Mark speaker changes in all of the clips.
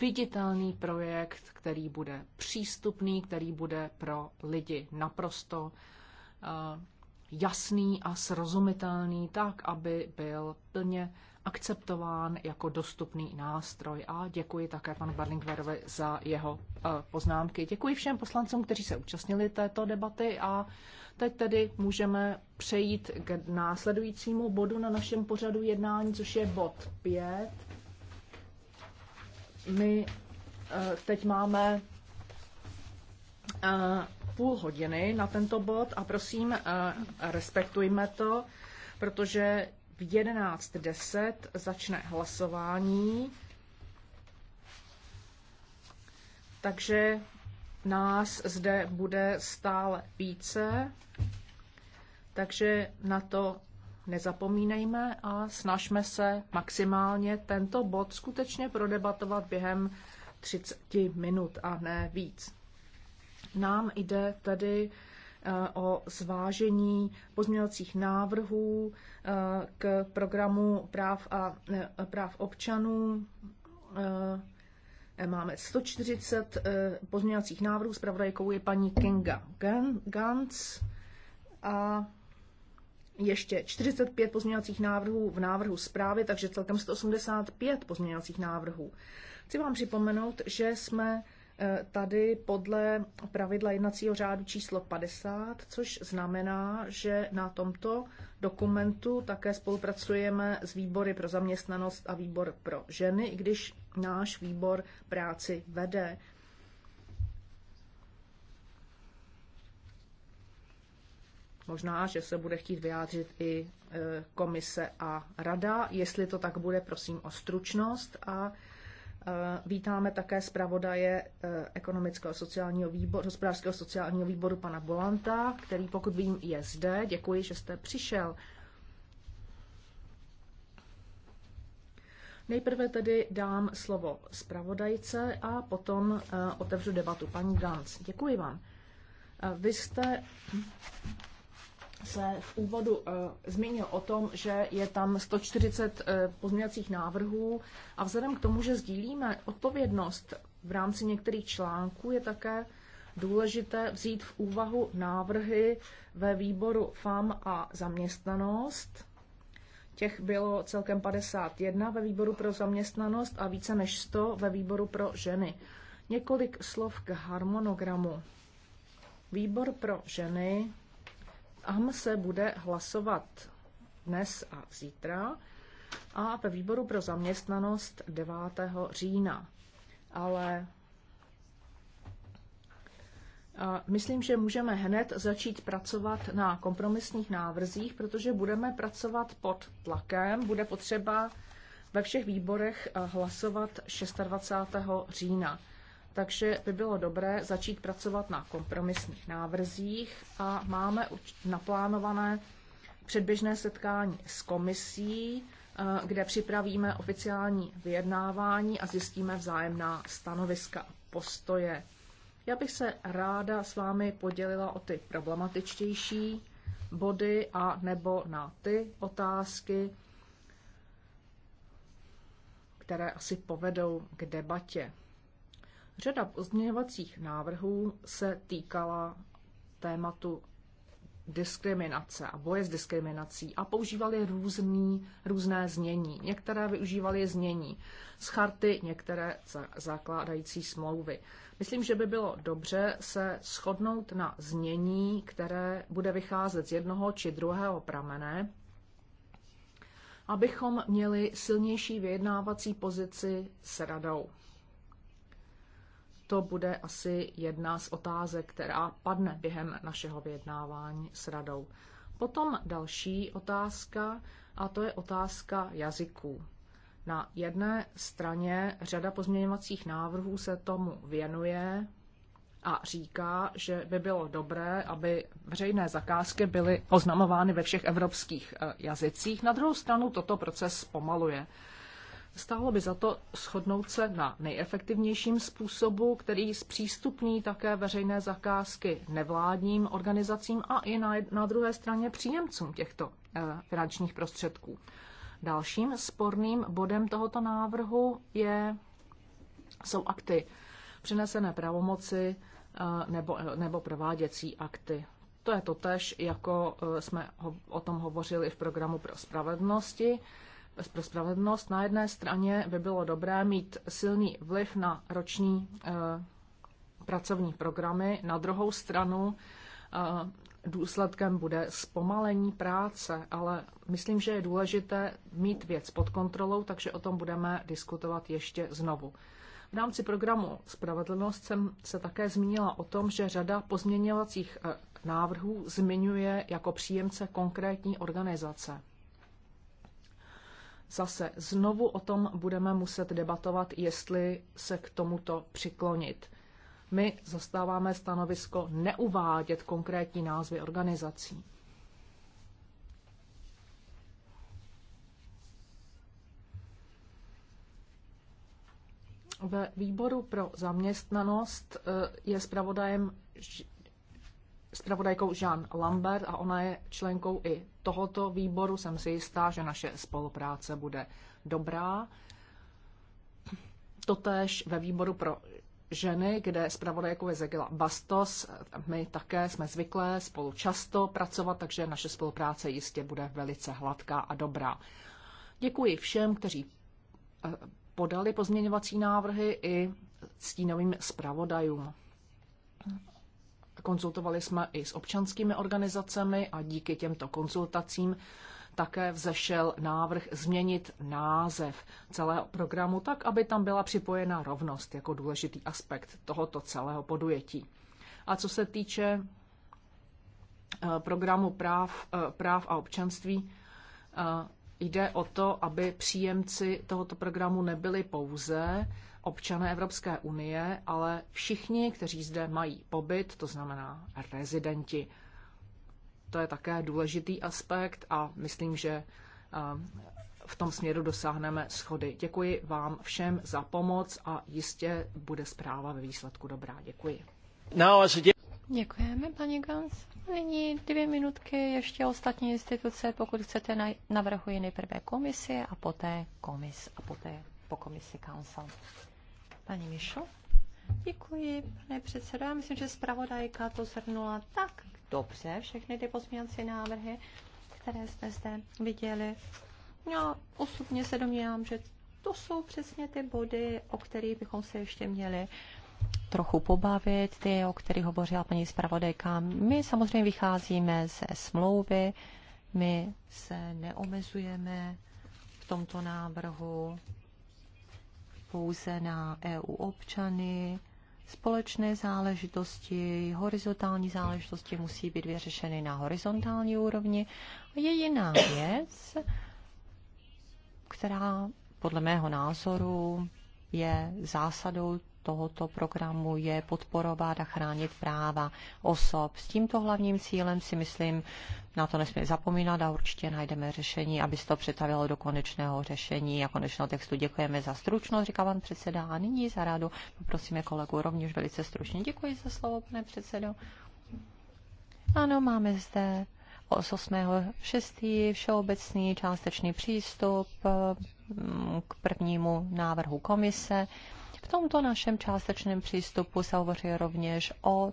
Speaker 1: viditelný projekt, který bude přístupný, který bude pro lidi naprosto eh, jasný a srozumitelný, tak aby byl plně akceptován jako dostupný nástroj. A děkuji také panu Barlingverovi za jeho eh, poznámky. Děkuji všem poslancům, kteří se účastnili této debaty a teď tedy můžeme přejít k následujícímu bodu na našem pořadu jednání, což je bod 5 my eh, teď máme eh, půl hodiny na tento bod a prosím, eh, respektujme to, protože v 11.10 začne hlasování. Takže nás zde bude stále více, takže na to nezapomínejme a snažme se maximálně tento bod skutečně prodebatovat během 30 minut a ne víc. Nám jde tedy eh, o zvážení pozměňovacích návrhů eh, k programu práv a eh, práv občanů. Máme 140 pozměňovacích návrhů, zpravodajkou je paní Kinga Gantz a ještě 45 pozměňovacích návrhů v návrhu zprávy, takže celkem 185 pozměňovacích návrhů. Chci vám připomenout, že jsme eh, tady podle pravidla jednacího řádu číslo 50, což znamená, že na tomto dokumentu také spolupracujeme s výbory pro zaměstnanost a výbor pro ženy, i když náš výbor práci vede. Možná, že se bude chtít vyjádřit i e, komise a rada. Jestli to tak bude, prosím o stručnost. A e, vítáme také zpravodaje e, ekonomického sociálního výboru, hospodářského sociálního výboru pana Bolanta, který, pokud vím, je zde. Děkuji, že jste přišel. Nejprve tedy dám slovo zpravodajce a potom otevřu debatu. Paní Gans, děkuji vám. Vy jste se v úvodu uh, zmínil o tom, že je tam 140 uh, eh, pozměňovacích návrhů a vzhledem k tomu, že sdílíme odpovědnost v rámci některých článků, je také důležité vzít v úvahu návrhy ve výboru FAM a zaměstnanost. Těch bylo celkem 51 ve výboru pro zaměstnanost a více než 100 ve výboru pro ženy. Několik slov k harmonogramu. Výbor pro ženy AM se bude hlasovat dnes a zítra a ve výboru pro zaměstnanost 9. října. Ale Myslím, že můžeme hned začít pracovat na kompromisních návrzích, protože budeme pracovat pod tlakem. Bude potřeba ve všech výborech hlasovat 26. října takže by bylo dobré začít pracovat na kompromisních návrzích a máme naplánované předběžné setkání s komisí, eh, kde připravíme oficiální vyjednávání a zjistíme vzájemná stanoviska a postoje. Já bych se ráda s vámi podělila o ty problematičtější body a nebo na ty otázky, které asi povedou k debatě. Řada pozměňovacích návrhů se týkala tématu diskriminace a boje s diskriminací a používali různý, různé znění. Některé využívali znění z charty, některé za, zakládající smlouvy. Myslím, že by bylo dobře se shodnout na znění, které bude vycházet z jednoho či druhého pramene, abychom měli silnější vyjednávací pozici s radou to bude asi jedna z otázek, která padne během našeho vyjednávání s radou. Potom další otázka, a to je otázka jazyků. Na jedné straně řada pozměňovacích návrhů se tomu věnuje a říká, že by bylo dobré, aby veřejné zakázky byly oznamovány ve všech evropských eh, jazycích. Na druhou stranu toto proces zpomaluje. Stálo by za to shodnout se na nejefektivnějším způsobu, který zpřístupní také veřejné zakázky nevládním organizacím a i na, na druhé straně příjemcům těchto eh, finančních prostředků. Dalším sporným bodem tohoto návrhu je, jsou akty přinesené pravomoci eh, nebo, nebo prováděcí akty. To je totež, jako eh, jsme o tom hovořili v programu pro spravedlnosti pro spravedlnost. Na jedné straně by bylo dobré mít silný vliv na roční eh, pracovní programy, na druhou stranu eh, důsledkem bude zpomalení práce, ale myslím, že je důležité mít věc pod kontrolou, takže o tom budeme diskutovat ještě znovu. V rámci programu Spravedlnost jsem se také zmínila o tom, že řada pozměňovacích eh, návrhů zmiňuje jako příjemce konkrétní organizace. Zase znovu o tom budeme muset debatovat, jestli se k tomuto přiklonit. My zastáváme stanovisko neuvádět konkrétní názvy organizací. Ve výboru pro zaměstnanost eh, je zpravodajem spravodajkou Jean Lambert a ona je členkou i tohoto výboru. Jsem si jistá, že naše spolupráce bude dobrá. Totež ve výboru pro ženy, kde zpravodajkou je Zegila Bastos. My také jsme zvyklé spolu často pracovat, takže naše spolupráce jistě bude velice hladká a dobrá. Děkuji všem, kteří eh, podali pozměňovací návrhy i stínovým zpravodajům. Konzultovali jsme i s občanskými organizacemi a díky těmto konzultacím také vzešel návrh změnit název celého programu tak, aby tam byla připojena rovnost jako důležitý aspekt tohoto celého podujetí. A co se týče eh, programu práv, eh, práv a občanství, eh, jde o to, aby příjemci tohoto programu nebyli pouze občané Evropské unie, ale všichni, kteří zde mají pobyt, to znamená rezidenti. To je také důležitý aspekt a myslím, že ehm, v tom směru dosáhneme schody. Děkuji vám všem za pomoc a jistě bude zpráva ve výsledku dobrá. Děkuji.
Speaker 2: Děkujeme, paní Gans. Nyní dvě minutky ještě ostatní instituce. Pokud chcete, navrhuji nejprve komisi a poté komis a poté po komisi council. Paní Mišo? Děkuji, pane předsedo. Já myslím, že zpravodajka to zhrnula tak dobře, všechny ty pozměňovací návrhy, které jste zde viděli. Já osobně se domnívám, že to jsou přesně ty body, o kterých bychom se ještě měli trochu pobavit, ty, o kterých hovořila paní zpravodajka. My samozřejmě vycházíme ze smlouvy, my se neomezujeme v tomto návrhu pouze na EU občany. Společné záležitosti, horizontální záležitosti musí být vyřešeny na horizontální úrovni. A je jiná věc, která podle mého názoru je zásadou tohoto programu je podporovat a chránit práva osob. S tímto hlavním cílem si myslím, na to nesmí zapomínat a určitě najdeme řešení, aby se to přetavilo do konečného řešení a konečného textu. Děkujeme za stručnost, říká pan předseda. A nyní za rádu poprosíme kolegu rovněž velice stručně. Děkuji za slovo, pane předsedo. Ano, máme zde z 8.6. všeobecný částečný přístup mm, k prvnímu návrhu komise. V tomto našem částečném přístupu se hovoří rovněž o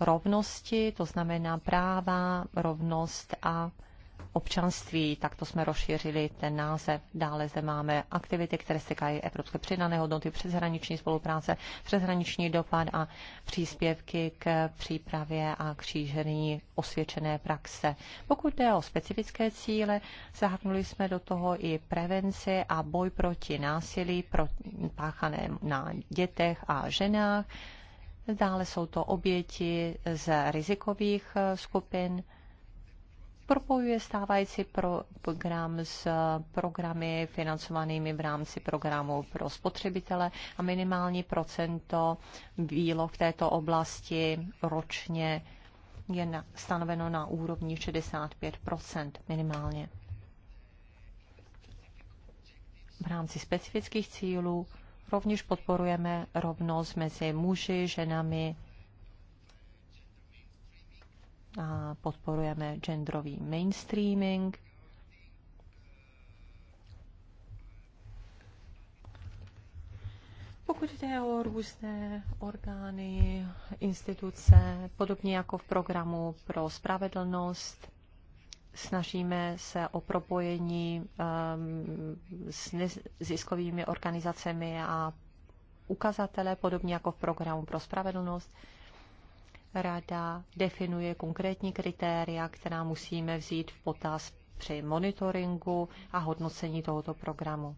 Speaker 2: rovnosti, to znamená práva, rovnost a občanství, tak to jsme rozšířili ten název. Dále zde máme aktivity, které se týkají evropské přidané hodnoty, přeshraniční spolupráce, přeshraniční dopad a příspěvky k přípravě a křížení osvědčené praxe. Pokud jde o specifické cíle, zahrnuli jsme do toho i prevenci a boj proti násilí pro, páchané na dětech a ženách. Dále jsou to oběti z rizikových skupin propojuje stávající program s eh, programy financovanými v rámci programu pro spotřebitele a minimální procento výloh v této oblasti ročně je na, stanoveno na úrovni 65 minimálně. V rámci specifických cílů rovněž podporujeme rovnost mezi muži, ženami, a podporujeme genderový mainstreaming. Pokud jde o různé orgány, instituce, podobně jako v programu pro spravedlnost, snažíme se o propojení um, s ziskovými organizacemi a ukazatele, podobně jako v programu pro spravedlnost rada definuje konkrétní kritéria, která musíme vzít v potaz při monitoringu a hodnocení tohoto programu.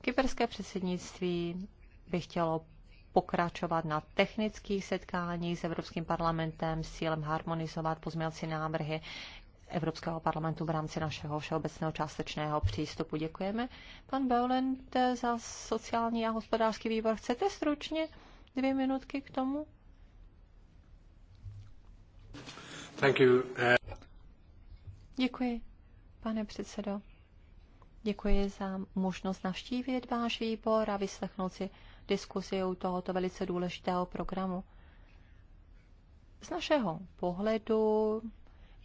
Speaker 2: Kyperské předsednictví by chtělo pokračovat na technických setkáních s Evropským parlamentem s cílem harmonizovat pozměňovací návrhy Evropského parlamentu v rámci našeho všeobecného částečného přístupu. Děkujeme. Pan Beulent za sociální a hospodářský výbor. Chcete stručně dvě minutky k tomu? Děkuji, pane předsedo. Děkuji za možnost navštívit váš výbor a vyslechnout si diskuzi u tohoto velice důležitého programu. Z našeho pohledu,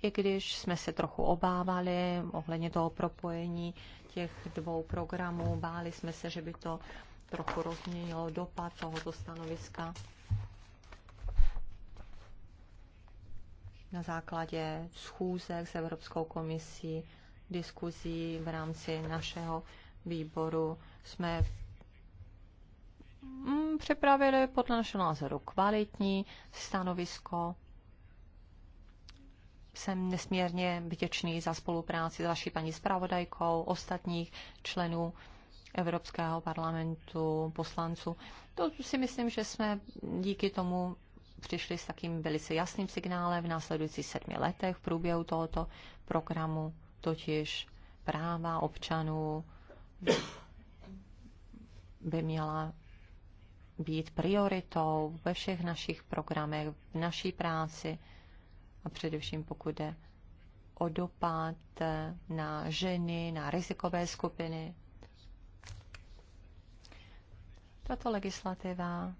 Speaker 2: i když jsme se trochu obávali ohledně toho propojení těch dvou programů, báli jsme se, že by to trochu rozměnilo dopad tohoto stanoviska na základě schůzek s Evropskou komisí, diskuzí v rámci našeho výboru jsme mm, připravili podle našeho názoru kvalitní stanovisko. Jsem nesmírně vděčný za spolupráci s vaší paní zpravodajkou, ostatních členů Evropského parlamentu, poslanců. To si myslím, že jsme díky tomu přišli s takým velice jasným signálem v následujících sedmi letech v průběhu tohoto programu, totiž práva občanů by měla být prioritou ve všech našich programech, v naší práci a především pokud jde o dopad na ženy, na rizikové skupiny. Tato legislativa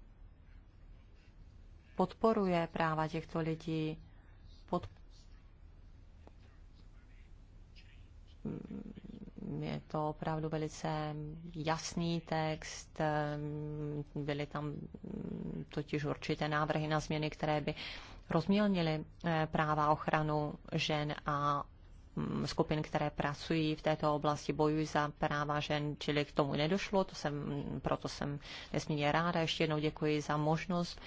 Speaker 2: podporuje práva těchto lidí, pod... je to opravdu velice jasný text, byly tam totiž určité návrhy na změny, které by rozmělnily eh, práva ochranu žen a mm, skupin, které pracují v této oblasti, bojují za práva žen, čili k tomu nedošlo, to jsem, proto jsem nesmírně ráda. Ještě jednou děkuji za možnost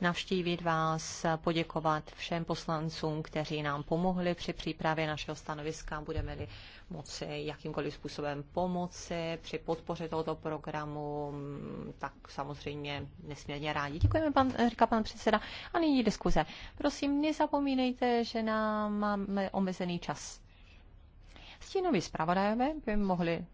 Speaker 2: navštívit vás, poděkovat všem poslancům, kteří nám pomohli při přípravě našeho stanoviska. Budeme-li moci jakýmkoliv způsobem pomoci při podpoře tohoto programu, tak samozřejmě nesmírně rádi. Děkujeme, pan, říká pan předseda. A nyní diskuze. Prosím, nezapomínejte, že nám máme omezený čas. Stínoví zpravodajové by mohli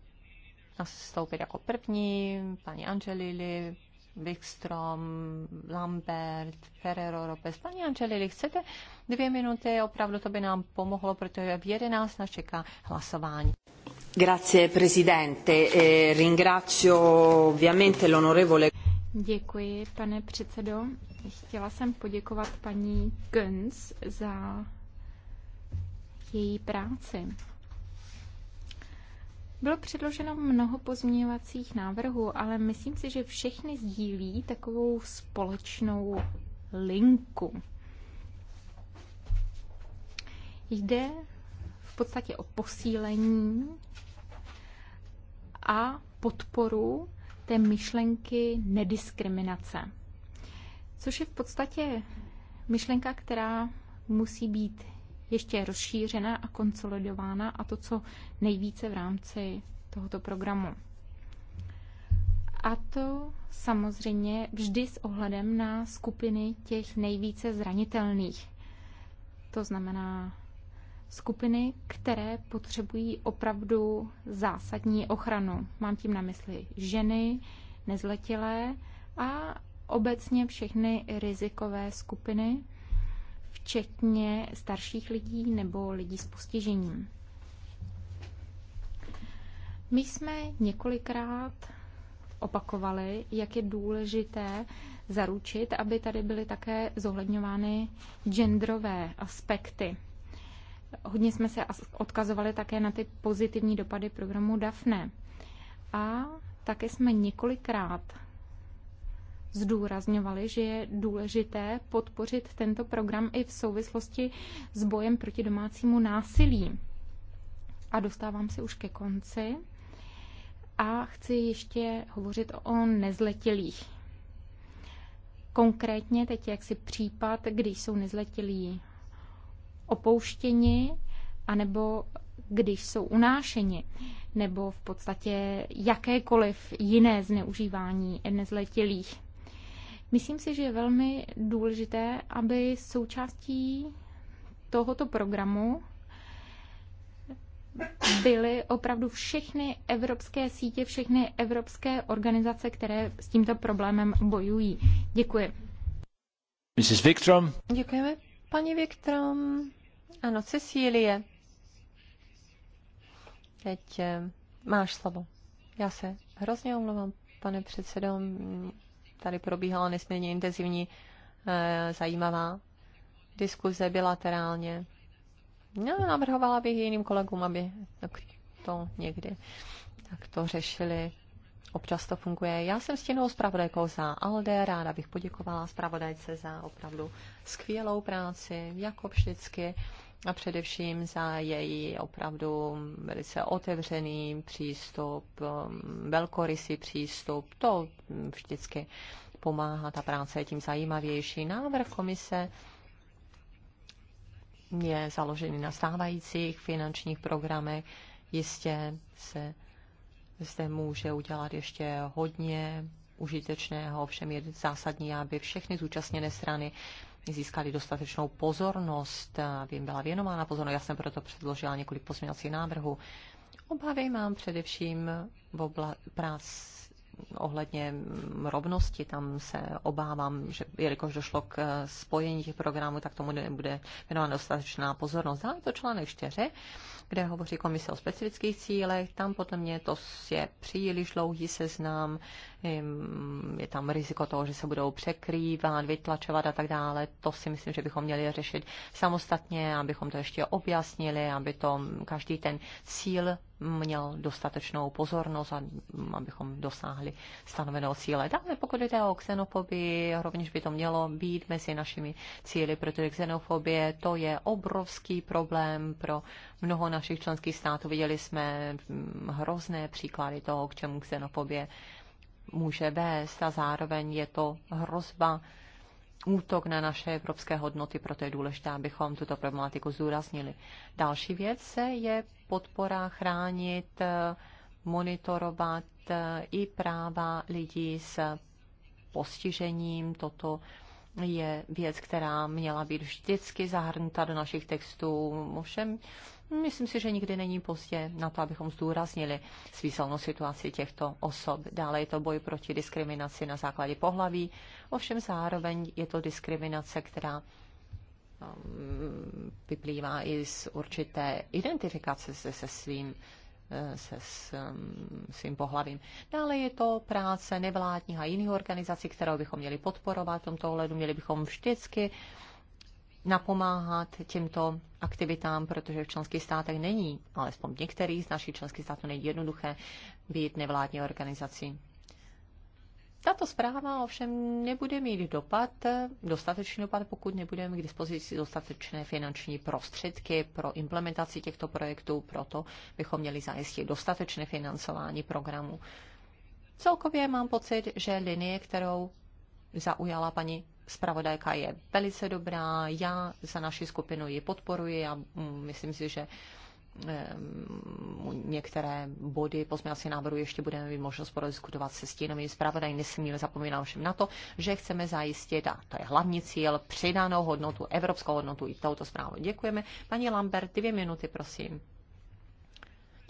Speaker 2: nastoupit jako první, paní Angelili, Wikstrom, Lambert, Ferrero, Ropes. Paní Angelili, chcete dvě minuty? Opravdu to by nám pomohlo, protože v 11 nás čeká hlasování. Grazie, presidente. E ringrazio ovviamente l'onorevole.
Speaker 3: Děkuji, pane předsedo. Chtěla jsem poděkovat paní Gönz za její práci. Bylo předloženo mnoho pozměňovacích návrhů, ale myslím si, že všechny sdílí takovou společnou linku. Jde v podstatě o posílení a podporu té myšlenky nediskriminace, což je v podstatě myšlenka, která musí být ještě rozšířena a konsolidována a to, co nejvíce v rámci tohoto programu. A to samozřejmě vždy s ohledem na skupiny těch nejvíce zranitelných. To znamená skupiny, které potřebují opravdu zásadní ochranu. Mám tím na mysli ženy, nezletilé a obecně všechny rizikové skupiny, včetně starších lidí nebo lidí s postižením. My jsme několikrát opakovali, jak je důležité zaručit, aby tady byly také zohledňovány genderové aspekty. Hodně jsme se odkazovali také na ty pozitivní dopady programu DAFNE. A také jsme několikrát zdůrazňovali, že je důležité podpořit tento program i v souvislosti s bojem proti domácímu násilí. A dostávám se už ke konci a chci ještě hovořit o nezletilých. Konkrétně teď jaksi případ, když jsou nezletilí opouštěni, anebo když jsou unášeni, nebo v podstatě jakékoliv jiné zneužívání nezletilých. Myslím si, že je velmi důležité, aby součástí tohoto programu byly opravdu všechny evropské sítě, všechny evropské organizace, které s tímto problémem bojují. Děkuji.
Speaker 1: Mrs. Victrom.
Speaker 3: Děkujeme, paní Vikram. Ano, Cecílie.
Speaker 2: Teď eh, máš slovo. Já se hrozně omlouvám, pane předsedo. Tady probíhala nesmírně intenzivní eh, zajímavá diskuze bilaterálně. No, navrhovala bych jiným kolegům, aby to někdy tak to řešili. Občas to funguje. Já jsem stěnou zpravodajkou za ALDE, ráda bych poděkovala zpravodajce za opravdu skvělou práci, jako vždycky a především za její opravdu velice otevřený přístup, um, velkorysý přístup. To vždycky pomáhá, ta práce je tím zajímavější. Návrh komise je založený na stávajících finančních programech. Jistě se zde může udělat ještě hodně užitečného, ovšem je zásadní, aby všechny zúčastněné strany získali dostatečnou pozornost, aby jim byla věnována pozornost. Já jsem proto předložila několik pozměňovacích návrhů. Obavy mám především v obla- prás ohledně rovnosti, tam se obávám, že jelikož došlo k spojení těch programů, tak tomu nebude věnována dostatečná pozornost. Dále to článek 4, kde hovoří komise o specifických cílech. Tam podle mě to je příliš dlouhý seznam je tam riziko toho, že se budou překrývat, vytlačovat a tak dále. To si myslím, že bychom měli řešit samostatně, abychom to ještě objasnili, aby to každý ten cíl měl dostatečnou pozornost, a mm, abychom dosáhli stanoveného cíle. Dále, pokud jde o xenofobii, rovněž by to mělo být mezi našimi cíly, protože xenofobie to je obrovský problém pro mnoho našich členských států. Viděli jsme mm, hrozné příklady toho, k čemu xenofobie může vést a zároveň je to hrozba útok na naše evropské hodnoty, proto je důležité, abychom tuto problematiku zúraznili. Další věc je podpora chránit, monitorovat eh, i práva lidí s postižením. Toto je věc, která měla být vždycky zahrnuta do našich textů. Ovšem Myslím si, že nikdy není pozdě na to, abychom zdůraznili svýsalnou situaci těchto osob. Dále je to boj proti diskriminaci na základě pohlaví, ovšem zároveň je to diskriminace, která um, vyplývá i z určité identifikace se, se svým eh, se um, svým pohlavím. Dále je to práce nevládních a jiných organizací, kterou bychom měli podporovat v tomto ohledu. Měli bychom vždycky uh, napomáhat těmto aktivitám, protože v členských státech není, alespoň v některých z našich členských států není jednoduché být nevládní organizací. Tato zpráva ovšem nebude mít dopad, dostatečný dopad, pokud nebudeme k dispozici dostatečné finanční prostředky pro implementaci těchto projektů, proto bychom měli zajistit dostatečné financování programu. Celkově mám pocit, že linie, kterou zaujala paní Spravodajka je velice dobrá, já za naši skupinu ji podporuji a mm, myslím si, že některé body pozměňovací návrhu ještě budeme mít možnost prodiskutovat se stínovými zpravodaj. Nesmíme zapomínat všem na to, že chceme zajistit, a to je hlavní cíl, přidanou hodnotu, evropskou hodnotu i touto zprávou. Děkujeme. Paní Lambert, dvě minuty, prosím.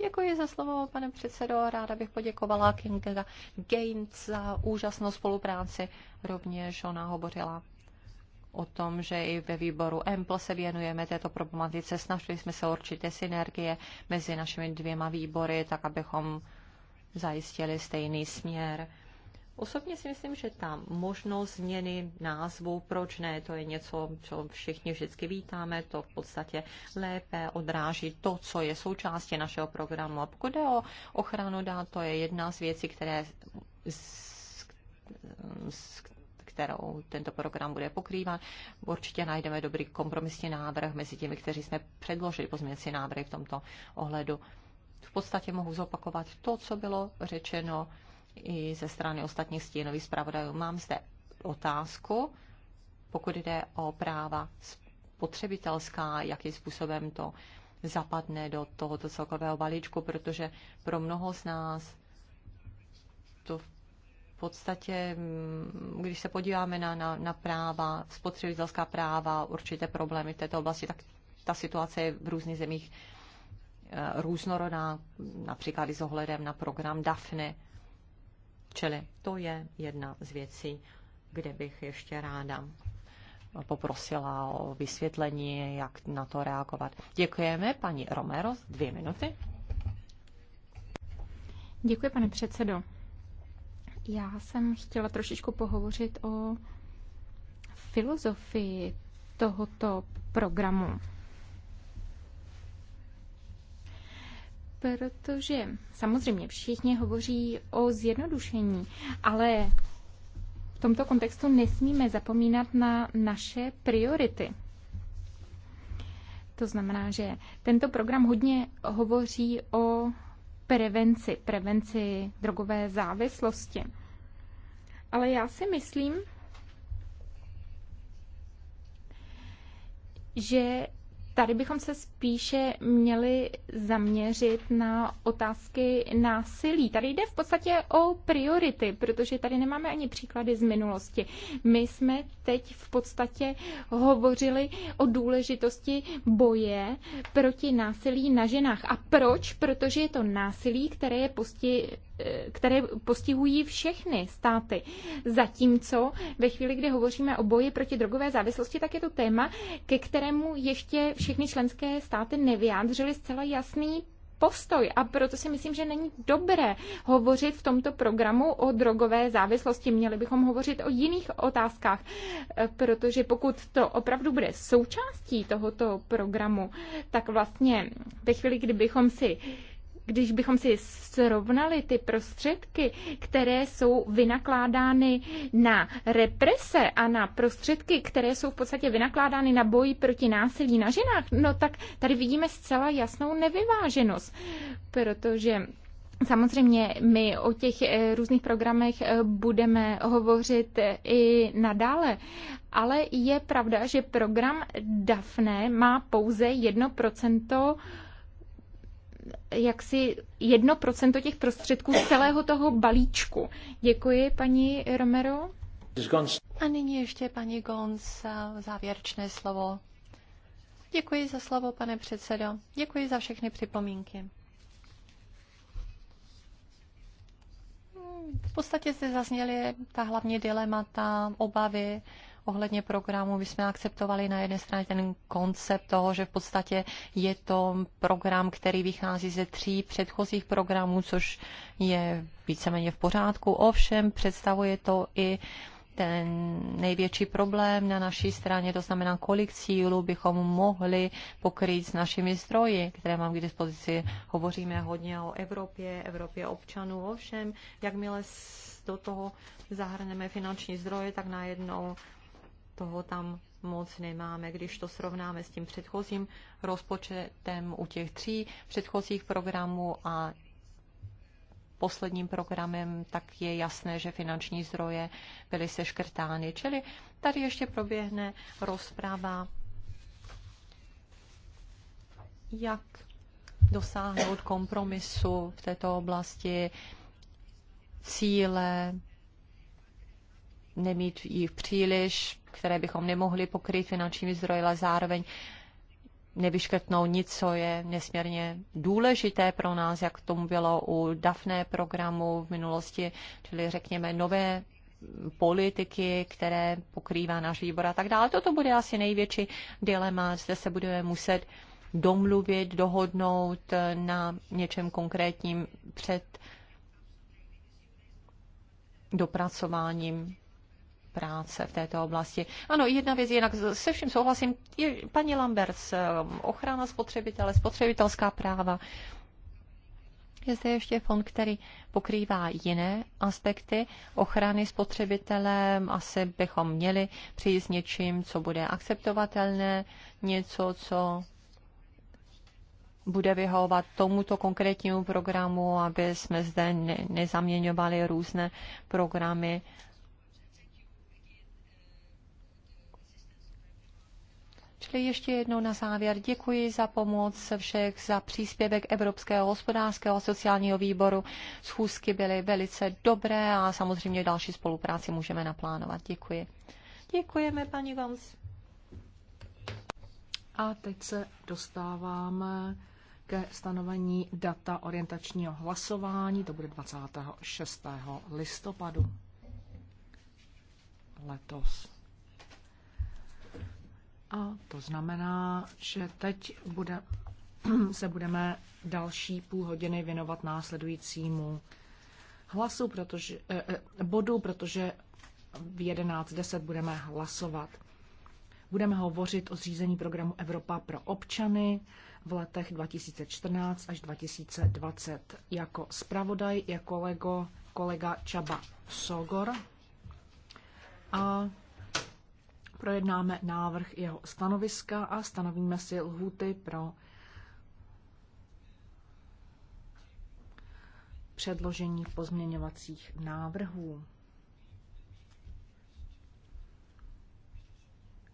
Speaker 2: Děkuji za slovo, pane předsedo. Ráda bych poděkovala Kinga Gaines za úžasnou spolupráci. Rovněž ona hovořila o tom, že i ve výboru EMPL se věnujeme této problematice. Snažili jsme se určité synergie mezi našimi dvěma výbory, tak abychom zajistili stejný směr. Osobně si myslím, že ta možnost změny názvu, proč ne, to je něco, co všichni vždycky vítáme, to v podstatě lépe odráží to, co je součástí našeho programu. A pokud je o ochranu dát, to je jedna z věcí, které z, z, kterou tento program bude pokrývat. Určitě najdeme dobrý kompromisní návrh mezi těmi, kteří jsme předložili pozměnící návrhy v tomto ohledu. V podstatě mohu zopakovat to, co bylo řečeno i ze strany ostatních stínových zpravodajů. Mám zde otázku, pokud jde o práva spotřebitelská, jakým způsobem to zapadne do tohoto celkového balíčku, protože pro mnoho z nás to v podstatě, mm, když se podíváme na, na, na práva, spotřebitelská práva, určité problémy v této oblasti, tak ta situace je v různých zemích eh, různorodá, například i s ohledem na program DAFNE, Čili to je jedna z věcí, kde bych ještě ráda poprosila o vysvětlení, jak na to reagovat. Děkujeme, paní Romero, dvě minuty.
Speaker 3: Děkuji, pane předsedo. Já jsem chtěla trošičku pohovořit o filozofii tohoto programu. protože samozřejmě všichni hovoří o zjednodušení, ale v tomto kontextu nesmíme zapomínat na naše priority. To znamená, že tento program hodně hovoří o prevenci, prevenci drogové závislosti. Ale já si myslím, že Tady bychom se spíše měli zaměřit na otázky násilí. Tady jde v podstatě o priority, protože tady nemáme ani příklady z minulosti. My jsme teď v podstatě hovořili o důležitosti boje proti násilí na ženách. A proč? Protože je to násilí, které je posti které postihují všechny státy. Zatímco ve chvíli, kdy hovoříme o boji proti drogové závislosti, tak je to téma, ke kterému ještě všechny členské státy nevyjádřily zcela jasný postoj a proto si myslím, že není dobré hovořit v tomto programu o drogové závislosti. Měli bychom hovořit o jiných otázkách, protože pokud to opravdu bude součástí tohoto programu, tak vlastně ve chvíli, kdybychom si když bychom si srovnali ty prostředky, které jsou vynakládány na represe a na prostředky, které jsou v podstatě vynakládány na boji proti násilí na ženách, no tak tady vidíme zcela jasnou nevyváženost, protože Samozřejmě my o těch eh, různých programech eh, budeme hovořit eh, i nadále, ale je pravda, že program DAFNE má pouze 1% jaksi jedno procento těch prostředků z celého toho balíčku. Děkuji, paní Romero. A nyní ještě paní Gons závěrečné
Speaker 2: slovo. Děkuji za slovo, pane předsedo. Děkuji za všechny připomínky. V podstatě zde zazněly ta hlavní dilemata, obavy, ohledně programu my jsme akceptovali na jedné straně ten koncept toho, že v podstatě je to program, který vychází ze tří předchozích programů, což je víceméně v pořádku. Ovšem představuje to i ten největší problém na naší straně, to znamená, kolik cílů bychom mohli pokrýt s našimi zdroji, které mám k dispozici. Hovoříme hodně o Evropě, Evropě občanů, ovšem, jakmile do toho zahrneme finanční zdroje, tak najednou toho tam moc nemáme. Když to srovnáme s tím předchozím rozpočtem u těch tří předchozích programů a posledním programem, tak je jasné, že finanční zdroje byly seškrtány. Čili tady ještě proběhne rozprava, jak dosáhnout kompromisu v této oblasti, cíle, nemít jich příliš, které bychom nemohli pokryt finančními zdroji, ale zároveň nevyškrtnou nic, co je nesmírně důležité pro nás, jak tomu bylo u DAFNE programu v minulosti, čili řekněme nové politiky, které pokrývá náš výbor a tak dále. Toto bude asi největší dilema, zde se budeme muset domluvit, dohodnout na něčem konkrétním před dopracováním práce v této oblasti. Ano, jedna věc, jinak se vším souhlasím, je paní Lamberts, um, ochrana spotřebitele, spotřebitelská práva. Je zde ještě fond, který pokrývá jiné aspekty ochrany spotřebitele. Asi bychom měli přijít s něčím, co bude akceptovatelné, něco, co bude vyhovovat tomuto konkrétnímu programu, aby jsme zde ne- nezaměňovali různé programy Čili ještě jednou na závěr děkuji za pomoc všech, za příspěvek Evropského hospodářského a sociálního výboru. Schůzky byly velice dobré a samozřejmě další spolupráci můžeme naplánovat. Děkuji.
Speaker 1: Děkujeme, paní Vams. A teď se dostáváme ke stanovení data orientačního hlasování. To bude 26. listopadu letos. A to znamená, že teď bude, se budeme další půl hodiny věnovat následujícímu hlasu, protože, eh, eh bodu, protože v 11.10 budeme hlasovat. Budeme hovořit o zřízení programu Evropa pro občany v letech 2014 až 2020. Jako zpravodaj je kolego, kolega Čaba Sogor. A projednáme návrh jeho stanoviska a stanovíme si lhuty pro předložení pozměňovacích návrhů.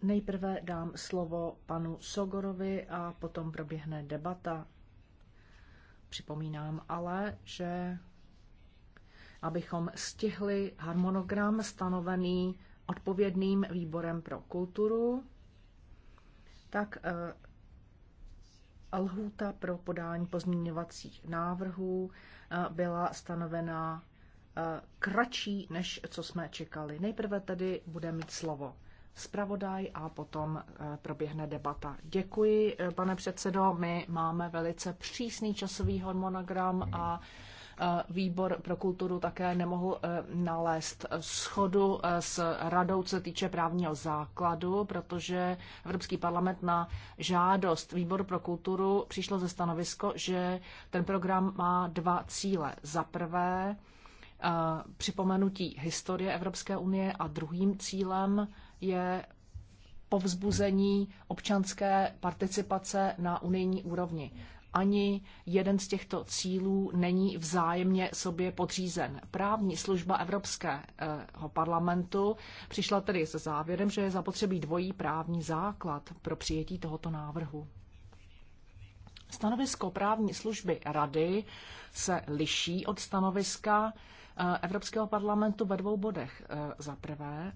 Speaker 1: Nejprve dám slovo panu Sogorovi a potom proběhne debata. Připomínám ale, že abychom stihli harmonogram stanovený odpovědným výborem pro kulturu, tak eh, lhůta pro podání pozměňovacích návrhů eh, byla stanovena eh, kratší, než co jsme čekali. Nejprve tedy bude mít slovo zpravodaj a potom proběhne debata. Děkuji, pane předsedo. My máme velice přísný časový harmonogram a výbor pro kulturu také nemohl eh, nalézt eh, schodu eh, s radou, co se týče právního základu, protože Evropský parlament na žádost výboru pro kulturu přišlo ze stanovisko, že ten program má dva cíle. Za prvé připomenutí historie Evropské unie a druhým cílem je povzbuzení občanské participace na unijní úrovni ani jeden z těchto cílů není vzájemně sobě podřízen. Právní služba Evropského parlamentu přišla tedy se závěrem, že je zapotřebí dvojí právní základ pro přijetí tohoto návrhu. Stanovisko právní služby Rady se liší od stanoviska eh, Evropského parlamentu ve dvou bodech. Eh, za prvé,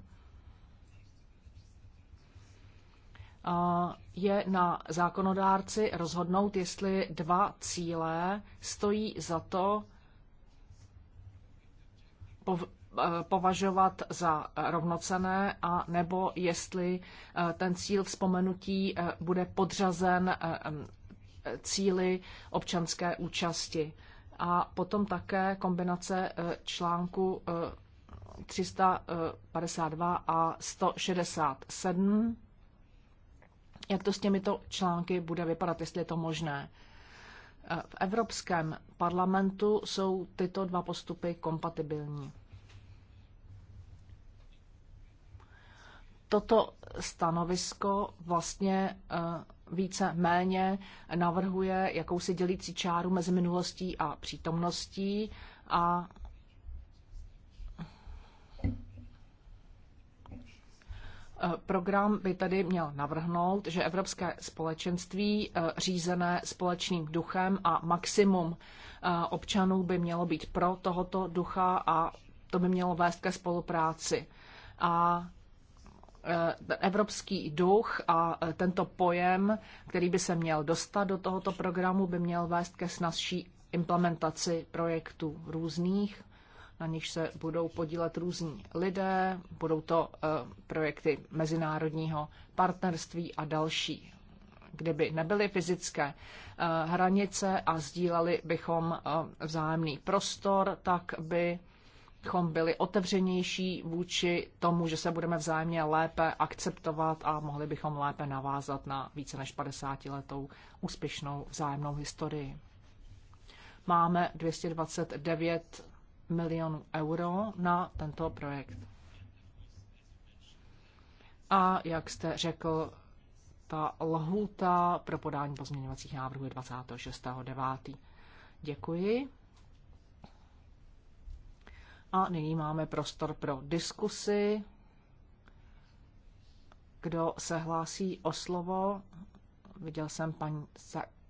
Speaker 1: je na zákonodárci rozhodnout, jestli dva cíle stojí za to eh, považovat za rovnocené a nebo jestli eh, ten cíl vzpomenutí eh, bude podřazen cíly občanské účasti. A potom také kombinace článku 352 a 167 jak to s těmito články bude vypadat, jestli je to možné. Eh, v Evropském parlamentu jsou tyto dva postupy kompatibilní. Toto stanovisko vlastně eh, více méně navrhuje jakousi dělící čáru mezi minulostí a přítomností a Eh, program by tedy měl navrhnout, že Evropské společenství eh, řízené společným duchem a maximum eh, občanů by mělo být pro tohoto ducha a to by mělo vést ke spolupráci. A evropský duch a tento pojem, který by se měl dostat do tohoto programu, by měl vést ke snazší implementaci projektů různých na nich se budou podílet různí lidé, budou to eh, projekty mezinárodního partnerství a další. Kdyby nebyly fyzické eh, hranice a sdíleli bychom eh, vzájemný prostor, tak by bychom byli otevřenější vůči tomu, že se budeme vzájemně lépe akceptovat a mohli bychom lépe navázat na více než 50 letou úspěšnou vzájemnou historii. Máme 229 milionů euro na tento projekt. A jak jste řekl, ta lhůta pro podání pozměňovacích návrhů je 26.9. Děkuji. A nyní máme prostor pro diskusy. Kdo se hlásí o slovo? Viděl jsem paní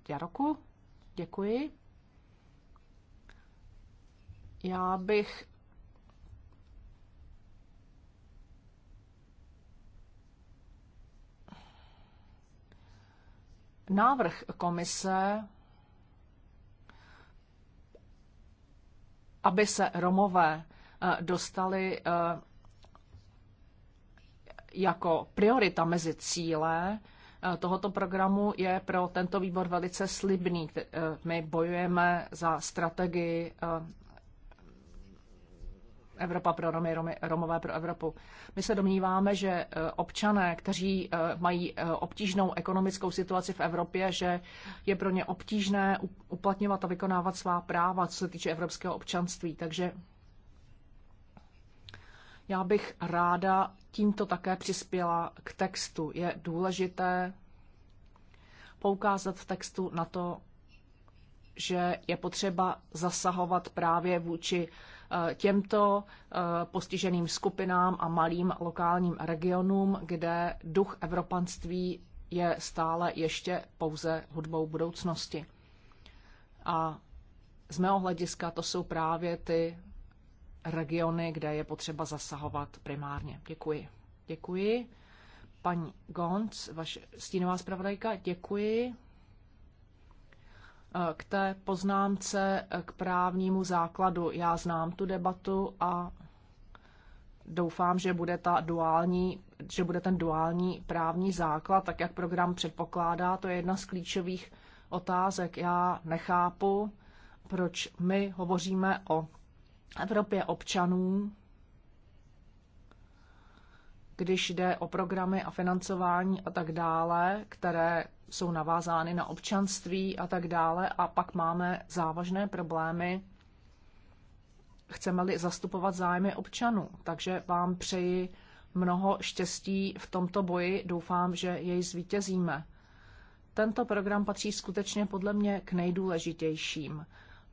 Speaker 1: Jaroku. Děkuji. Já bych návrh komise, aby se Romové eh, dostali eh, jako priorita mezi cíle eh, tohoto programu je pro tento výbor velice slibný. My bojujeme za strategii Evropa pro Romy, Romy, Romové pro Evropu. My se domníváme, že eh, občané, kteří eh, mají eh, obtížnou ekonomickou situaci v Evropě, že je pro ně obtížné uplatňovat a vykonávat svá práva, co se týče evropského občanství. Takže já bych ráda tímto také přispěla k textu. Je důležité poukázat v textu na to, že je potřeba zasahovat právě vůči Eh, těmto eh, postiženým skupinám a malým lokálním regionům, kde duch evropanství je stále ještě pouze hudbou budoucnosti. A z mého hlediska to jsou právě ty regiony, kde je potřeba zasahovat primárně. Děkuji. Děkuji. Paní Gonc, vaše stínová zpravodajka, děkuji. Eh, k té poznámce eh, k právnímu základu. Já znám tu debatu a doufám, že bude, ta duální, že bude ten duální právní základ, tak jak program předpokládá. To je jedna z klíčových otázek. Já nechápu, proč my hovoříme o Evropě občanů, když jde o programy a financování a tak dále, které jsou navázány na občanství a tak dále. A pak máme závažné problémy, chceme-li zastupovat zájmy občanů. Takže vám přeji mnoho štěstí v tomto boji. Doufám, že jej zvítězíme. Tento program patří skutečně podle mě k nejdůležitějším.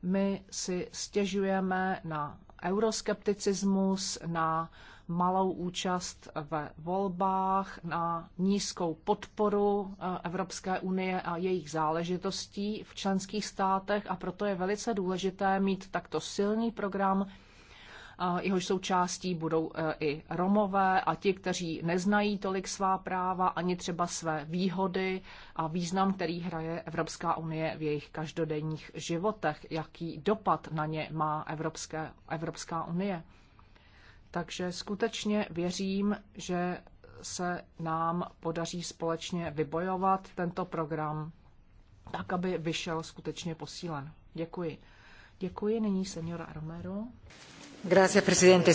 Speaker 1: My si stěžujeme na euroskepticismus, na malou účast ve volbách, na nízkou podporu eh, Evropské unie a jejich záležitostí v členských státech a proto je velice důležité mít takto silný program, eh, jehož součástí budou eh, i Romové a ti, kteří neznají tolik svá práva ani třeba své výhody a význam, který hraje Evropská unie v jejich každodenních životech, jaký dopad na ně má Evropské, Evropská unie. Takže skutečně věřím, že se nám podaří společně vybojovat tento program tak, aby vyšel skutečně posílen. Děkuji. Děkuji. Nyní seniora Romero.
Speaker 3: Grazie, presidente.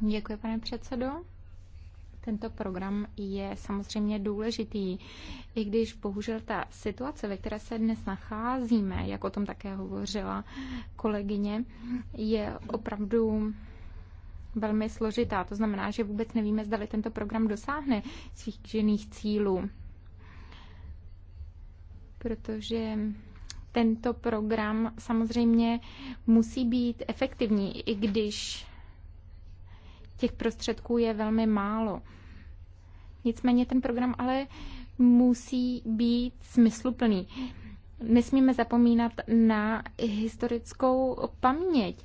Speaker 3: Děkuji, pane předsedo. Tento program je samozřejmě důležitý, i když bohužel ta situace, ve které se dnes nacházíme, jak o tom také hovořila kolegyně, je opravdu velmi složitá. To znamená, že vůbec nevíme, zda tento program dosáhne svých žených cílů. Protože tento program samozřejmě musí být efektivní, i když těch prostředků je velmi málo. Nicméně ten program ale musí být smysluplný. Nesmíme zapomínat na historickou paměť,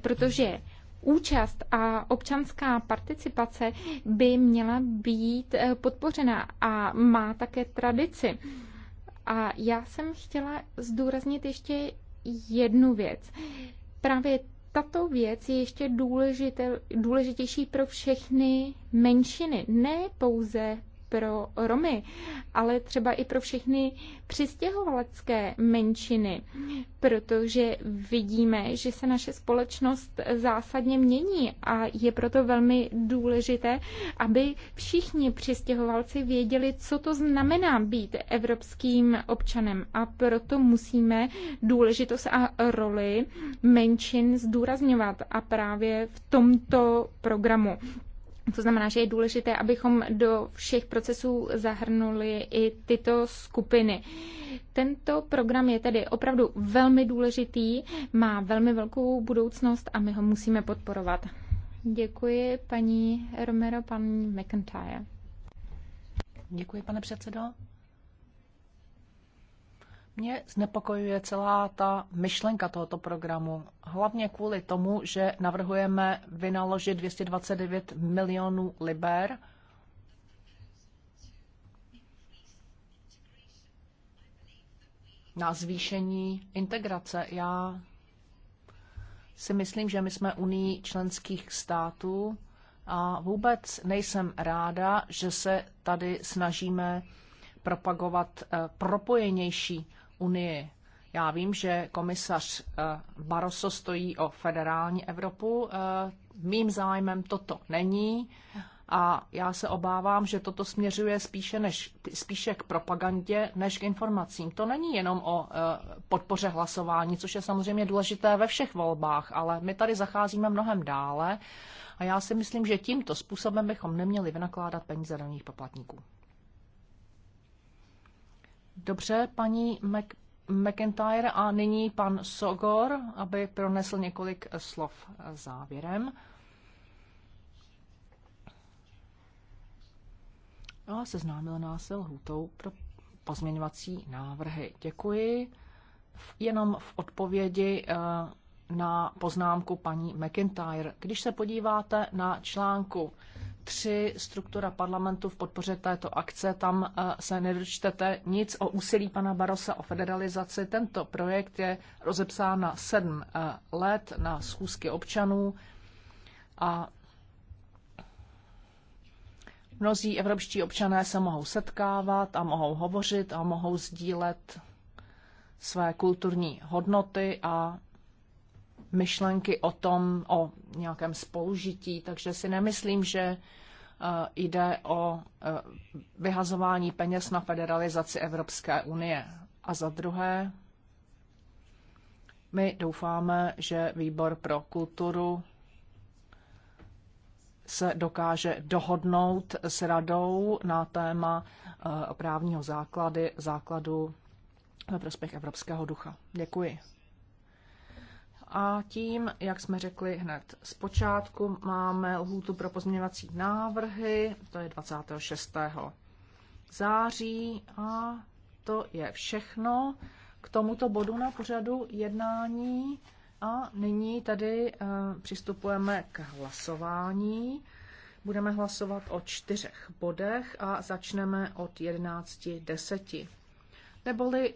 Speaker 3: protože účast a občanská participace by měla být eh, podpořena a má také tradici. A já jsem chtěla zdůraznit ještě jednu věc. Právě tato věc je ještě důležité, důležitější pro všechny menšiny, ne pouze pro Romy, ale třeba i pro všechny přistěhovalecké menšiny, protože vidíme, že se naše společnost zásadně mění a je proto velmi důležité, aby všichni přistěhovalci věděli, co to znamená být evropským občanem a proto musíme důležitost a roli menšin zdůrazňovat a právě v tomto programu. To znamená, že je důležité, abychom do všech procesů zahrnuli i tyto skupiny. Tento program je tedy opravdu velmi důležitý, má velmi velkou budoucnost a my ho musíme podporovat. Děkuji paní Romero, paní McIntyre.
Speaker 1: Děkuji, pane předsedo. Mě znepokojuje celá ta myšlenka tohoto programu, hlavně kvůli tomu, že navrhujeme vynaložit 229 milionů liber na zvýšení integrace. Já si myslím, že my jsme unii členských států a vůbec nejsem ráda, že se tady snažíme propagovat eh, propojenější unii. Já vím, že komisař eh, Barroso stojí o federální Evropu. Eh, mým zájmem toto není a já se obávám, že toto směřuje spíše, než, spíše k propagandě než k informacím. To není jenom o eh, podpoře hlasování, což je samozřejmě důležité ve všech volbách, ale my tady zacházíme mnohem dále a já si myslím, že tímto způsobem bychom neměli vynakládat peníze daných poplatníků. Dobře, paní Mac- McIntyre a nyní pan Sogor, aby pronesl několik slov závěrem. A seznámil nás se lhůtou pro pozměňovací návrhy. Děkuji. Jenom v odpovědi eh, na poznámku paní McIntyre. Když se podíváte na článku Tři struktura parlamentu v podpoře této akce. Tam eh, se nedočtete nic o úsilí pana Barosa o federalizaci. Tento projekt je rozepsán na sedm eh, let na schůzky občanů a mnozí evropští občané se mohou setkávat a mohou hovořit a mohou sdílet své kulturní hodnoty a myšlenky o tom, o nějakém spolužití, takže si nemyslím, že eh, jde o eh, vyhazování peněz na federalizaci Evropské unie. A za druhé, my doufáme, že výbor pro kulturu se dokáže dohodnout s radou na téma eh, právního základy, základu ve prospěch evropského ducha. Děkuji. A tím, jak jsme řekli hned z počátku, máme lhůtu pro pozměňovací návrhy, to je 26. září a to je všechno k tomuto bodu na pořadu jednání. A nyní tady eh, přistupujeme k hlasování. Budeme hlasovat o čtyřech bodech a začneme od 11.10. Neboli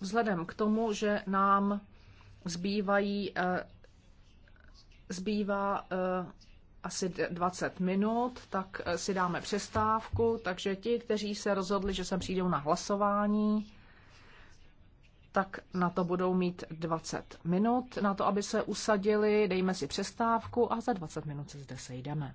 Speaker 1: vzhledem k tomu, že nám Zbývají, eh, zbývá eh, asi 20 minut, tak eh, si dáme přestávku, takže ti, kteří se rozhodli, že sem přijdou na hlasování, tak na to budou mít 20 minut, na to, aby se usadili, dejme si přestávku a za 20 minut se zde sejdeme.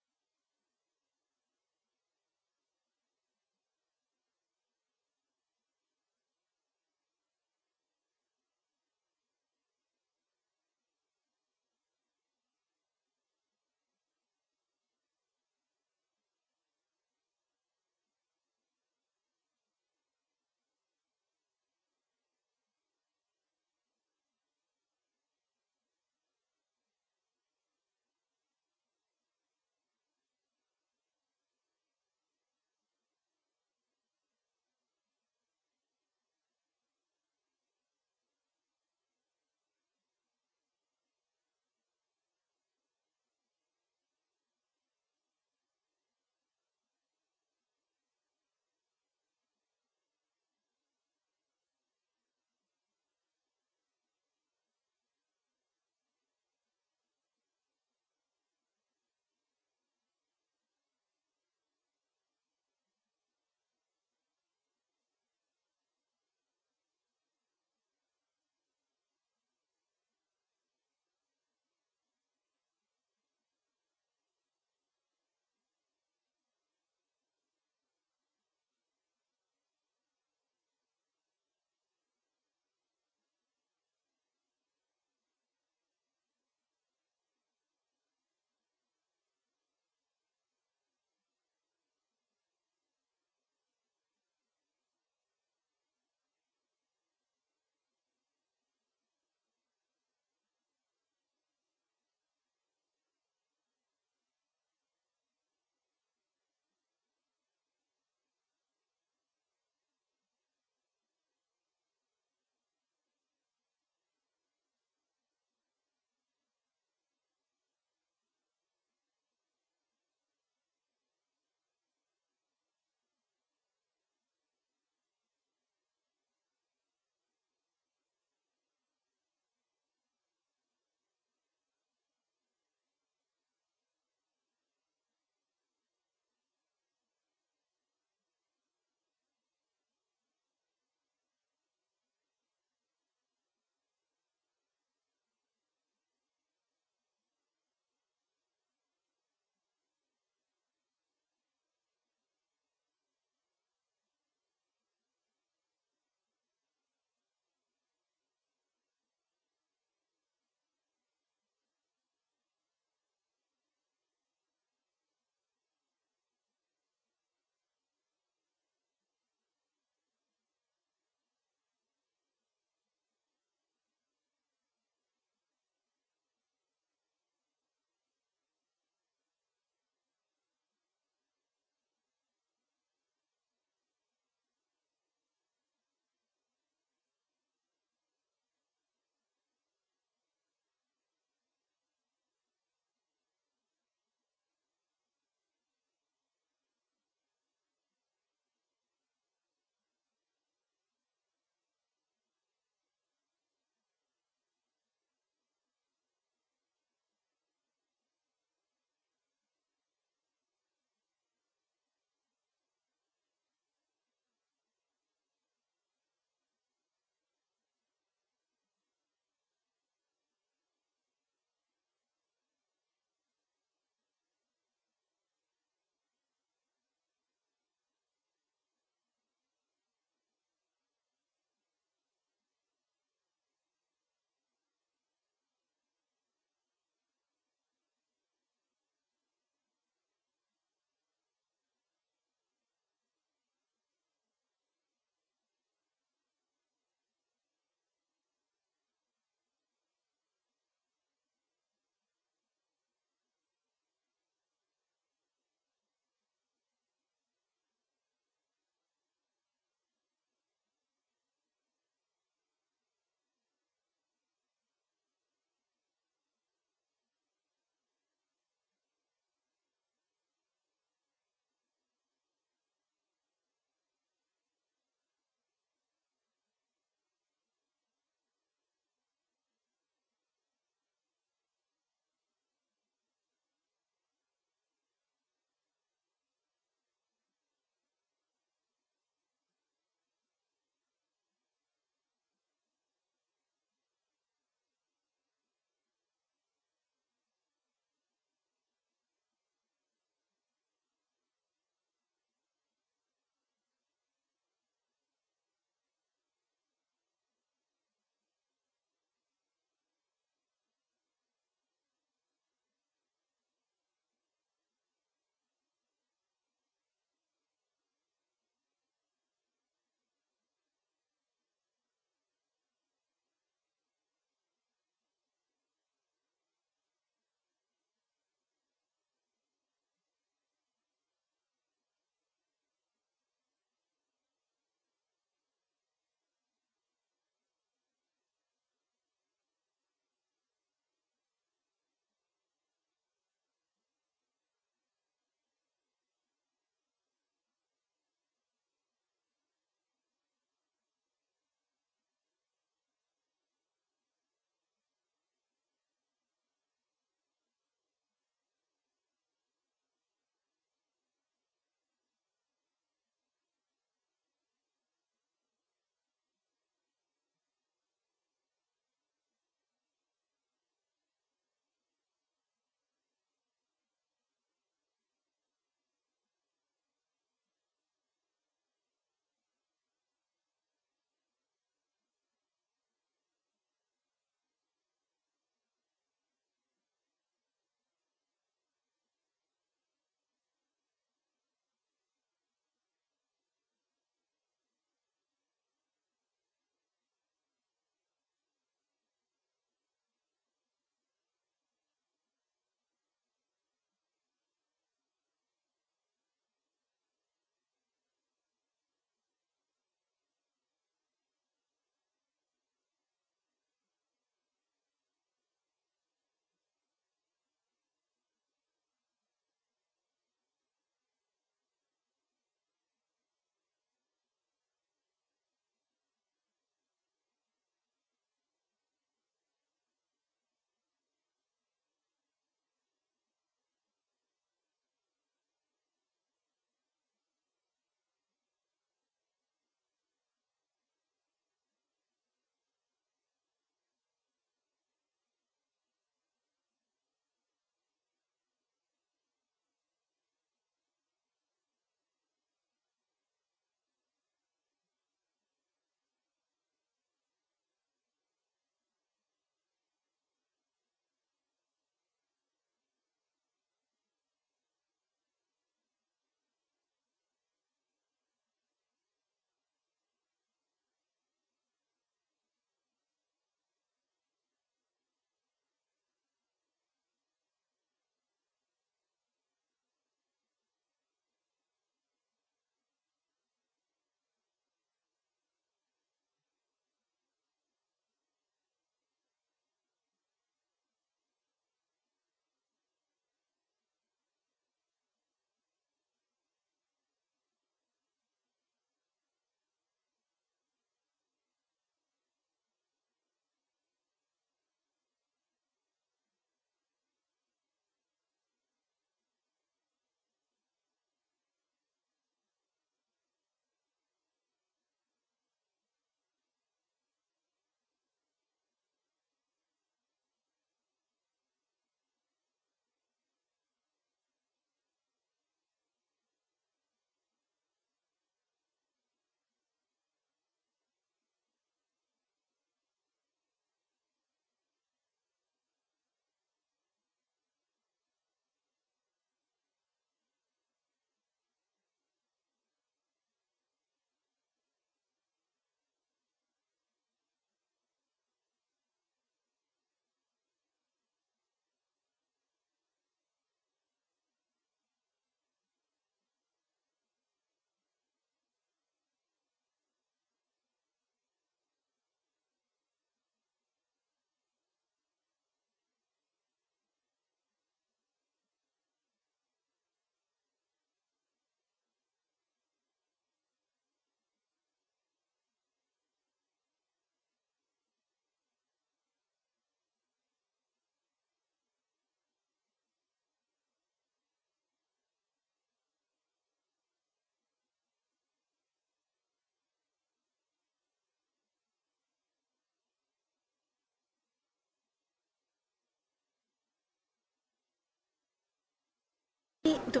Speaker 1: Ty, du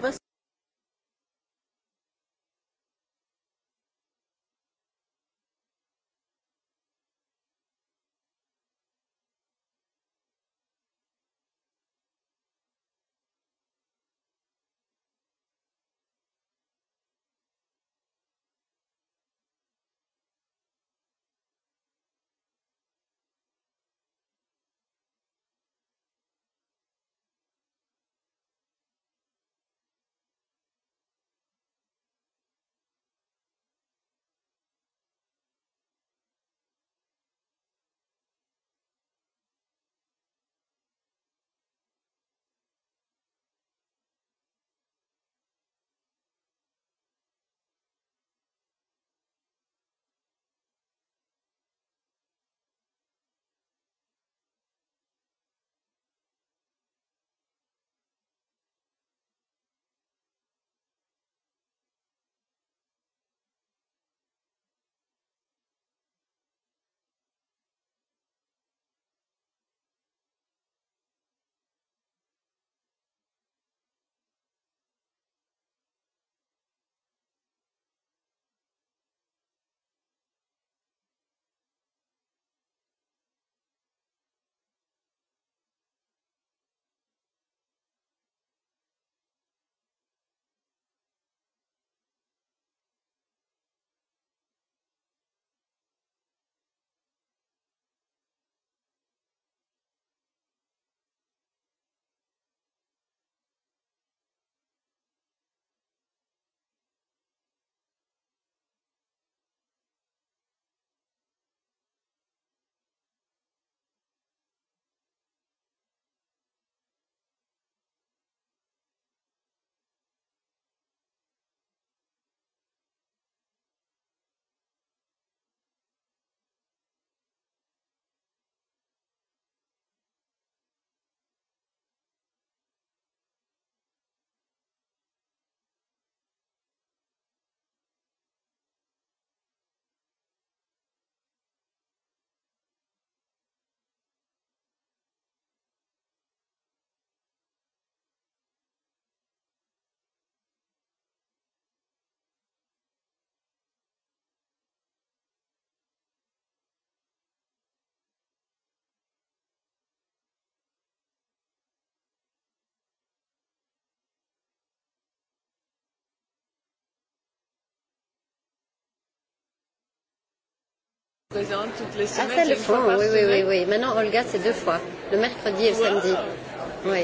Speaker 1: Présente toutes les ah, semaines. Ah, le fond, oui, oui, oui, oui.
Speaker 2: Maintenant, Olga, c'est deux fois, le mercredi et le wow. samedi. Oui.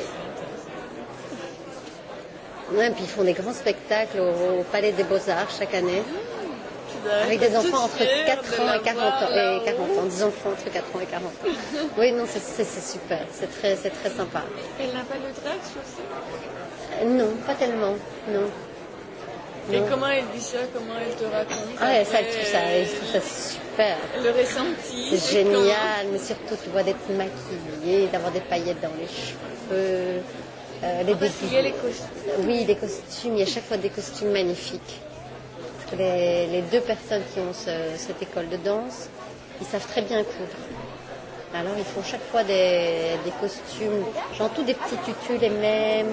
Speaker 2: Ouais, puis ils font des grands spectacles au, au Palais des Beaux-Arts chaque année. Mmh, avec des enfants entre 4 ans et 40 ans, et 40 ans, des enfants entre 4 ans et 40 ans. oui, non, c'est super, c'est très, très sympa. Elle n'a
Speaker 3: pas le drague sur ça Non,
Speaker 2: pas tellement, non. Et comment
Speaker 3: elle dit ça Comment elle te raconte Ah, ça, je trouve ça, je
Speaker 2: trouve ça super.
Speaker 3: Le ressenti. C'est génial,
Speaker 2: comment... mais surtout, tu vois, d'être maquillée, d'avoir des paillettes dans les cheveux. Euh, les déguisements. les costumes. Oui, des costumes. Il y a chaque fois des costumes magnifiques. les, les deux personnes qui ont ce, cette école de danse, ils savent très bien coudre. Alors, ils font chaque fois des, des costumes, genre tous des petits tutus les mêmes,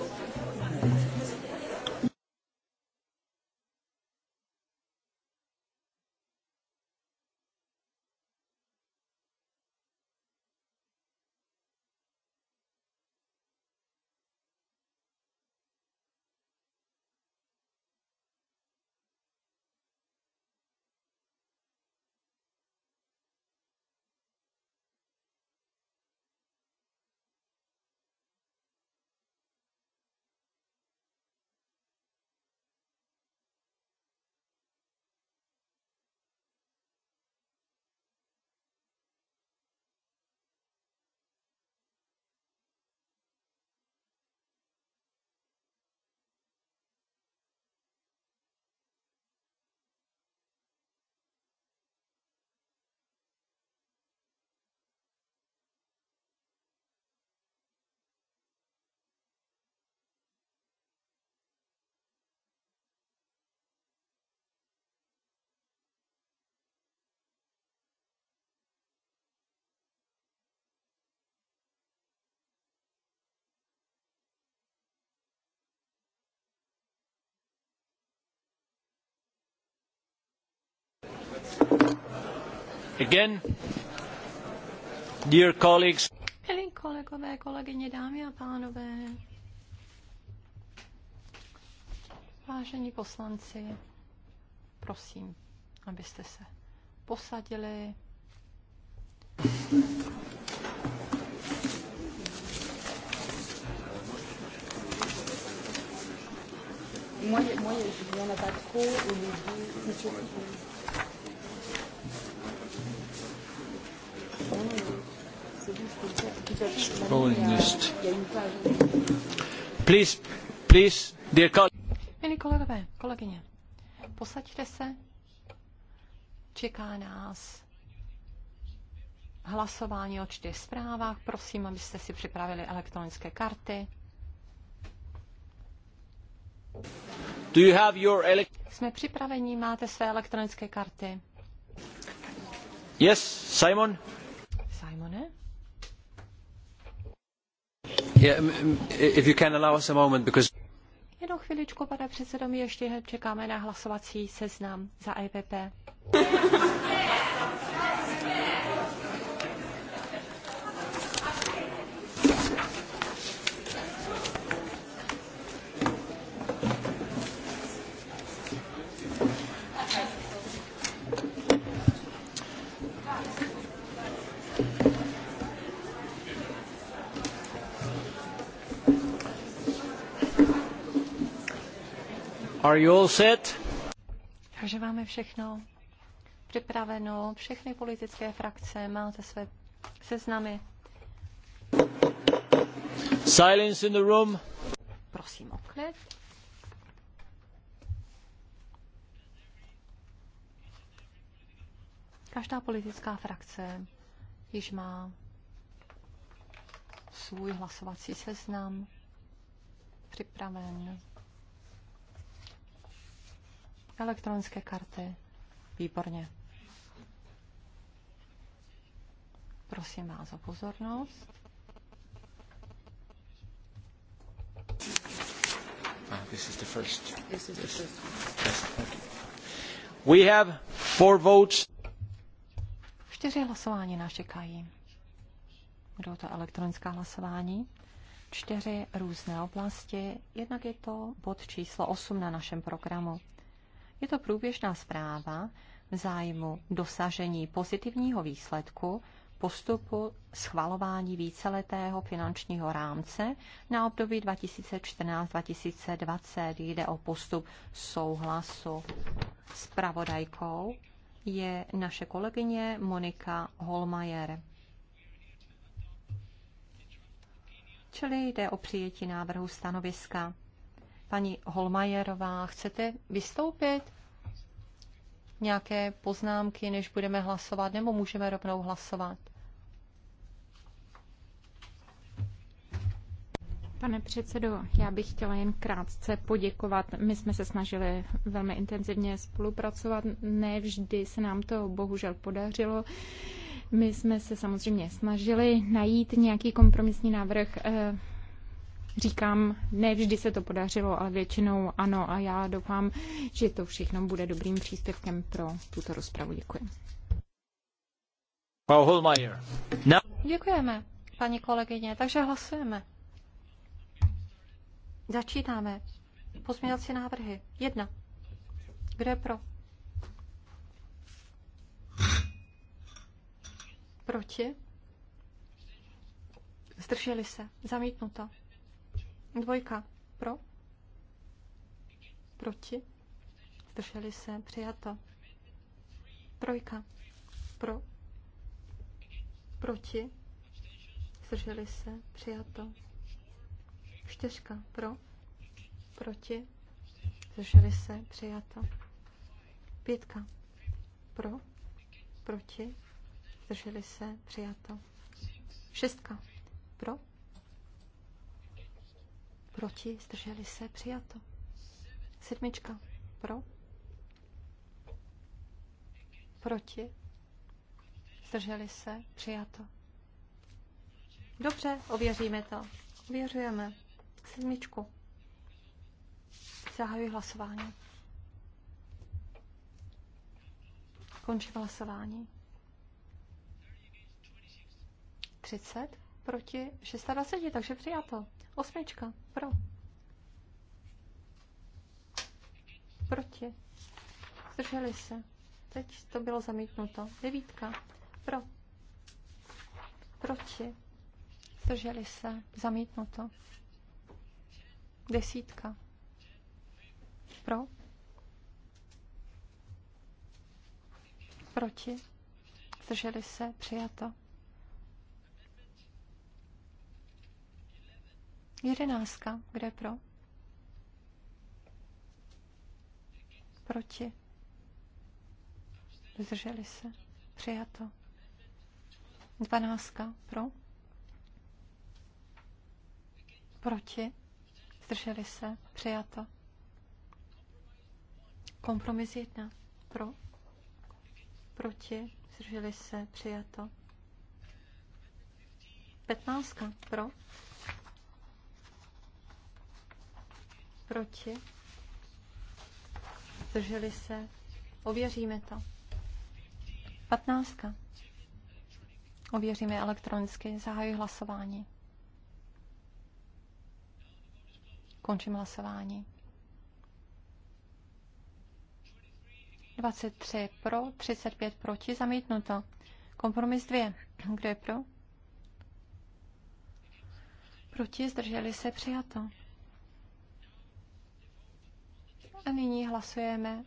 Speaker 1: Again, dear colleagues.
Speaker 2: Milí kolegové, kolegyně, dámy a pánové, vážení poslanci, prosím, abyste se posadili. je Please, please, dear Milí kolegové, kolegyně, posaďte se. Čeká nás hlasování o čtyř zprávách. Prosím, abyste si připravili elektronické karty.
Speaker 1: Do you have your
Speaker 2: Jsme připraveni, máte své elektronické karty.
Speaker 1: Yes, Simon. Yeah, if
Speaker 2: chviličku, pane předsedo, my ještě čekáme na hlasovací seznam za EPP.
Speaker 1: Are you all set?
Speaker 2: Takže máme všechno připraveno, všechny politické frakce, máte své seznamy. Silence in the room. Prosím o klid. Každá politická frakce již má svůj hlasovací seznam připraven. Elektronické karty. Výborně. Prosím vás o pozornost. Ah, this is the first. This is the first. We
Speaker 1: have four votes.
Speaker 2: Čtyři hlasování nás čekají. Budou to elektronická hlasování. Čtyři různé oblasti. Jednak je to bod číslo 8 na našem programu. Je to průběžná zpráva v zájmu dosažení pozitivního výsledku postupu schvalování víceletého finančního rámce na období 2014-2020. Jde o postup souhlasu s pravodajkou je naše kolegyně Monika Holmajer. Čili jde o přijetí návrhu stanoviska. Paní Holmajerová, chcete vystoupit? Nějaké poznámky, než budeme hlasovat, nebo můžeme rovnou hlasovat?
Speaker 3: Pane předsedo, já bych chtěla jen krátce poděkovat. My jsme se snažili velmi intenzivně spolupracovat. Ne vždy se nám to bohužel podařilo. My jsme se samozřejmě snažili najít nějaký kompromisní návrh eh, říkám, ne vždy se to podařilo, ale většinou ano a já doufám, že to všechno bude dobrým příspěvkem pro tuto rozpravu. Děkuji.
Speaker 2: Frau Holmeier. No.
Speaker 3: Děkujeme, paní
Speaker 2: kolegyně. Takže hlasujeme. Začínáme. Pozměňovací návrhy. Jedna. Kdo je pro? Proti? Zdrželi se. Zamítnuto. Dvojka. Pro? Proti? Zdrželi se. Přijato. Trojka. Pro? Proti? Zdrželi se. Přijato. Čtyřka. Pro? Proti? Zdrželi se. Přijato. Pětka. Pro? Proti? Zdrželi se. Přijato. Šestka. Pro? proti, zdrželi se, přijato. Sedmička, pro, proti, zdrželi se, přijato. Dobře, ověříme to. Ověřujeme. Sedmičku. Zahajuji hlasování. Končím hlasování. 30 proti 26, takže přijato. Osmička. Pro. Proti. Zdrželi se. Teď to bylo zamítnuto. Devítka. Pro. Proti. Zdrželi se. Zamítnuto. Desítka. Pro. Proti. Zdrželi se. Přijato. Jedenáctka. kde je pro? Proti. Zdrželi se. Přijato. Dvanáctka. Pro. Proti. Zdrželi se. Přijato. Kompromis jedna. Pro. Proti. Zdrželi se. Přijato. Petnáctka. Pro Proti? Zdrželi se? Ověříme to. Patnáctka. Ověříme elektronicky. Zahajuji hlasování. Končím hlasování. 23 pro, 35 proti, zamítnuto. Kompromis 2. Kdo je pro? Proti, zdrželi se, přijato. A nyní hlasujeme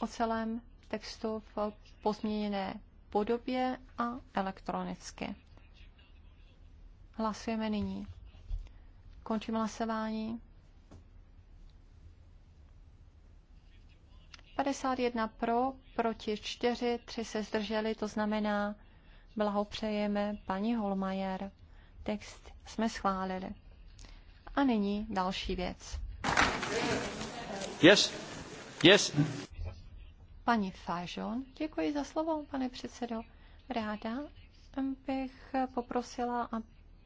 Speaker 2: o celém textu v pozměněné podobě a elektronicky. Hlasujeme nyní. Končím hlasování. 51 pro, proti 4, 3 se zdrželi, to znamená, blahopřejeme paní Holmajer. Text jsme schválili. A nyní další věc.
Speaker 1: Yes. Yes.
Speaker 2: Pani děkuji za slovo, pane předsedo. Ráda bych poprosila,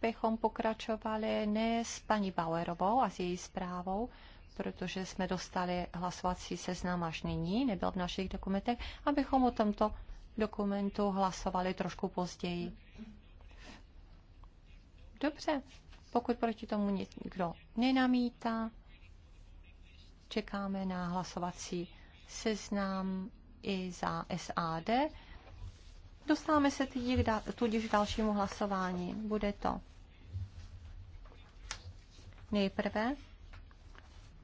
Speaker 2: abychom pokračovali ne s paní Bauerovou a s její zprávou, protože jsme dostali hlasovací seznam až nyní, nebyl v našich dokumentech, abychom o tomto dokumentu hlasovali trošku později. Dobře, pokud proti tomu nikdo nenamítá, Čekáme na hlasovací seznam i za SAD. Dostáváme se tudíž k dalšímu hlasování. Bude to nejprve.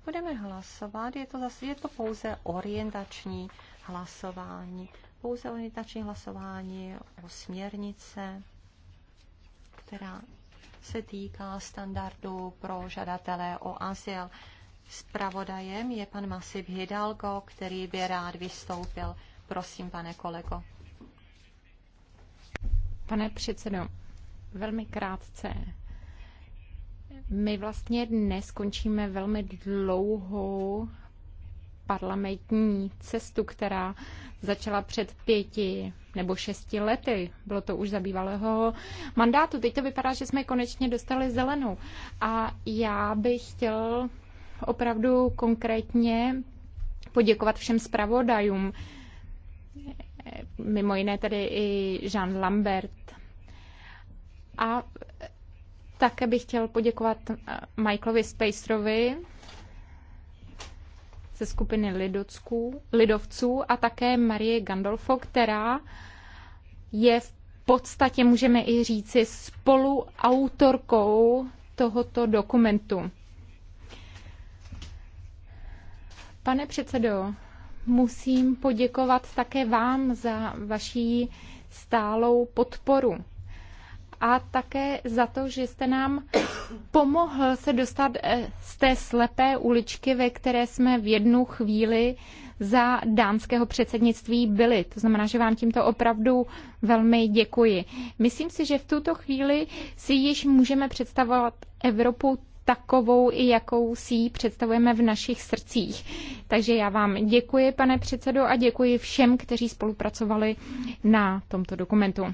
Speaker 2: Budeme hlasovat, je to, zase, je to pouze orientační hlasování. Pouze orientační hlasování o směrnice, která se týká standardu pro žadatele o azyl. Spravodajem je pan Masiv Hidalgo, který by rád vystoupil.
Speaker 3: Prosím, pane kolego. Pane předsedo, velmi krátce. My vlastně dnes končíme velmi dlouhou parlamentní cestu, která začala před pěti nebo šesti lety. Bylo to už za bývalého mandátu. Teď to vypadá, že jsme konečně dostali zelenou. A já bych chtěl opravdu konkrétně poděkovat všem zpravodajům, mimo jiné tedy i Jean Lambert. A také bych chtěl poděkovat Michaelovi Spacerovi ze skupiny Lidocků, Lidovců a také Marie Gandolfo, která je v podstatě, můžeme i říci, spoluautorkou tohoto dokumentu. Pane předsedo, musím poděkovat také vám za vaší stálou podporu a také za to, že jste nám pomohl se dostat eh, z té slepé uličky, ve které jsme v jednu chvíli za dánského předsednictví byli. To znamená, že vám tímto opravdu velmi děkuji. Myslím si, že v tuto chvíli si již můžeme představovat Evropu takovou, i jakou si ji představujeme v našich srdcích. Takže já vám děkuji, pane předsedo, a děkuji všem, kteří spolupracovali na tomto dokumentu.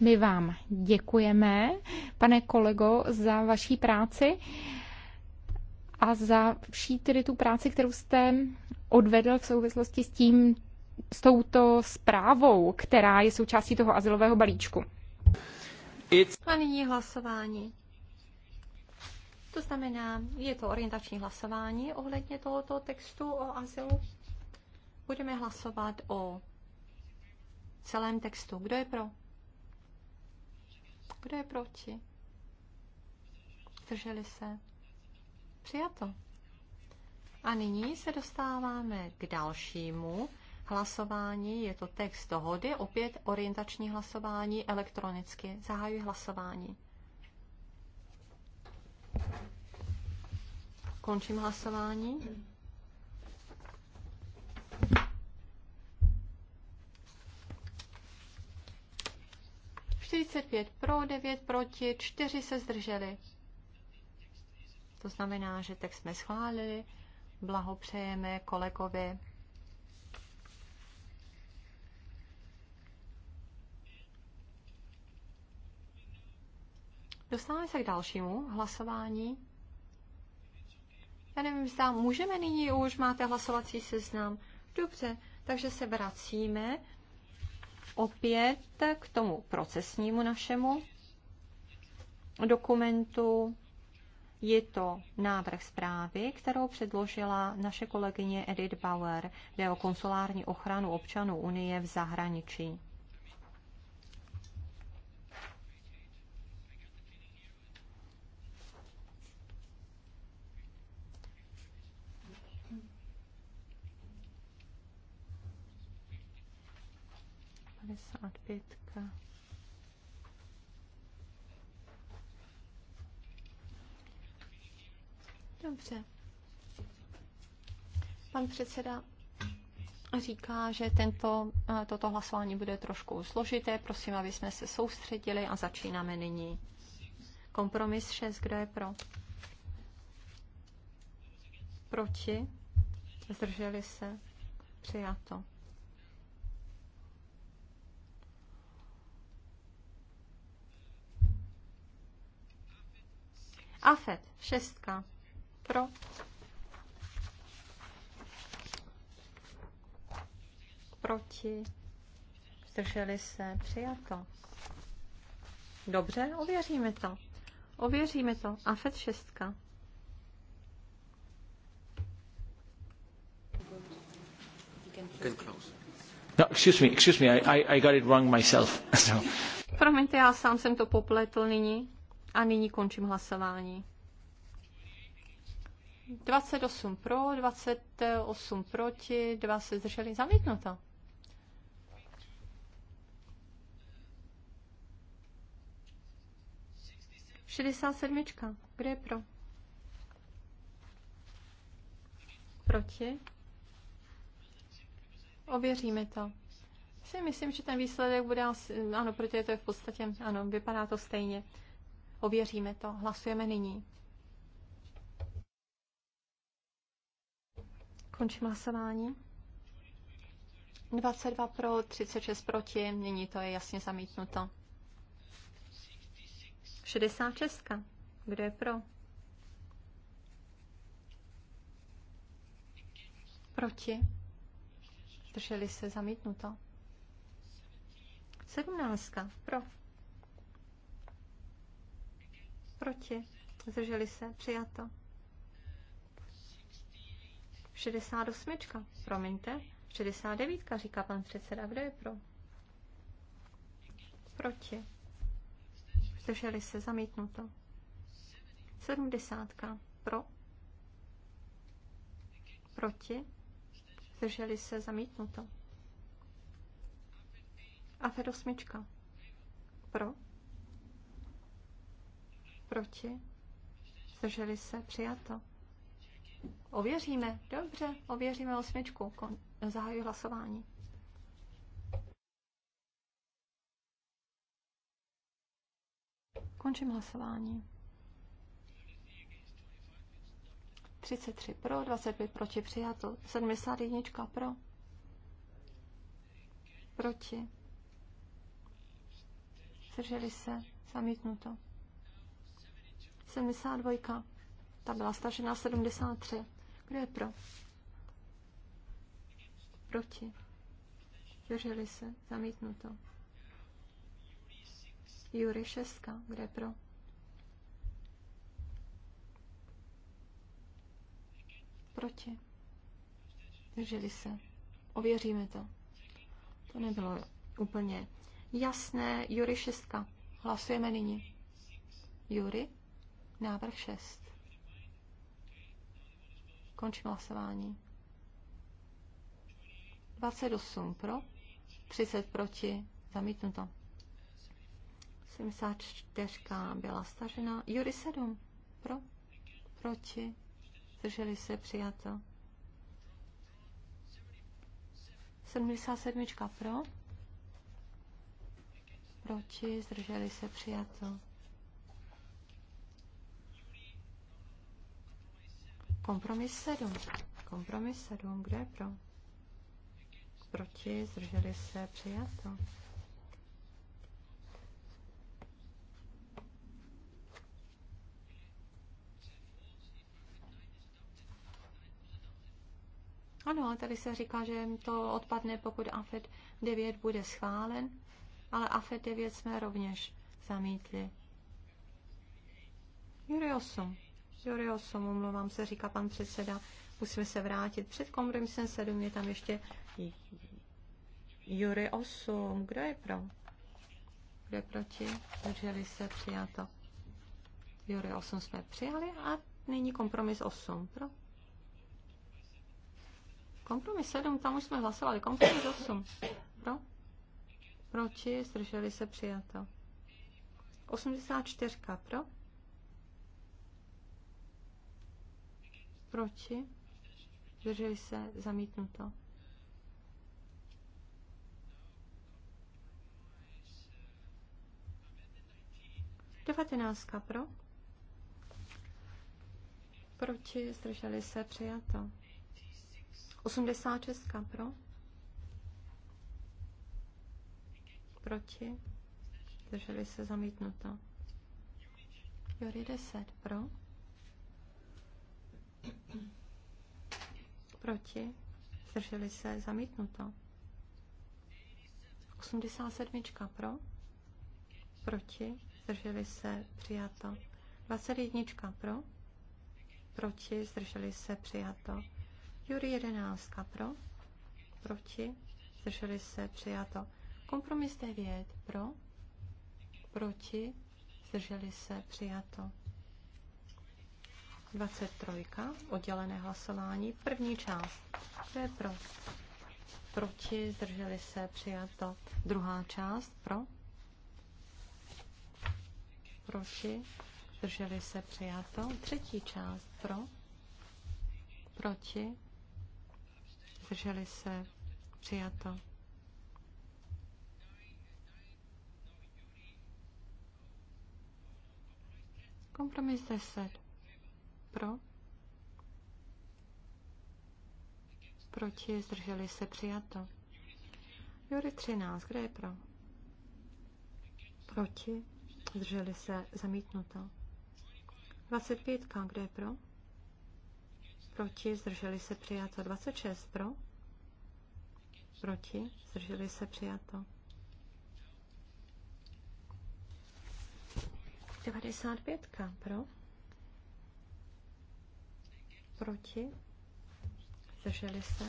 Speaker 3: My vám děkujeme, pane kolego, za vaší práci a za vší tedy tu práci, kterou jste odvedl v souvislosti s tím, s touto zprávou, která je součástí toho asilového balíčku.
Speaker 1: It's...
Speaker 2: A nyní hlasování. To znamená, je to orientační hlasování ohledně tohoto textu o asilu. Budeme hlasovat o celém textu. Kdo je pro? Kdo je proti? Zdrželi se? Přijato. A nyní se dostáváme k dalšímu hlasování. Je to text dohody, opět orientační hlasování, elektronicky. Zahajuji hlasování. Končím hlasování. pět pro, 9 proti, 4 se zdrželi. To znamená, že tak jsme schválili. Blahopřejeme kolegovi. Dostáváme se k dalšímu hlasování. Já nevím, zda můžeme nyní, už máte hlasovací seznam. Dobře, takže se vracíme opět k tomu procesnímu našemu dokumentu. Je to návrh zprávy, kterou předložila naše kolegyně Edith Bauer, jde o konsulární ochranu občanů Unie v zahraničí. 95. Dobře. Pan předseda říká, že tento, eh, toto hlasování bude trošku složité. Prosím, aby jsme se soustředili a začínáme nyní. Kompromis 6, kdo je pro? Proti? Zdrželi se? Přijato. AFET šestka pro, proti, zdrželi se, přijato. Dobře, ověříme to. Ověříme to. AFET šestka No, excuse me, excuse me, I, I, I got it wrong myself. So. Promiňte, já sám jsem to popletl nyní. A nyní končím hlasování. 28 pro, 28 proti, 2 se zdrželi zamítnuto. Šedesát sedmička. Kde je pro? Proti? Ověříme to. Si myslím, že ten výsledek bude asi... Ano, proti je to v podstatě... Ano, vypadá to stejně. Ověříme to. Hlasujeme nyní. Končím hlasování. 22 pro, 36 proti. Nyní to je jasně zamítnuto. 66. Kdo je pro? Proti. Drželi se zamítnuto. 17. Pro. Proti. Zdrželi se. Přijato. 68. Promiňte. 69. říká pan předseda. Kdo je pro? Proti. Zdrželi se. Zamítnuto. 70. Pro. Proti. Zdrželi se. Zamítnuto. A 8. Pro Proti? Zdrželi se? Přijato. Ověříme. Dobře, ověříme osmičku. zahajuji hlasování. Končím hlasování. 33 pro, 25 proti přijato, 71 pro, proti, zdrželi se, zamítnuto. 72. Ta byla stažená 73. Kdo je pro? Proti. Drželi se. Zamítnuto. Jury 6. Kdo je pro? Proti. Drželi se. Ověříme to. To nebylo úplně jasné. Jury 6. Hlasujeme nyní. Jury Návrh 6. Končím hlasování. 28 pro, 30 proti, zamítnuto. 74 byla stažena. Jury 7 pro, proti, zdrželi se, přijato. 77 pro, proti, zdrželi se, přijato. Kompromis 7. Kompromis 7. Kdo je pro? Proti? Zdrželi se? Přijato. Ano, tady se říká, že to odpadne, pokud AFED 9 bude schválen, ale AFED 9 jsme rovněž zamítli. Jury 8. Jury omlouvám se, říká pan předseda, musíme se vrátit. Před kompromisem 7 je tam ještě Jury 8. Kdo je pro? Kdo je proti? Drželi se, přijato. Jury 8 jsme přijali a nyní kompromis 8. Pro? Kompromis 7, tam už jsme hlasovali. Kompromis 8. Pro? Proti? Zdrželi se, přijato. 84 pro? Proti? Zdrželi se? Zamítnuto. Devatenáctka pro? Proti? Zdrželi se? Přijato. 86 pro? Proti? Zdrželi se? Zamítnuto. Jory 10 pro? Proti? Zdrželi se? Zamítnuto. 87. Pro? Proti? Zdrželi se? Přijato. 21. Pro? Proti? Zdrželi se? Přijato. Jury 11. Pro? Proti? Zdrželi se? Přijato. Kompromis 9. Pro? Proti? Zdrželi se? Přijato. 23. Oddělené hlasování. První část. Kdo je pro? Proti. Zdrželi se. Přijato. Druhá část. Pro? Proti. Zdrželi se. Přijato. Třetí část. Pro? Proti. Zdrželi se. Přijato. Kompromis 10. Pro? Proti? Zdrželi se přijato. Jury 13. Kde je pro? Proti? Zdrželi se zamítnuto. 25. Kde je pro? Proti? Zdrželi se přijato. 26. Pro? Proti? Zdrželi se přijato. 95. Pro? Proti? Zdrželi se?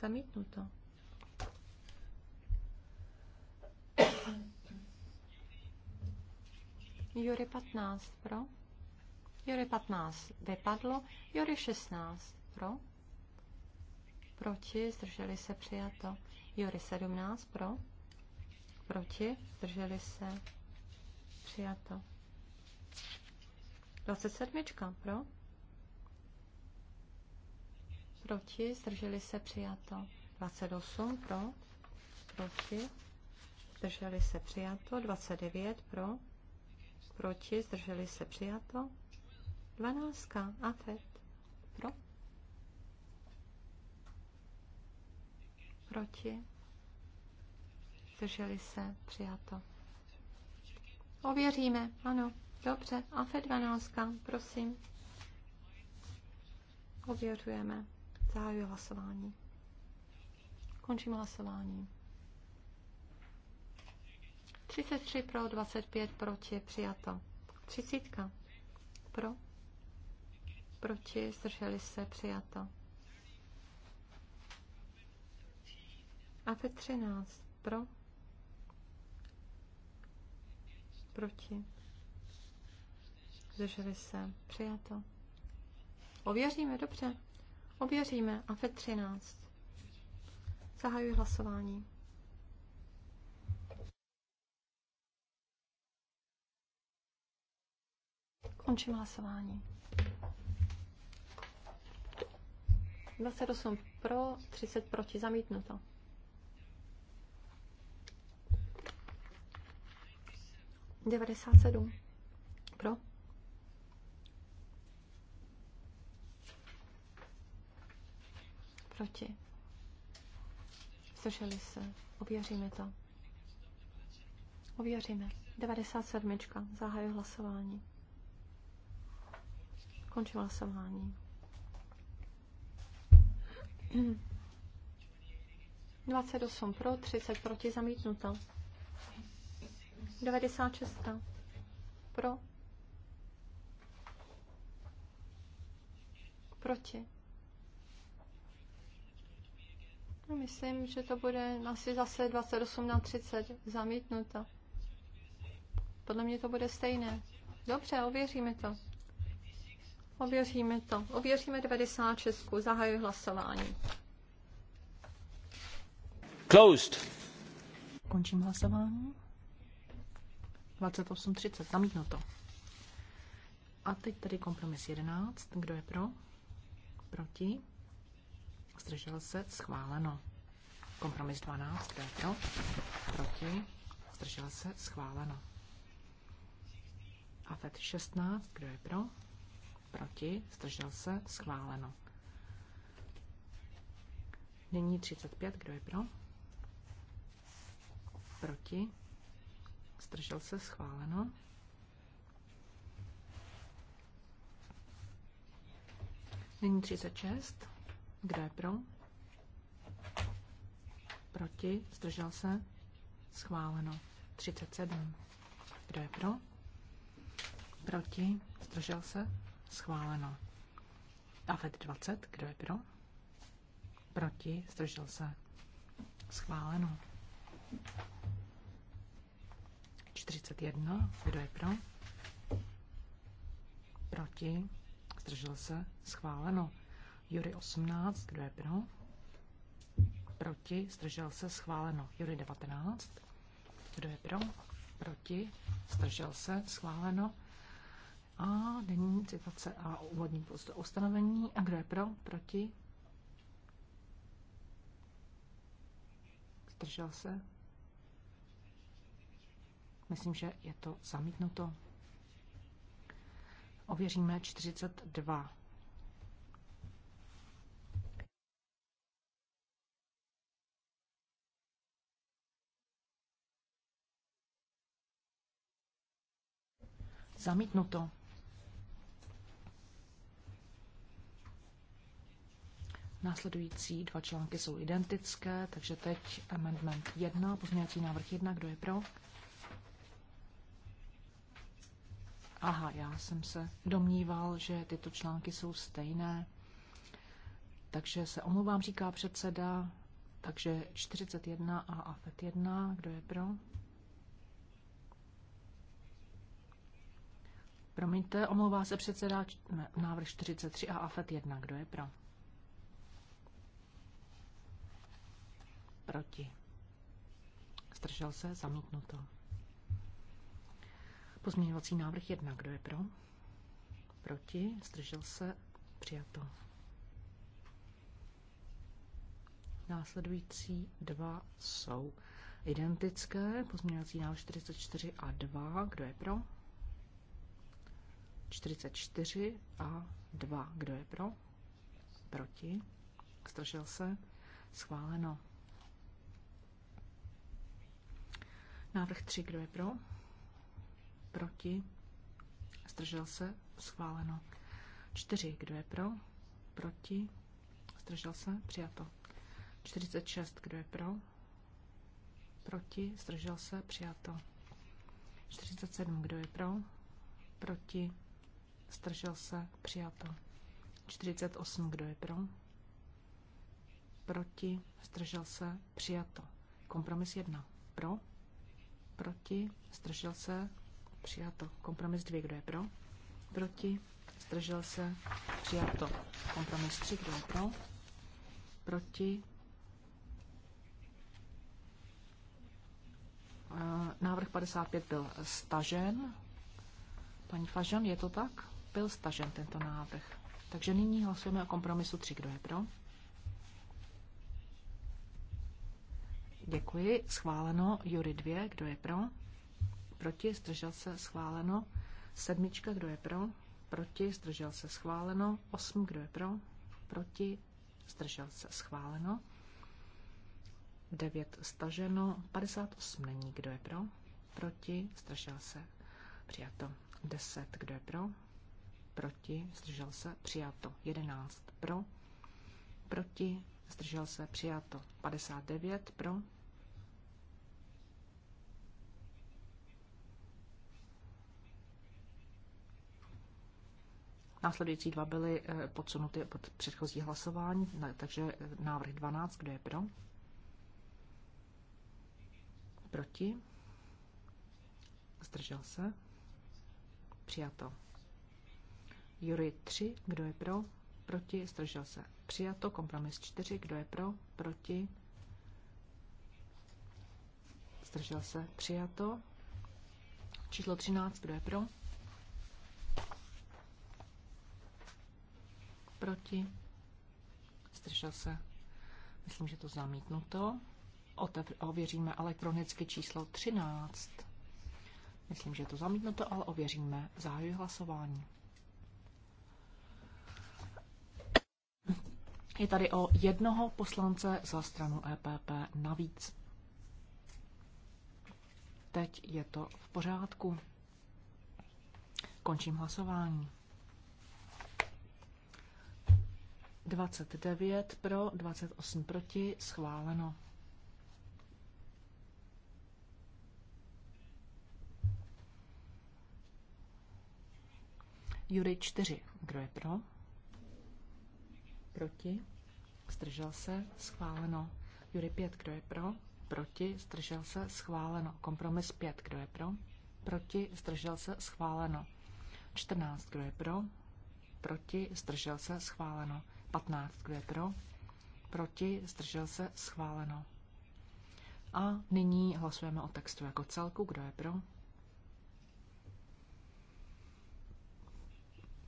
Speaker 2: Zamítnuto. Jury 15 pro. Jury 15 vypadlo. Jury 16 pro. Proti? Zdrželi se? Přijato. Jury 17 pro. Proti? Zdrželi se? Přijato. 27 pro proti, zdrželi se přijato. 28 pro, proti, zdrželi se přijato. 29 pro, proti, zdrželi se přijato. 12 a teď pro, proti, zdrželi se přijato. Ověříme, ano, dobře. A fe 12, prosím. Ověřujeme. Zahajuji hlasování. Končím hlasování. 33 pro, 25 proti, přijato. 30 pro, proti, zdrželi se, přijato. A ve 13 pro, proti, zdrželi se, přijato. Ověříme, dobře. Ověříme. AFET 13. Zahajuji hlasování. Končím hlasování. 28 pro, 30 proti, zamítnuto. 97 pro. Proti. Zdrželi se. Ověříme to. Ověříme. 97. Zahajuji hlasování. Končím hlasování. 28 pro, 30 proti, zamítnuto. 96 pro, proti. No, myslím, že to bude asi zase 28 na 30 zamítnuto. Podle mě to bude stejné. Dobře, ověříme to. Ověříme to. Ověříme 96. Zahajuji hlasování.
Speaker 1: Closed. Končím hlasování. 28.30. Zamítnuto. A teď tady kompromis 11. Kdo je pro? Proti? zdržel se, schváleno. Kompromis 12, kdo je pro, proti, zdržel se, schváleno. A fet 16, kdo je pro, proti, zdržel se, schváleno. Nyní 35, kdo je pro, proti, zdržel se, schváleno. Nyní 36. Kdo je pro? Proti? Zdržel se? Schváleno. 37. Kdo je pro? Proti? Zdržel se? Schváleno. AFED 20. Kdo je pro? Proti? Zdržel se? Schváleno. 41. Kdo je pro? Proti? Zdržel se? Schváleno. Jury 18, kdo je pro? Proti, zdržel se, schváleno. Jury 19, kdo je pro? Proti, zdržel se, schváleno. A denní citace a úvodní post ustanovení. A kdo je pro? Proti? Zdržel se? Myslím, že je to zamítnuto. Ověříme 42. Zamítnuto. Následující dva články jsou identické, takže teď amendment 1, pozměňovací návrh 1, kdo je pro? Aha, já jsem se domníval, že tyto články jsou stejné, takže se omluvám, říká předseda, takže 41 a AFET 1, kdo je pro? Promiňte, omlouvá se předseda návrh 43 a AFET 1. Kdo je pro? Proti. Zdržel se, zamítnuto. Pozměňovací návrh 1. Kdo je pro? Proti. Zdržel se, přijato. Následující dva jsou identické. Pozměňovací návrh 44 a 2. Kdo je pro? 44 a 2. Kdo je pro? Proti? Zdržel se? Schváleno. Návrh 3. Kdo je pro? Proti? Zdržel se? Schváleno. 4. Kdo je pro? Proti? Zdržel se? Přijato. 46. Kdo je pro? Proti? Zdržel se? Přijato. 47. Kdo je pro? Proti? Zdržel se? Přijato. 48. Kdo je pro? Proti? Zdržel se? Přijato. Kompromis 1. Pro? Proti? Zdržel se? Přijato. Kompromis 2. Kdo je pro? Proti? Zdržel se? Přijato. Kompromis 3. Kdo je pro? Proti? Eh, návrh 55 byl stažen. Paní Fažan, je to tak? byl stažen tento návrh. Takže nyní hlasujeme o kompromisu 3. Kdo je pro? Děkuji. Schváleno. Jury 2. Kdo je pro? Proti. Zdržel se. Schváleno. Sedmička. Kdo je pro? Proti. Zdržel se. Schváleno. Osm. Kdo je pro? Proti. Zdržel se. Schváleno. 9 staženo, 58 není, kdo je pro, proti, zdržel se, přijato, 10, kdo je pro, proti, zdržel se, přijato. 11 pro, proti, zdržel se, přijato. 59 pro, Následující dva byly eh, podsunuty pod předchozí hlasování, takže eh, návrh 12, kdo je pro? Proti? Zdržel se? Přijato. Jury 3, kdo je pro, proti, zdržel se. Přijato, kompromis 4, kdo je pro, proti, zdržel se. Přijato. Číslo 13, kdo je pro, proti, zdržel se. Myslím, že to zamítnuto. Otevř, ověříme elektronicky číslo 13. Myslím, že je to zamítnuto, ale ověříme. Zahajuji hlasování. Je tady o jednoho poslance za stranu EPP navíc. Teď je to v pořádku. Končím hlasování. 29 pro, 28 proti, schváleno. Jury 4. Kdo je pro? Proti? Zdržel se? Schváleno. Jury 5, kdo je pro? Proti? Zdržel se? Schváleno. Kompromis 5, kdo je pro? Proti? Zdržel se? Schváleno. 14, kdo je pro? Proti? Zdržel se? Schváleno. 15, kdo je pro? Proti? Zdržel se? Schváleno. A nyní hlasujeme o textu jako celku. Kdo je pro?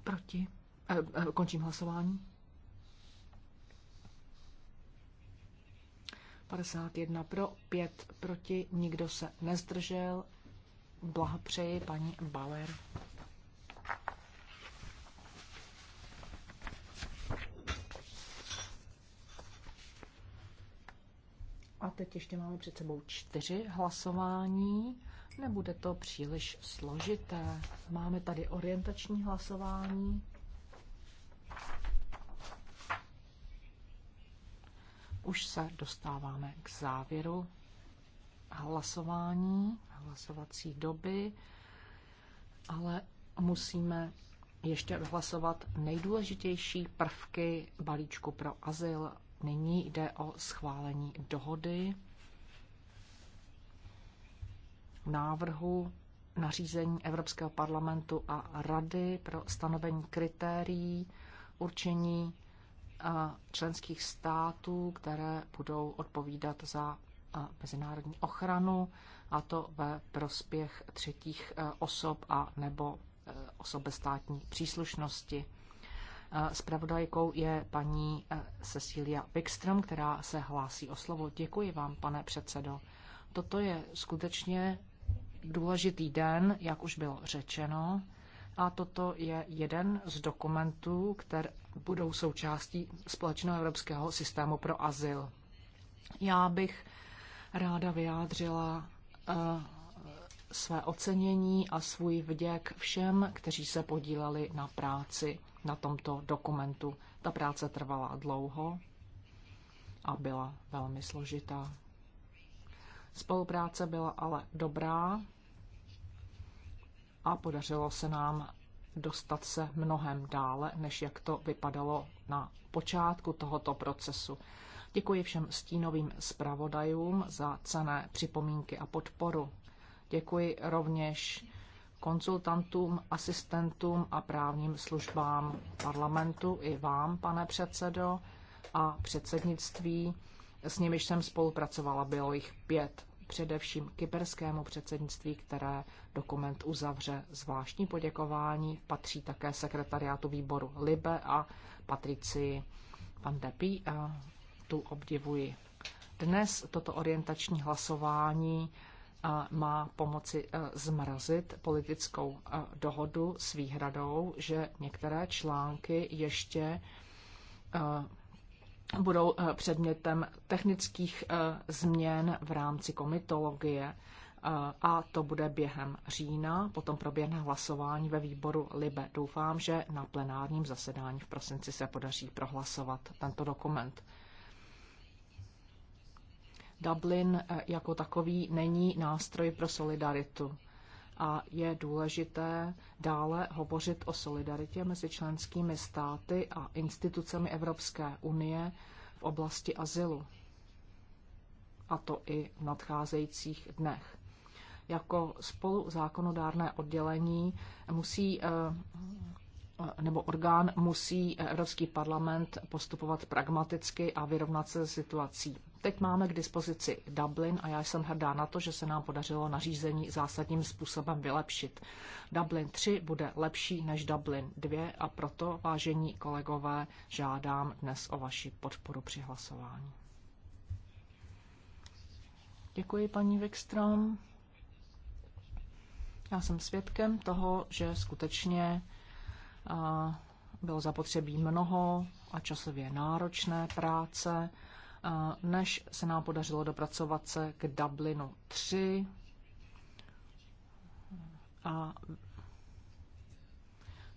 Speaker 1: Proti? Eh, eh, končím hlasování. 51 pro, 5 proti, nikdo se nezdržel. Blahopřeji paní Bauer. A teď ještě máme před sebou čtyři hlasování. Nebude to příliš složité. Máme tady orientační hlasování. Už se dostáváme k závěru hlasování, hlasovací doby, ale musíme ještě hlasovat nejdůležitější prvky balíčku pro azyl. Nyní jde o schválení dohody, návrhu nařízení Evropského parlamentu a Rady pro stanovení kritérií určení členských států, které budou odpovídat za mezinárodní ochranu, a to ve prospěch třetích e, osob a nebo e, osob bez státní příslušnosti. Spravodajkou e, je paní Cecilia Wikström, která se hlásí o slovo. Děkuji vám, pane předsedo. Toto je skutečně důležitý den, jak už bylo řečeno. A toto je jeden z dokumentů, které budou součástí společného evropského systému pro azyl. Já bych ráda vyjádřila eh, své ocenění a svůj vděk všem, kteří se podíleli na práci na tomto dokumentu. Ta práce trvala dlouho a byla velmi složitá. Spolupráce byla ale dobrá a podařilo se nám dostat se mnohem dále, než jak to vypadalo na počátku tohoto procesu. Děkuji všem stínovým zpravodajům za cené připomínky a podporu. Děkuji rovněž konzultantům, asistentům a právním službám parlamentu i vám, pane předsedo, a předsednictví, s nimiž jsem spolupracovala, bylo jich pět především kyperskému předsednictví, které dokument uzavře. Zvláštní poděkování patří také sekretariátu výboru Libe a Patricii Van a eh, Tu obdivuji. Dnes toto orientační hlasování eh, má pomoci eh, zmrazit politickou dohodu s výhradou, že některé články ještě budou eh, předmětem technických eh, změn v rámci komitologie eh, a to bude během října. Potom proběhne hlasování ve výboru Libe. Doufám, že na plenárním zasedání v prosinci se podaří prohlasovat tento dokument. Dublin jako takový není nástroj pro solidaritu a je důležité dále hovořit o solidaritě mezi členskými státy a institucemi Evropské unie v oblasti azylu. A to i v nadcházejících dnech. Jako spolu zákonodárné oddělení musí eh, eh, nebo orgán musí Evropský parlament postupovat pragmaticky a vyrovnat se situací Teď máme k dispozici Dublin a já jsem hrdá na to, že se nám podařilo nařízení zásadním způsobem vylepšit. Dublin 3 bude lepší než Dublin 2 a proto, vážení kolegové, žádám dnes o vaši podporu při hlasování. Děkuji, paní Wikström. Já jsem svědkem toho, že skutečně bylo zapotřebí mnoho a časově náročné práce než se nám podařilo dopracovat se k Dublinu 3 a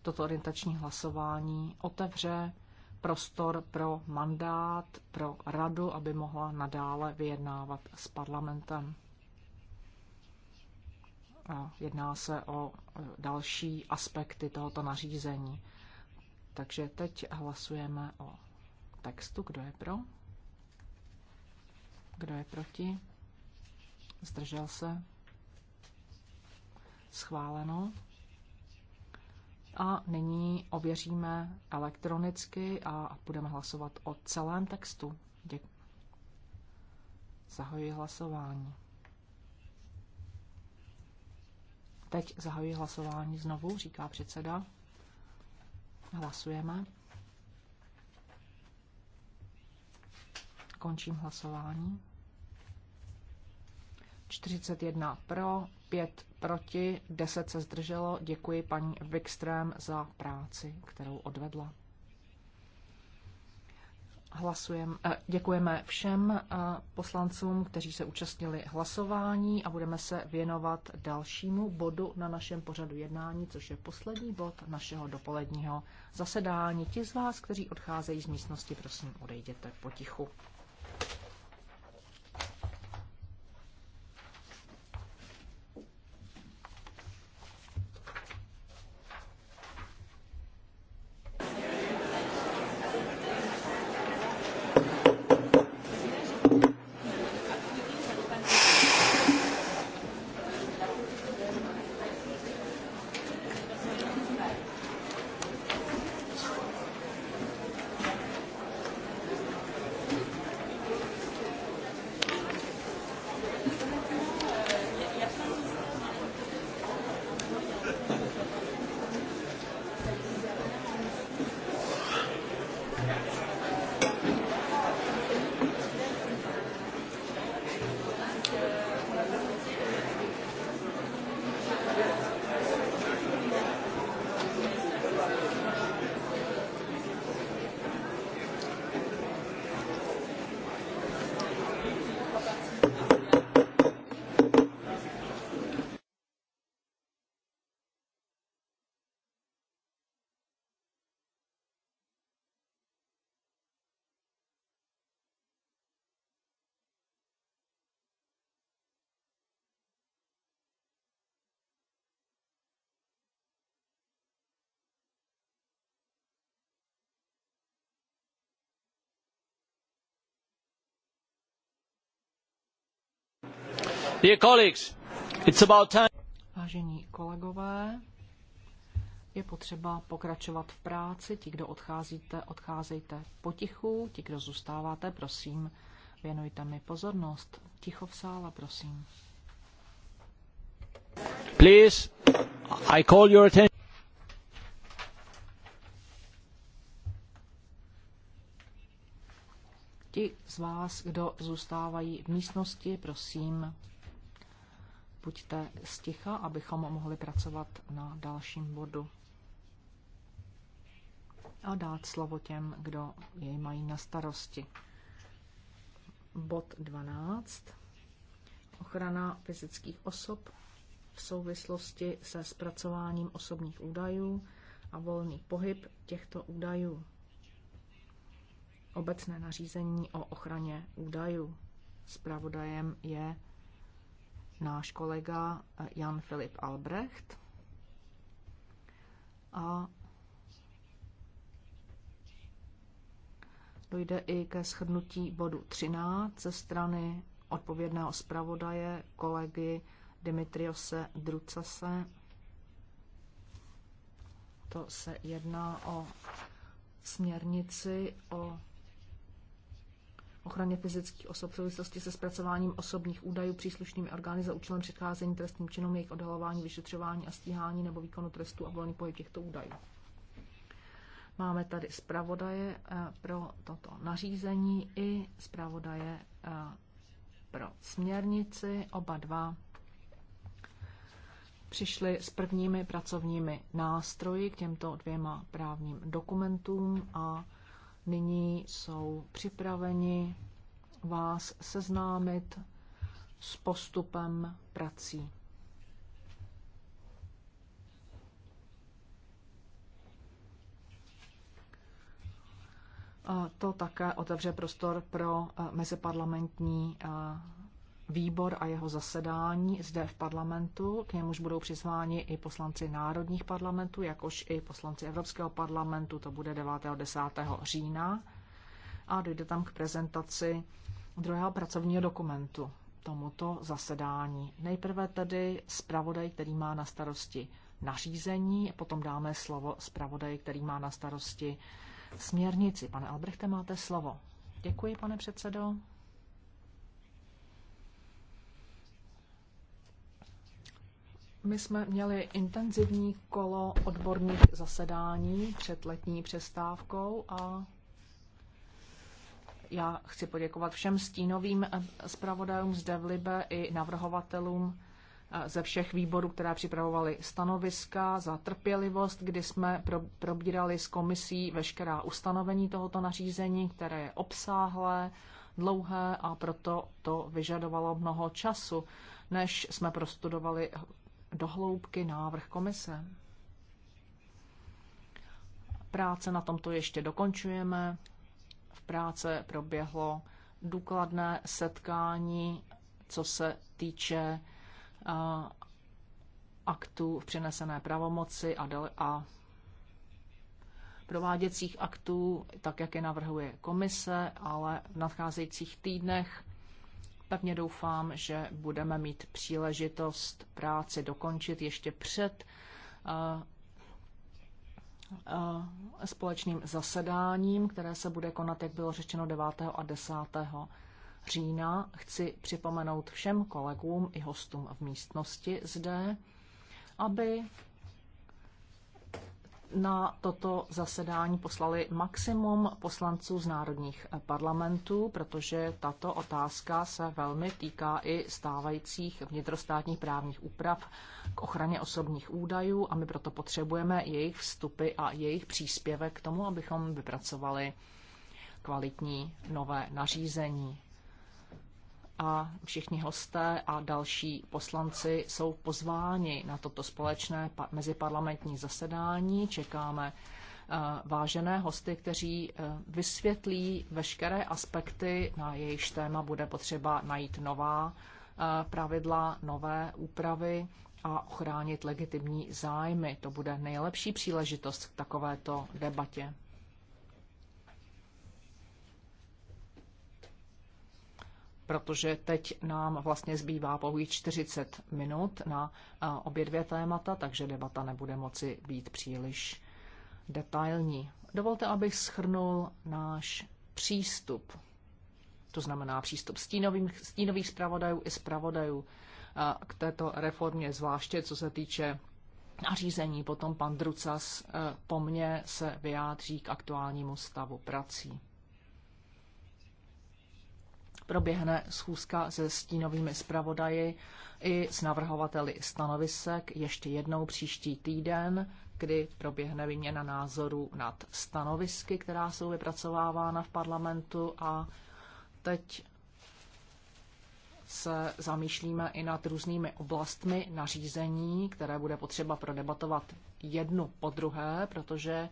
Speaker 1: toto orientační hlasování otevře prostor pro mandát, pro radu, aby mohla nadále vyjednávat s parlamentem. A jedná se o e, další aspekty tohoto nařízení. Takže teď hlasujeme o textu. Kdo je pro? Kdo je proti? Zdržel se? Schváleno. A nyní ověříme elektronicky a budeme hlasovat o celém textu. Děkuji. Zahajuji hlasování. Teď zahajuji hlasování znovu, říká předseda. Hlasujeme. Končím hlasování. 41 pro, 5 proti, 10 se zdrželo. Děkuji paní Wikström za práci, kterou odvedla. Hlasujem, eh, děkujeme všem eh, poslancům, kteří se účastnili hlasování a budeme se věnovat dalšímu bodu na našem pořadu jednání, což je poslední bod našeho dopoledního zasedání. Ti z vás, kteří odcházejí z místnosti, prosím, odejděte potichu. Vážení kolegové, je potřeba pokračovat v práci. Ti, kdo odcházíte, odcházejte potichu. Ti, kdo zůstáváte, prosím, věnujte mi pozornost. Ticho v sále, prosím.
Speaker 2: Please, I call your attention.
Speaker 1: Ti z vás, kdo zůstávají v místnosti, prosím, buďte sticha, abychom mohli pracovat na dalším bodu a dát slovo těm, kdo jej mají na starosti. Bod 12. Ochrana fyzických osob v souvislosti se zpracováním osobních údajů a volný pohyb těchto údajů. Obecné nařízení o ochraně údajů. Spravodajem je náš kolega eh, Jan Filip Albrecht. A dojde i ke shrnutí bodu 13 ze strany odpovědného zpravodaje kolegy Dimitriose Drucase. To se jedná o směrnici o ochraně fyzických osob v souvislosti se zpracováním osobních údajů příslušnými orgány za účelem předcházení trestným činům, jejich odhalování, vyšetřování a stíhání nebo výkonu trestu a volný pohyb těchto údajů. Máme tady zpravodaje eh, pro toto nařízení i zpravodaje eh, pro směrnici. Oba dva přišli s prvními pracovními nástroji k těmto dvěma právním dokumentům a nyní jsou připraveni vás seznámit s postupem prací. To také otevře prostor pro eh, meziparlamentní eh, výbor a jeho zasedání zde v parlamentu. K němuž budou přizváni i poslanci národních parlamentů, jakož i poslanci Evropského parlamentu. To bude 9. 10. října. A dojde tam k prezentaci druhého pracovního dokumentu tomuto zasedání. Nejprve tedy zpravodaj, který má na starosti nařízení, a potom dáme slovo zpravodaj, který má na starosti směrnici. Pane Albrechte, máte slovo. Děkuji, pane předsedo. My jsme měli intenzivní kolo odborných zasedání před letní přestávkou a já chci poděkovat všem stínovým eh, zpravodajům zde v Libe i navrhovatelům eh, ze všech výborů, které připravovali stanoviska, za trpělivost, kdy jsme probírali s komisí veškerá ustanovení tohoto nařízení, které je obsáhlé, dlouhé a proto to vyžadovalo mnoho času, než jsme prostudovali dohloubky návrh komise. Práce na tomto ještě dokončujeme. V práce proběhlo důkladné setkání, co se týče aktů v přenesené pravomoci a, dele, a prováděcích aktů, tak jak je navrhuje komise, ale v nadcházejících týdnech Pevně doufám, že budeme mít příležitost práci dokončit ještě před eh, eh, společným zasedáním, které se bude konat, jak bylo řečeno, 9. a 10. října. Chci připomenout všem kolegům i hostům v místnosti zde, aby na toto zasedání poslali maximum poslanců z národních parlamentů, protože tato otázka se velmi týká i stávajících vnitrostátních právních úprav k ochraně osobních údajů a my proto potřebujeme jejich vstupy a jejich příspěvek k tomu, abychom vypracovali kvalitní nové nařízení a všichni hosté a další poslanci jsou pozváni na toto společné meziparlamentní zasedání. Čekáme eh, vážené hosty, kteří eh, vysvětlí veškeré aspekty, na jejichž téma bude potřeba najít nová eh, pravidla, nové úpravy a ochránit legitimní zájmy. To bude nejlepší příležitost k takovéto debatě. protože teď nám vlastně zbývá pouhých 40 minut na obě dvě témata, takže debata nebude moci být příliš detailní. Dovolte, abych schrnul náš přístup, to znamená přístup stínových, stínových zpravodajů i zpravodajů k této reformě, zvláště co se týče nařízení. Potom pan Drucas po mně se vyjádří k aktuálnímu stavu prací proběhne schůzka se stínovými zpravodaji i s navrhovateli stanovisek ještě jednou příští týden, kdy proběhne výměna názorů nad stanovisky, která jsou vypracovávána v parlamentu a teď se zamýšlíme i nad různými oblastmi nařízení, které bude potřeba prodebatovat jednu po druhé, protože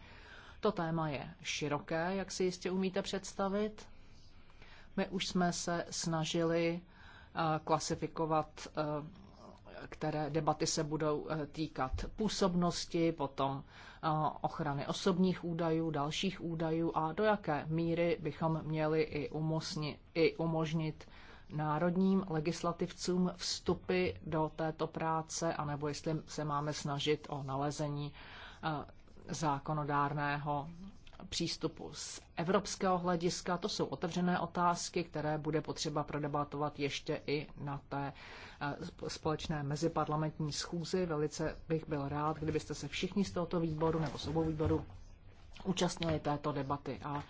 Speaker 1: to téma je široké, jak si jistě umíte představit. My už jsme se snažili eh, klasifikovat, eh, které debaty se budou eh, týkat působnosti, potom ochrany osobních údajů, dalších údajů a do jaké míry bychom měli i, umocni, i umožnit národním legislativcům vstupy do této práce, anebo jestli se máme snažit o nalezení zákonodárného přístupu z evropského hlediska. To jsou otevřené otázky, které bude potřeba prodebatovat ještě i na té eh, společné meziparlamentní schůzi. Velice bych byl rád, kdybyste se všichni z tohoto výboru nebo z obou výboru účastnili této debaty. A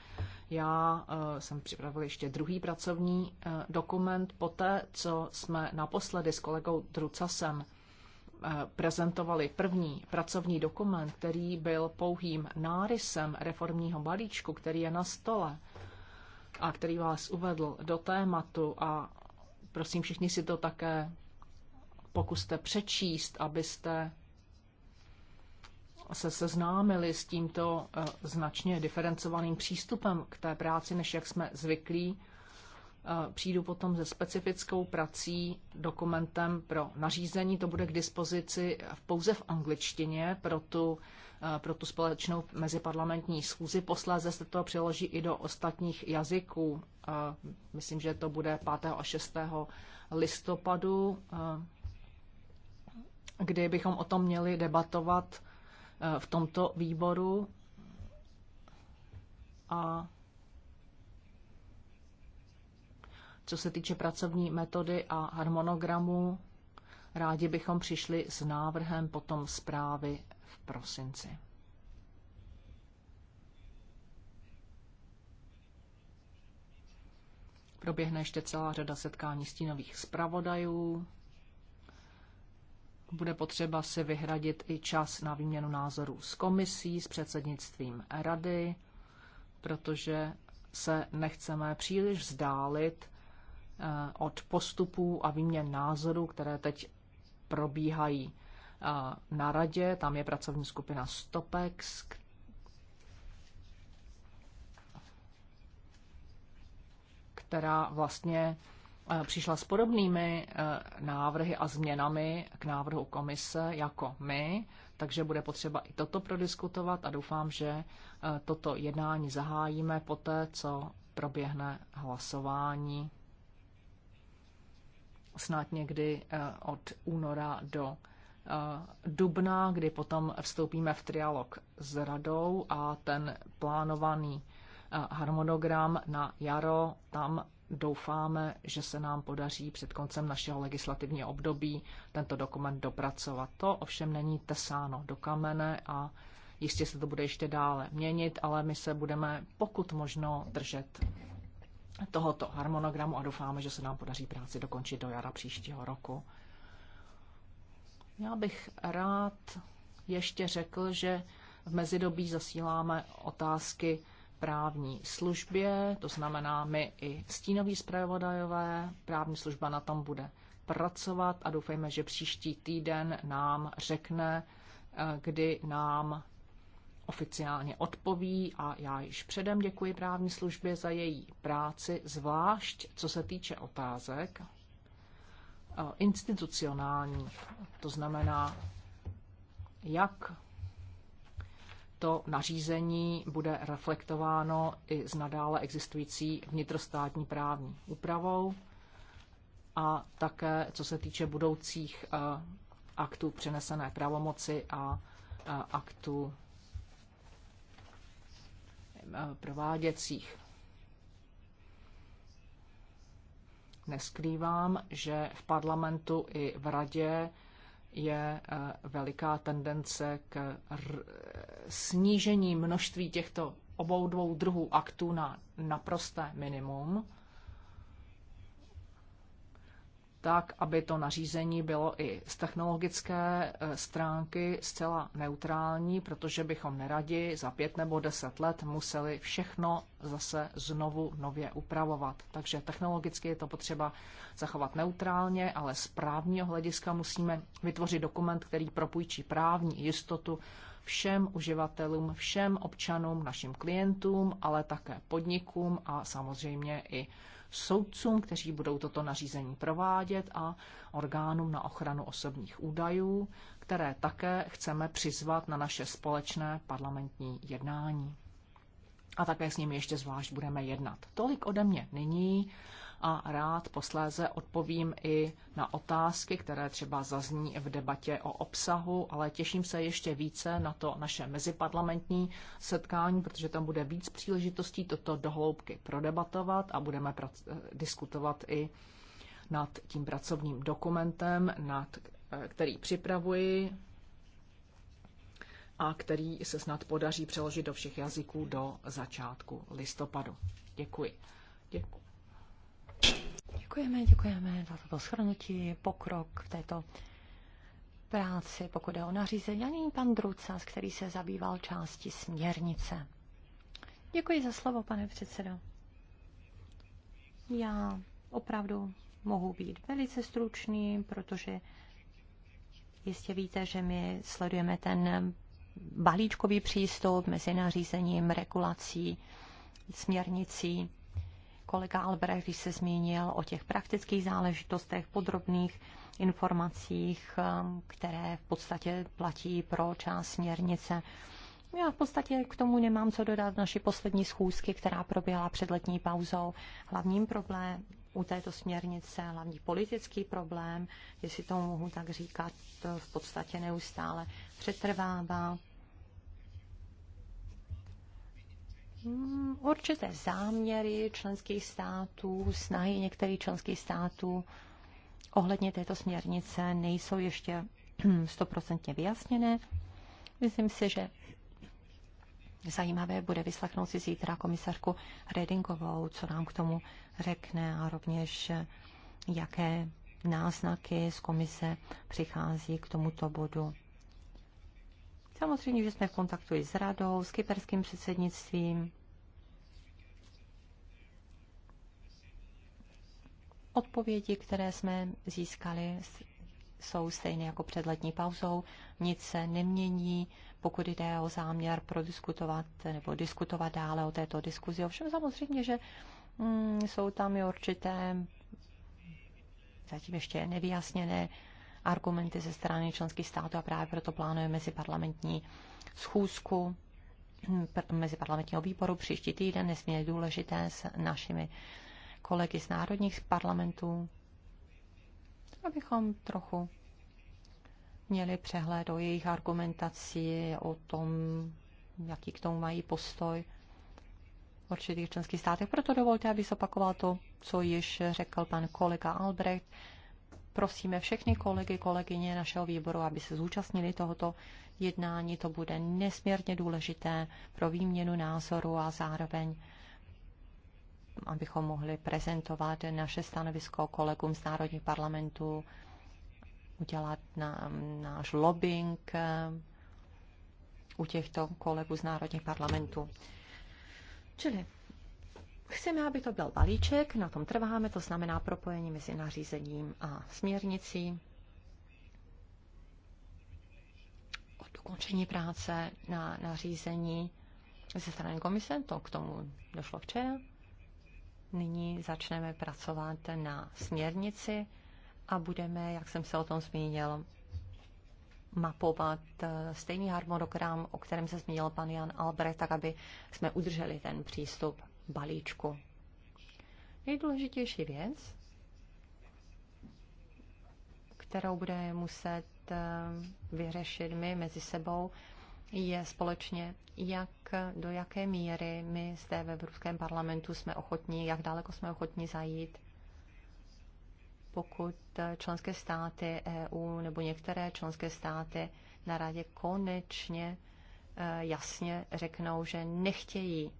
Speaker 1: já eh, jsem připravil ještě druhý pracovní eh, dokument po té, co jsme naposledy s kolegou Drucasem Eh, prezentovali první pracovní dokument, který byl pouhým nárysem reformního balíčku, který je na stole a který vás uvedl do tématu a prosím všichni si to také pokuste přečíst, abyste se seznámili s tímto eh, značně diferencovaným přístupem k té práci, než jak jsme zvyklí Eh, přijdu potom se specifickou prací, dokumentem pro nařízení. To bude k dispozici pouze v angličtině pro tu, eh, pro tu společnou meziparlamentní schůzi. Posléze se to přeloží i do ostatních jazyků. Eh, myslím, že to bude 5. a 6. listopadu, kdy bychom o tom měli debatovat v tomto výboru. A Co se týče pracovní metody a harmonogramu, rádi bychom přišli s návrhem potom zprávy v prosinci. Proběhne ještě celá řada setkání stínových zpravodajů. Bude potřeba si vyhradit i čas na výměnu názorů s komisí, s předsednictvím rady, protože se nechceme příliš vzdálit Eh, od postupů a výměn názorů, které teď probíhají eh, na radě. Tam je pracovní skupina Stopex, která vlastně eh, přišla s podobnými návrhy a změnami k návrhu komise jako my, takže bude potřeba i toto prodiskutovat a doufám, že toto jednání zahájíme poté, co proběhne hlasování snad někdy eh, od února do eh, dubna, kdy potom vstoupíme v trialog s radou a ten plánovaný eh, harmonogram na jaro, tam doufáme, že se nám podaří před koncem našeho legislativního období tento dokument dopracovat. To ovšem není tesáno do kamene a jistě se to bude ještě dále měnit, ale my se budeme pokud možno držet tohoto harmonogramu a doufáme, že se nám podaří práci dokončit do jara příštího roku. Já bych rád ještě řekl, že v mezidobí zasíláme otázky právní službě, to znamená my i stínoví zpravodajové, právní služba na tom bude pracovat a doufejme, že příští týden nám řekne, eh, kdy nám oficiálně odpoví a já již předem děkuji právní službě za její práci, zvlášť co se týče otázek eh, institucionálních, to znamená, jak to nařízení bude reflektováno i s nadále existující vnitrostátní právní úpravou a také co se týče budoucích eh, aktů přenesené pravomoci a eh, aktů prováděcích. Neskrývám, že v parlamentu i v radě je e, veliká tendence k snížení množství těchto obou dvou druhů aktů na naprosté minimum tak, aby to nařízení bylo i z technologické eh, stránky zcela neutrální, protože bychom neradi za pět nebo deset let museli všechno zase znovu nově upravovat. Takže technologicky je to potřeba zachovat neutrálně, ale z právního hlediska musíme vytvořit dokument, který propůjčí právní jistotu všem uživatelům, všem občanům, našim klientům, ale také podnikům a samozřejmě i soudcům, kteří budou toto nařízení provádět a orgánům na ochranu osobních údajů, které také chceme přizvat na naše společné parlamentní jednání. A také s nimi ještě zvlášť budeme jednat. Tolik ode mě nyní a rád posléze odpovím i na otázky, které třeba zazní v debatě o obsahu, ale těším se ještě více na to naše meziparlamentní setkání, protože tam bude víc příležitostí toto dohloubky prodebatovat a budeme eh, diskutovat i nad tím pracovním dokumentem, nad, eh, který připravuji a který se snad podaří přeložit do všech jazyků do začátku listopadu. Děkuji. Děkuji.
Speaker 2: Děkujeme, děkujeme za toto shrnutí, pokrok v této práci, pokud je o nařízení. A nyní pan Drucas, který se zabýval části směrnice. Děkuji za slovo, pane předsedo. Já opravdu mohu být velice stručný, protože jistě víte, že my sledujeme ten balíčkový přístup mezi nařízením, regulací, směrnicí kolega Albrecht, když se zmínil o těch praktických záležitostech, podrobných informacích, um, které v podstatě platí pro část směrnice. Já v podstatě k tomu nemám co dodat v naší poslední schůzky, která proběhla před letní pauzou. Hlavním problém u této směrnice, hlavní politický problém, jestli to mohu tak říkat, v podstatě neustále přetrvává Hmm, určité záměry členských států, snahy některých členských států ohledně této směrnice nejsou ještě stoprocentně vyjasněné. Myslím si, že zajímavé bude vyslechnout si zítra komisarku Redingovou, co nám k tomu řekne a rovněž jaké náznaky z komise přichází k tomuto bodu. Samozřejmě, že jsme v kontaktu i s radou, s kyperským předsednictvím. Odpovědi, které jsme získali, jsou stejné jako před letní pauzou. Nic se nemění, pokud jde o záměr prodiskutovat nebo diskutovat dále o této diskuzi. Ovšem samozřejmě, že mm, jsou tam i určité zatím ještě nevyjasněné argumenty ze strany členských států a právě proto plánujeme parlamentní schůzku hm, meziparlamentního výboru příští týden, nesmírně důležité s našimi kolegy z národních parlamentů, abychom trochu měli přehled o jejich argumentaci, o tom, jaký k tomu mají postoj v určitých členských státech. Proto dovolte, abych zopakoval to, co již řekl pan kolega Albrecht prosíme všechny kolegy, kolegyně našeho výboru, aby se zúčastnili tohoto jednání. To bude nesmírně důležité pro výměnu názoru a zároveň abychom mohli prezentovat naše stanovisko kolegům z národních parlamentů, udělat na, náš lobbying eh, u těchto kolegů z národních parlamentů. Čili Chceme, aby to byl balíček, na tom trváme, to znamená propojení mezi nařízením a směrnicí. Od ukončení práce na nařízení ze strany komise, to k tomu došlo včera. Nyní začneme pracovat na směrnici a budeme, jak jsem se o tom zmínil, mapovat eh, stejný harmonogram, o kterém se zmínil pan Jan Albrecht, tak aby jsme udrželi ten přístup balíčku. Nejdůležitější věc, kterou bude muset eh, vyřešit my mezi sebou, je společně, jak do jaké míry my zde ve Evropském parlamentu jsme ochotní, jak daleko jsme ochotní zajít, pokud eh, členské státy EU nebo některé členské státy na radě konečně eh, jasně řeknou, že nechtějí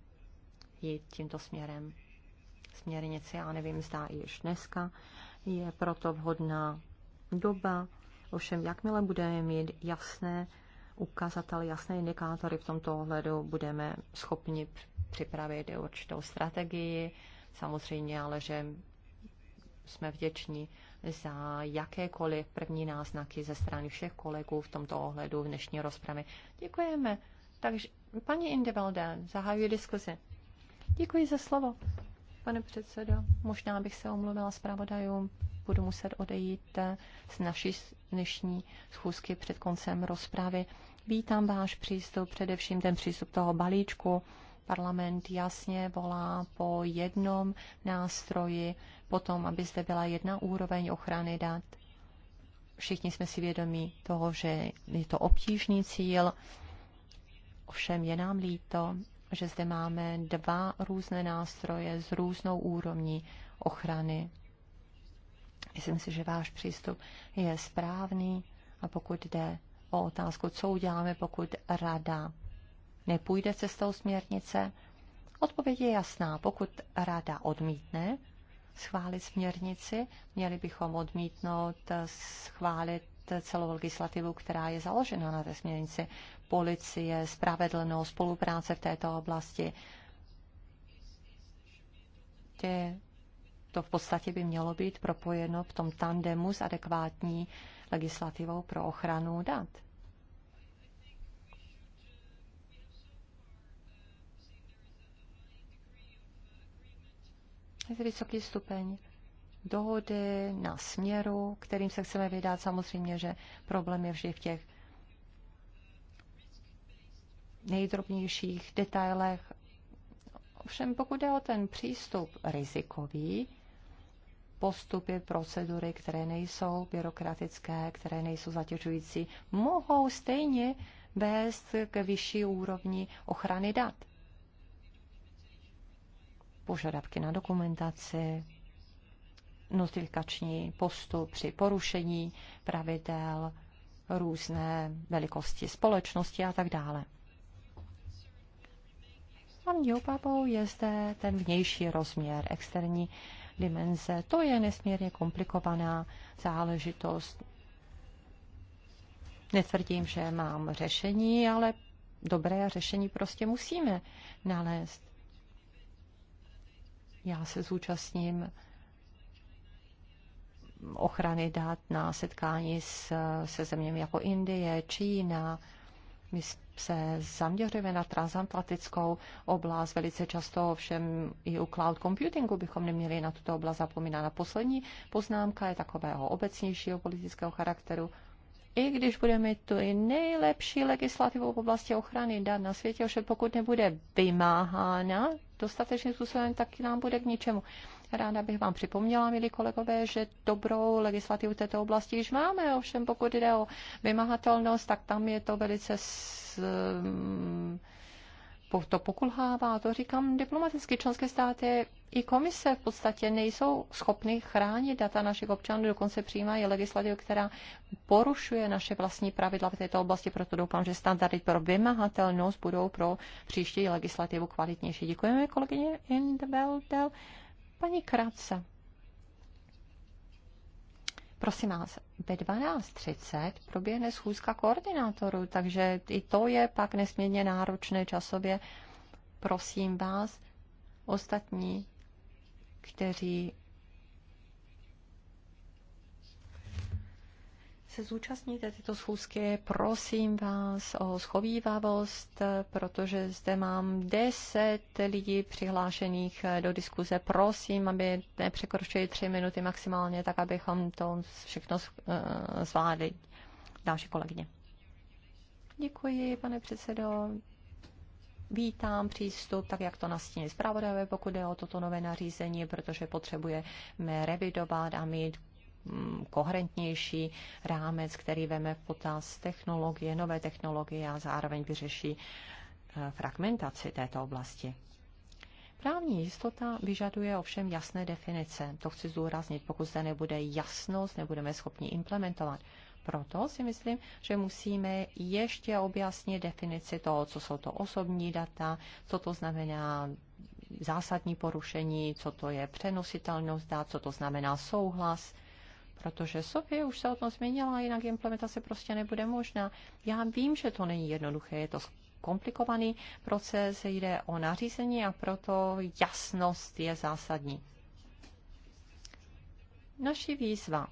Speaker 2: jít tímto směrem. Směrnice, já nevím, zdá již dneska, je proto vhodná doba. Ovšem, jakmile budeme mít jasné ukazatel, jasné indikátory v tomto ohledu, budeme schopni připravit určitou strategii. Samozřejmě, ale že jsme vděční za jakékoliv první náznaky ze strany všech kolegů v tomto ohledu v dnešní rozpravě. Děkujeme. Takže paní Indevelde, zahajuji diskuzi. Děkuji za slovo, pane předsedo. Možná bych se omluvila zpravodajům. Budu muset odejít eh, z naší dnešní schůzky před koncem rozpravy. Vítám váš přístup, především ten přístup toho balíčku. Parlament jasně volá po jednom nástroji, potom, aby zde byla jedna úroveň ochrany dat. Všichni jsme si vědomí toho, že je to obtížný cíl, ovšem je nám líto, že zde máme dva různé nástroje s různou úrovní ochrany. Myslím si, že váš přístup je správný a pokud jde o otázku, co uděláme, pokud rada nepůjde cestou směrnice, odpověď je jasná. Pokud rada odmítne schválit směrnici, měli bychom odmítnout schválit celou legislativu, která je založena na té směrnici. Policie, spravedlnost, spolupráce v této oblasti. Tě, to v podstatě by mělo být propojeno v tom tandemu s adekvátní legislativou pro ochranu dat. Je to vysoký stupeň dohody, na směru, kterým se chceme vydat. Samozřejmě, že problém je vždy v těch nejdrobnějších detailech. Ovšem, pokud je o ten přístup rizikový, postupy, procedury, které nejsou byrokratické, které nejsou zatěžující, mohou stejně vést k vyšší úrovni ochrany dat. Požadavky na dokumentaci, notifikační postup při porušení pravidel, různé velikosti společnosti a tak dále. Hlavní obavou je zde ten vnější rozměr, externí dimenze. To je nesmírně komplikovaná záležitost. Netvrdím, že mám řešení, ale dobré řešení prostě musíme nalézt. Já se zúčastním ochrany dat na setkání s, se zeměmi jako Indie, Čína. My se zaměřujeme na transatlantickou oblast. Velice často ovšem i u cloud computingu bychom neměli na tuto oblast zapomínat. Na poslední poznámka je takového obecnějšího politického charakteru. I když budeme mít tu i nejlepší legislativu v oblasti ochrany dat na světě, ovšem pokud nebude vymáhána dostatečným způsobem, tak nám bude k ničemu. Ráda bych vám připomněla, milí kolegové, že dobrou legislativu této oblasti již máme, ovšem pokud jde o vymahatelnost, tak tam je to velice s, mm, to pokulhává, to říkám diplomaticky, členské státy i komise v podstatě nejsou schopny chránit data našich občanů, dokonce přijímají legislativu, která porušuje naše vlastní pravidla v této oblasti, proto doufám, že standardy pro vymahatelnost budou pro příští legislativu kvalitnější. Děkujeme kolegyně Indveldel. Paní Krátce, prosím vás, ve 12.30 proběhne schůzka koordinátorů, takže i to je pak nesmírně náročné časově. Prosím vás, ostatní, kteří se zúčastníte tyto schůzky, prosím vás o schovývavost, protože zde mám deset lidí přihlášených do diskuze. Prosím, aby nepřekročili tři minuty maximálně, tak abychom to všechno eh, zvládli. Další kolegyně. Děkuji, pane předsedo. Vítám přístup, tak jak to nastíní zpravodajové, pokud je o toto nové nařízení, protože potřebujeme revidovat a mít Mm, koherentnější rámec, který veme v potaz technologie, nové technologie a zároveň vyřeší eh, fragmentaci této oblasti. Právní jistota vyžaduje ovšem jasné definice. To chci zdůraznit. Pokud zde nebude jasnost, nebudeme schopni implementovat. Proto si myslím, že musíme ještě objasnit definici toho, co jsou to osobní data, co to znamená zásadní porušení, co to je přenositelnost dat, co to znamená souhlas, protože Sofie už se o tom změnila, jinak implementace prostě nebude možná. Já vím, že to není jednoduché, je to komplikovaný proces, jde o nařízení a proto jasnost je zásadní. Naši výzva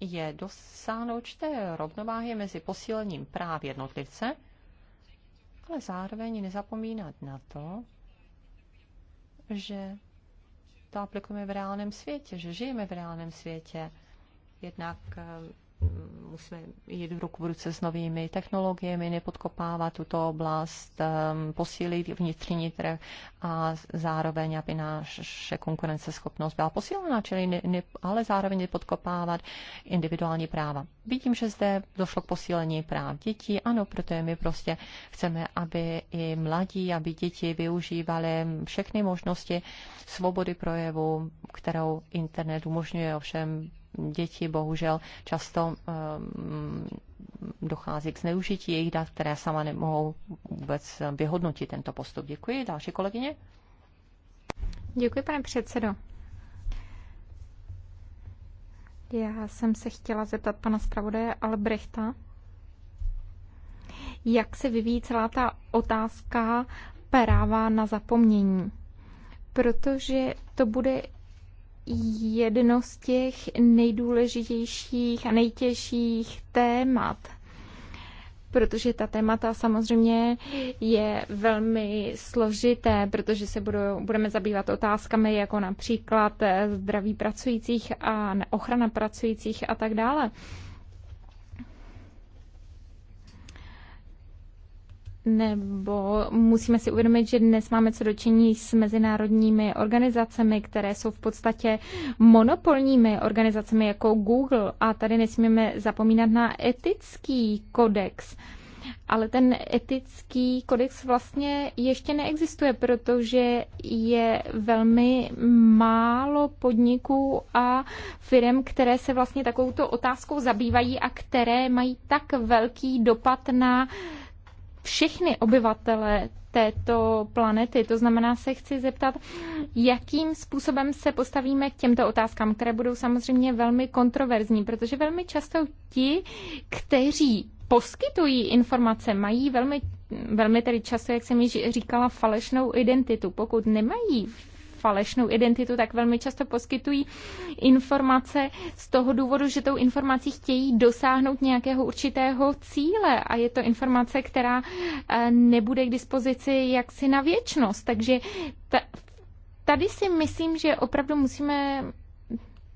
Speaker 2: je dosáhnout čté rovnováhy mezi posílením práv jednotlivce, ale zároveň nezapomínat na to, že to aplikujeme v reálném světě, že žijeme v reálném světě jednak eh, mm, musíme jít ruku v ruce s novými technologiemi, nepodkopávat tuto oblast, eh, posílit vnitřní trh a zároveň, aby naše konkurenceschopnost byla posílena, čili ne, ne, ale zároveň nepodkopávat individuální práva. Vidím, že zde došlo k posílení práv dětí, ano, protože my prostě chceme, aby i mladí, aby děti využívali všechny možnosti svobody projevu, kterou internet umožňuje, ovšem děti bohužel často ehm, dochází k zneužití jejich dat, které sama nemohou vůbec vyhodnotit tento postup. Děkuji. Další kolegyně? Děkuji, pane předsedo.
Speaker 3: Já jsem se chtěla zeptat pana zpravodaje Albrechta, jak se vyvíjí celá ta otázka práva na zapomnění. Protože to bude jedno z těch nejdůležitějších a nejtěžších témat protože ta témata samozřejmě je velmi složité, protože se budou, budeme zabývat otázkami jako například zdraví pracujících a ochrana pracujících a tak dále. nebo musíme si uvědomit, že dnes máme co dočení s mezinárodními organizacemi, které jsou v podstatě monopolními organizacemi jako Google a tady nesmíme zapomínat na etický kodex. Ale ten etický kodex vlastně ještě neexistuje, protože je velmi málo podniků a firm, které se vlastně takovouto otázkou zabývají a které mají tak velký dopad na všechny obyvatele této planety. To znamená, se chci zeptat, jakým způsobem se postavíme k těmto otázkám, které budou samozřejmě velmi kontroverzní, protože velmi často ti, kteří poskytují informace, mají velmi, velmi tedy často, jak jsem již říkala, falešnou identitu. Pokud nemají falešnou identitu, tak velmi často poskytují informace z toho důvodu, že tou informací chtějí dosáhnout nějakého určitého cíle a je to informace, která eh, nebude k dispozici jaksi na věčnost. Takže ta, tady si myslím, že opravdu musíme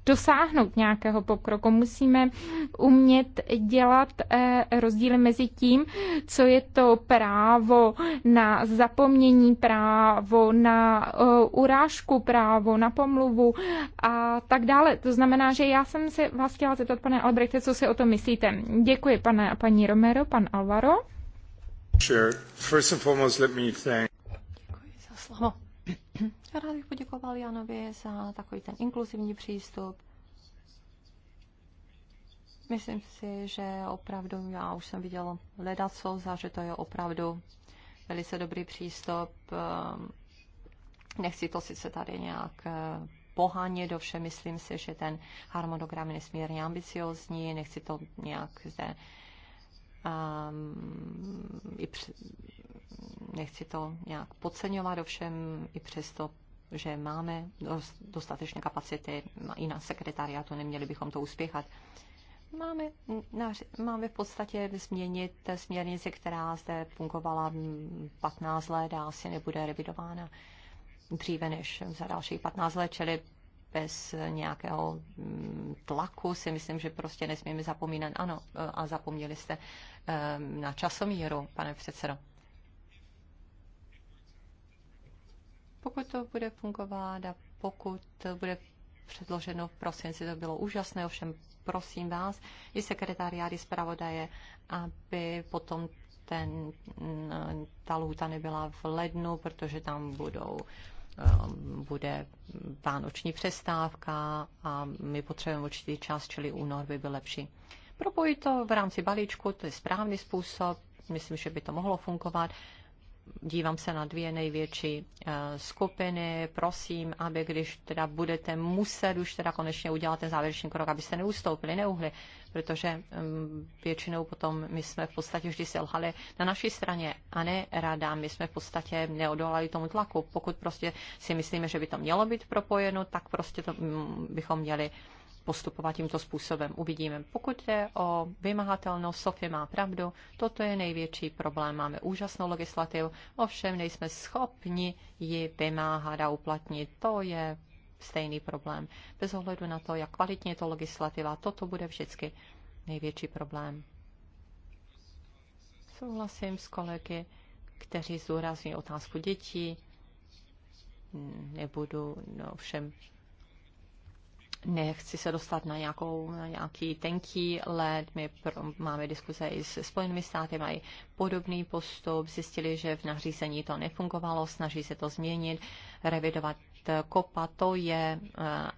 Speaker 3: dosáhnout nějakého pokroku. Musíme umět dělat eh, rozdíly mezi tím, co je to právo na zapomnění, právo na eh, urážku, právo na pomluvu a tak dále. To znamená, že já jsem se vás chtěla zeptat, pane Albrechte, co si o tom myslíte. Děkuji, pane a paní Romero, pan Alvaro. Sure. First and foremost, let me thank... Rád
Speaker 2: bych poděkoval Janovi za takový ten inkluzivní přístup. Myslím si, že opravdu, já už jsem viděla ledaco, za že to je opravdu velice dobrý přístup. Ehm, nechci to sice tady nějak do eh, vše, myslím si, že ten harmonogram je nesmírně ambiciozní, nechci to nějak zde um, i při, nechci to nějak podceňovat, ovšem i přesto že máme dostatečné kapacity i na sekretariátu, neměli bychom to uspěchat. Máme, máme v podstatě změnit směrnici, která zde fungovala 15 let a asi nebude revidována dříve než za dalších 15 let, čili bez nějakého mm, tlaku si myslím, že prostě nesmíme zapomínat. Ano, a zapomněli jste ehm, na časomíru, pane předsedo. Pokud to bude fungovat a pokud bude předloženo v prosinci, to bylo úžasné, ovšem prosím vás i sekretariády zpravodaje, aby potom ten, mm, ta lhůta nebyla v lednu, protože tam budou um, bude vánoční přestávka a my potřebujeme určitý čas, čili únor by byl lepší. Propojit to v rámci balíčku, to je správný způsob, myslím, že by to mohlo fungovat dívám se na dvě největší eh, skupiny. Prosím, aby když teda budete muset už teda konečně udělat ten závěrečný krok, abyste neustoupili, neuhli, protože mm, většinou potom my jsme v podstatě vždy selhali na naší straně a ne rada, My jsme v podstatě neodolali tomu tlaku. Pokud prostě si myslíme, že by to mělo být propojeno, tak prostě to mm, bychom měli uh, postupovat tímto způsobem. Uvidíme. Pokud jde o vymahatelnost, Sofie má pravdu, toto je největší problém. Máme úžasnou legislativu, ovšem nejsme schopni ji vymáhat a uplatnit. To je stejný problém. Bez ohledu na to, jak kvalitně je to legislativa, toto bude vždycky největší problém. Souhlasím s kolegy, kteří zúrazní otázku dětí. Nebudu no, všem nechci se dostat na, nějakou, na nějaký tenký led. My pro, máme diskuze i s Spojenými státy, mají podobný postup. Zjistili, že v nařízení to nefungovalo, snaží se to změnit, revidovat kopa. To je eh,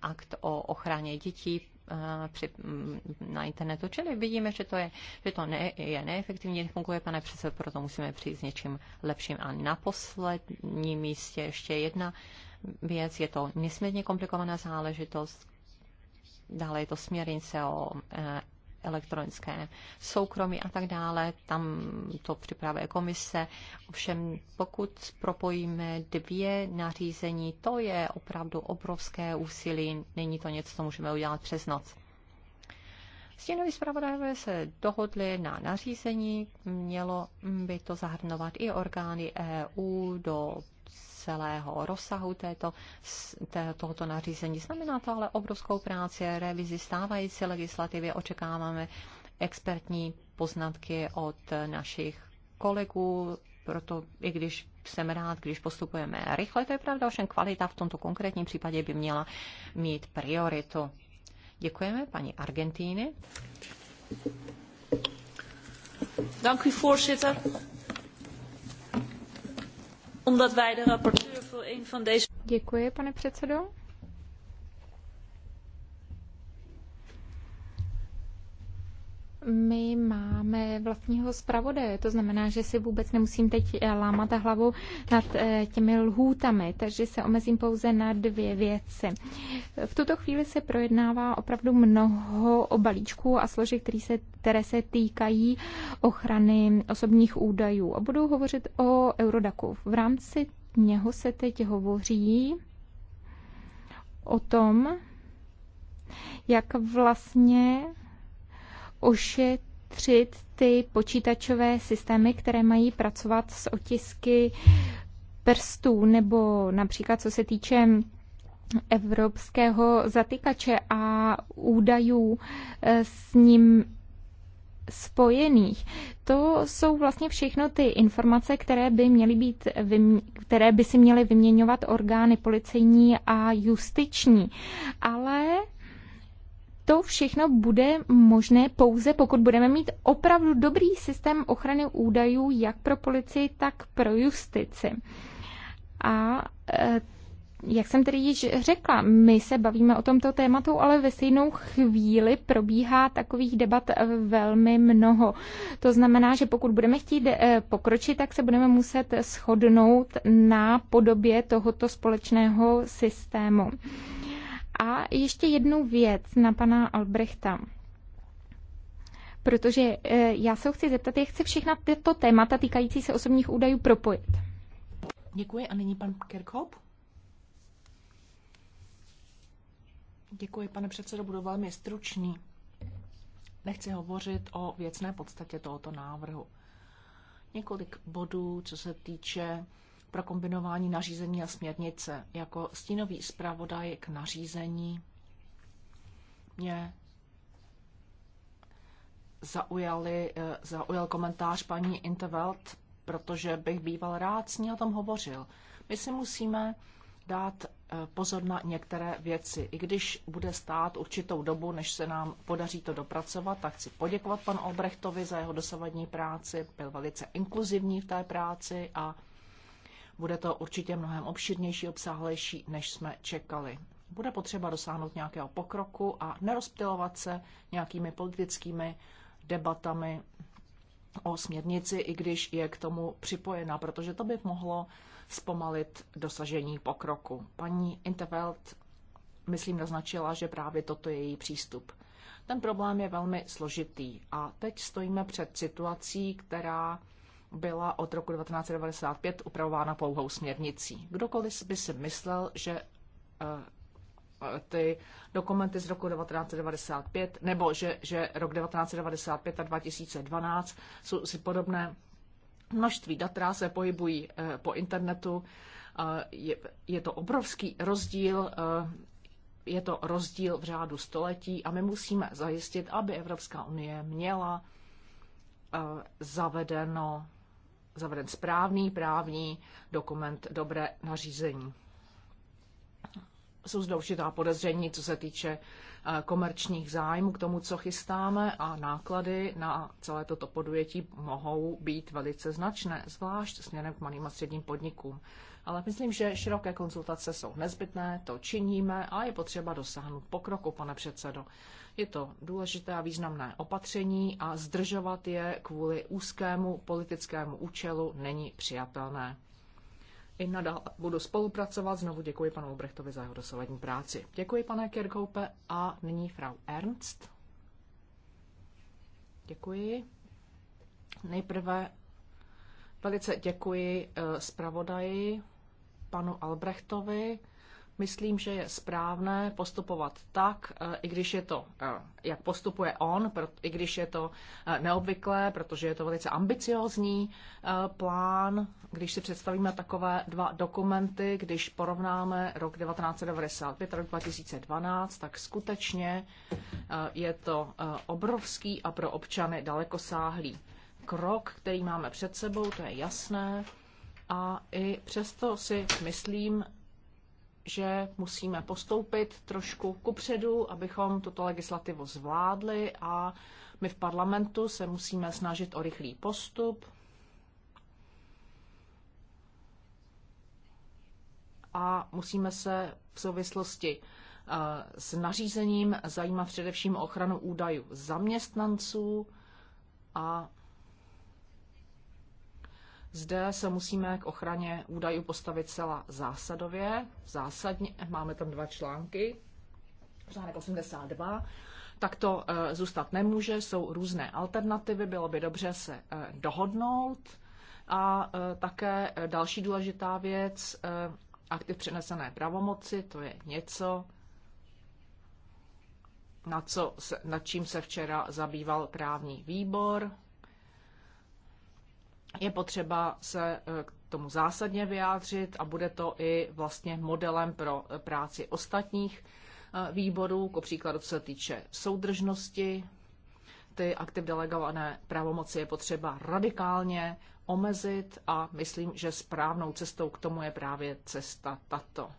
Speaker 2: akt o ochraně dětí eh, při, mm, na internetu. Čili vidíme, že to je, že to ne, je neefektivní, nefunguje, pane předsedo, proto musíme přijít s něčím lepším. A na posledním místě ještě jedna věc, je to nesmírně komplikovaná záležitost, dále je to směrnice o eh, elektronické soukromí a tak dále. Tam to připravuje komise. Ovšem, pokud propojíme dvě nařízení, to je opravdu obrovské úsilí. Není to něco, co můžeme udělat přes noc. Stěnoví zpravodajové se dohodli na nařízení, mělo by to zahrnovat i orgány EU do celého rozsahu této, té, tohoto nařízení. Znamená to ale obrovskou práci, revizi stávající legislativy. Očekáváme expertní poznatky od našich kolegů, proto i když jsem rád, když postupujeme rychle, to je pravda, ovšem kvalita v tomto konkrétním případě by měla mít prioritu. Děkujeme paní Argentíny.
Speaker 3: Dank Omdat wij de rapporteur voor een van deze... my máme vlastního zpravodaje, to znamená, že si vůbec nemusím teď eh, lámat hlavu nad eh, těmi lhůtami, takže se omezím pouze na dvě věci. V tuto chvíli se projednává opravdu mnoho balíčků a složek, které se, které se týkají ochrany osobních údajů. A budu hovořit o Eurodaku. V rámci něho se teď hovoří o tom, jak vlastně ošetřit ty počítačové systémy, které mají pracovat s otisky prstů nebo například co se týče evropského zatykače a údajů eh, s ním spojených. To jsou vlastně všechno ty informace, které by, měly být, které by si měly vyměňovat orgány policejní a justiční. Ale to všechno bude možné pouze, pokud budeme mít opravdu dobrý systém ochrany údajů jak pro policii, tak pro justici. A e, jak jsem tedy již řekla, my se bavíme o tomto tématu, ale ve stejnou chvíli probíhá takových debat e, velmi mnoho. To znamená, že pokud budeme chtít e, pokročit, tak se budeme muset shodnout na podobě tohoto společného systému. A ještě jednu věc na pana Albrechta. Protože eh, já se ho chci zeptat, jak chce všechna tyto témata týkající se osobních údajů propojit.
Speaker 1: Děkuji a nyní pan Kirchhoff. Děkuji, pane předsedo, budu velmi stručný. Nechci hovořit o věcné podstatě tohoto návrhu. Několik bodů, co se týče pro kombinování nařízení a směrnice. Jako stínový zpravodaj k nařízení mě zaujali, eh, zaujal komentář paní Intervelt, protože bych býval rád s ní o tom hovořil. My si musíme dát eh, pozor na některé věci. I když bude stát určitou dobu, než se nám podaří to dopracovat, tak chci poděkovat panu Obrechtovi za jeho dosavadní práci. Byl velice inkluzivní v té práci a bude to určitě mnohem obširnější, obsáhlejší, než jsme čekali. Bude potřeba dosáhnout nějakého pokroku a nerozptilovat se nějakými politickými debatami o směrnici, i když je k tomu připojena, protože to by mohlo zpomalit dosažení pokroku. Paní Intervelt, myslím, naznačila, že právě toto je její přístup. Ten problém je velmi složitý a teď stojíme před situací, která byla od roku 1995 upravována pouhou směrnicí. Kdokoliv by si myslel, že eh, eh, ty dokumenty z roku 1995, nebo že, že rok 1995 a 2012 jsou si podobné. Množství dat, se pohybují eh, po internetu, je, je to obrovský rozdíl, je to rozdíl v řádu století a my musíme zajistit, aby Evropská unie měla zavedeno zaveden správný právní dokument, dobré nařízení. Jsou zde určitá podezření, co se týče eh, komerčních zájmů k tomu, co chystáme a náklady na celé toto podujetí mohou být velice značné, zvlášť směrem k malým a středním podnikům. Ale myslím, že široké konzultace jsou nezbytné, to činíme a je potřeba dosáhnout pokroku, pane předsedo. Je to důležité a významné opatření a zdržovat je kvůli úzkému politickému účelu není přijatelné. I nadal budu spolupracovat. Znovu děkuji panu Obrechtovi za jeho dosavadní práci. Děkuji, pane Kirkoupe, a nyní Frau Ernst. Děkuji. Nejprve velice děkuji eh, zpravodaji panu Albrechtovi Myslím, že je správné postupovat tak, e, i když je to, e, jak postupuje on, i když je to e, neobvyklé, protože je to velice ambiciozní plán. Když si představíme takové dva dokumenty, když porovnáme rok 1995 a rok 2012, tak skutečně je to obrovský a pro občany dalekosáhlý krok, který máme před sebou, to je jasné. A i přesto si myslím, že musíme postoupit trošku kupředu, abychom tuto legislativu zvládli a my v parlamentu se musíme snažit o rychlý postup. A musíme se v souvislosti eh, s nařízením zajímat především ochranu údajů zaměstnanců a zde se musíme k ochraně údajů postavit celá zásadově. Zásadně máme tam dva články, článek 82. Tak to eh, zůstat nemůže, jsou různé alternativy, bylo by dobře se eh, dohodnout. A eh, také další důležitá věc, aktiv přenesené pravomoci, to je něco, na co, na čím se včera zabýval právní výbor je potřeba se e, k tomu zásadně vyjádřit a bude to i vlastně modelem pro e, práci ostatních e, výborů, ku příkladu co se týče soudržnosti, ty aktiv delegované pravomoci je potřeba radikálně omezit a myslím, že správnou cestou k tomu je právě cesta tato.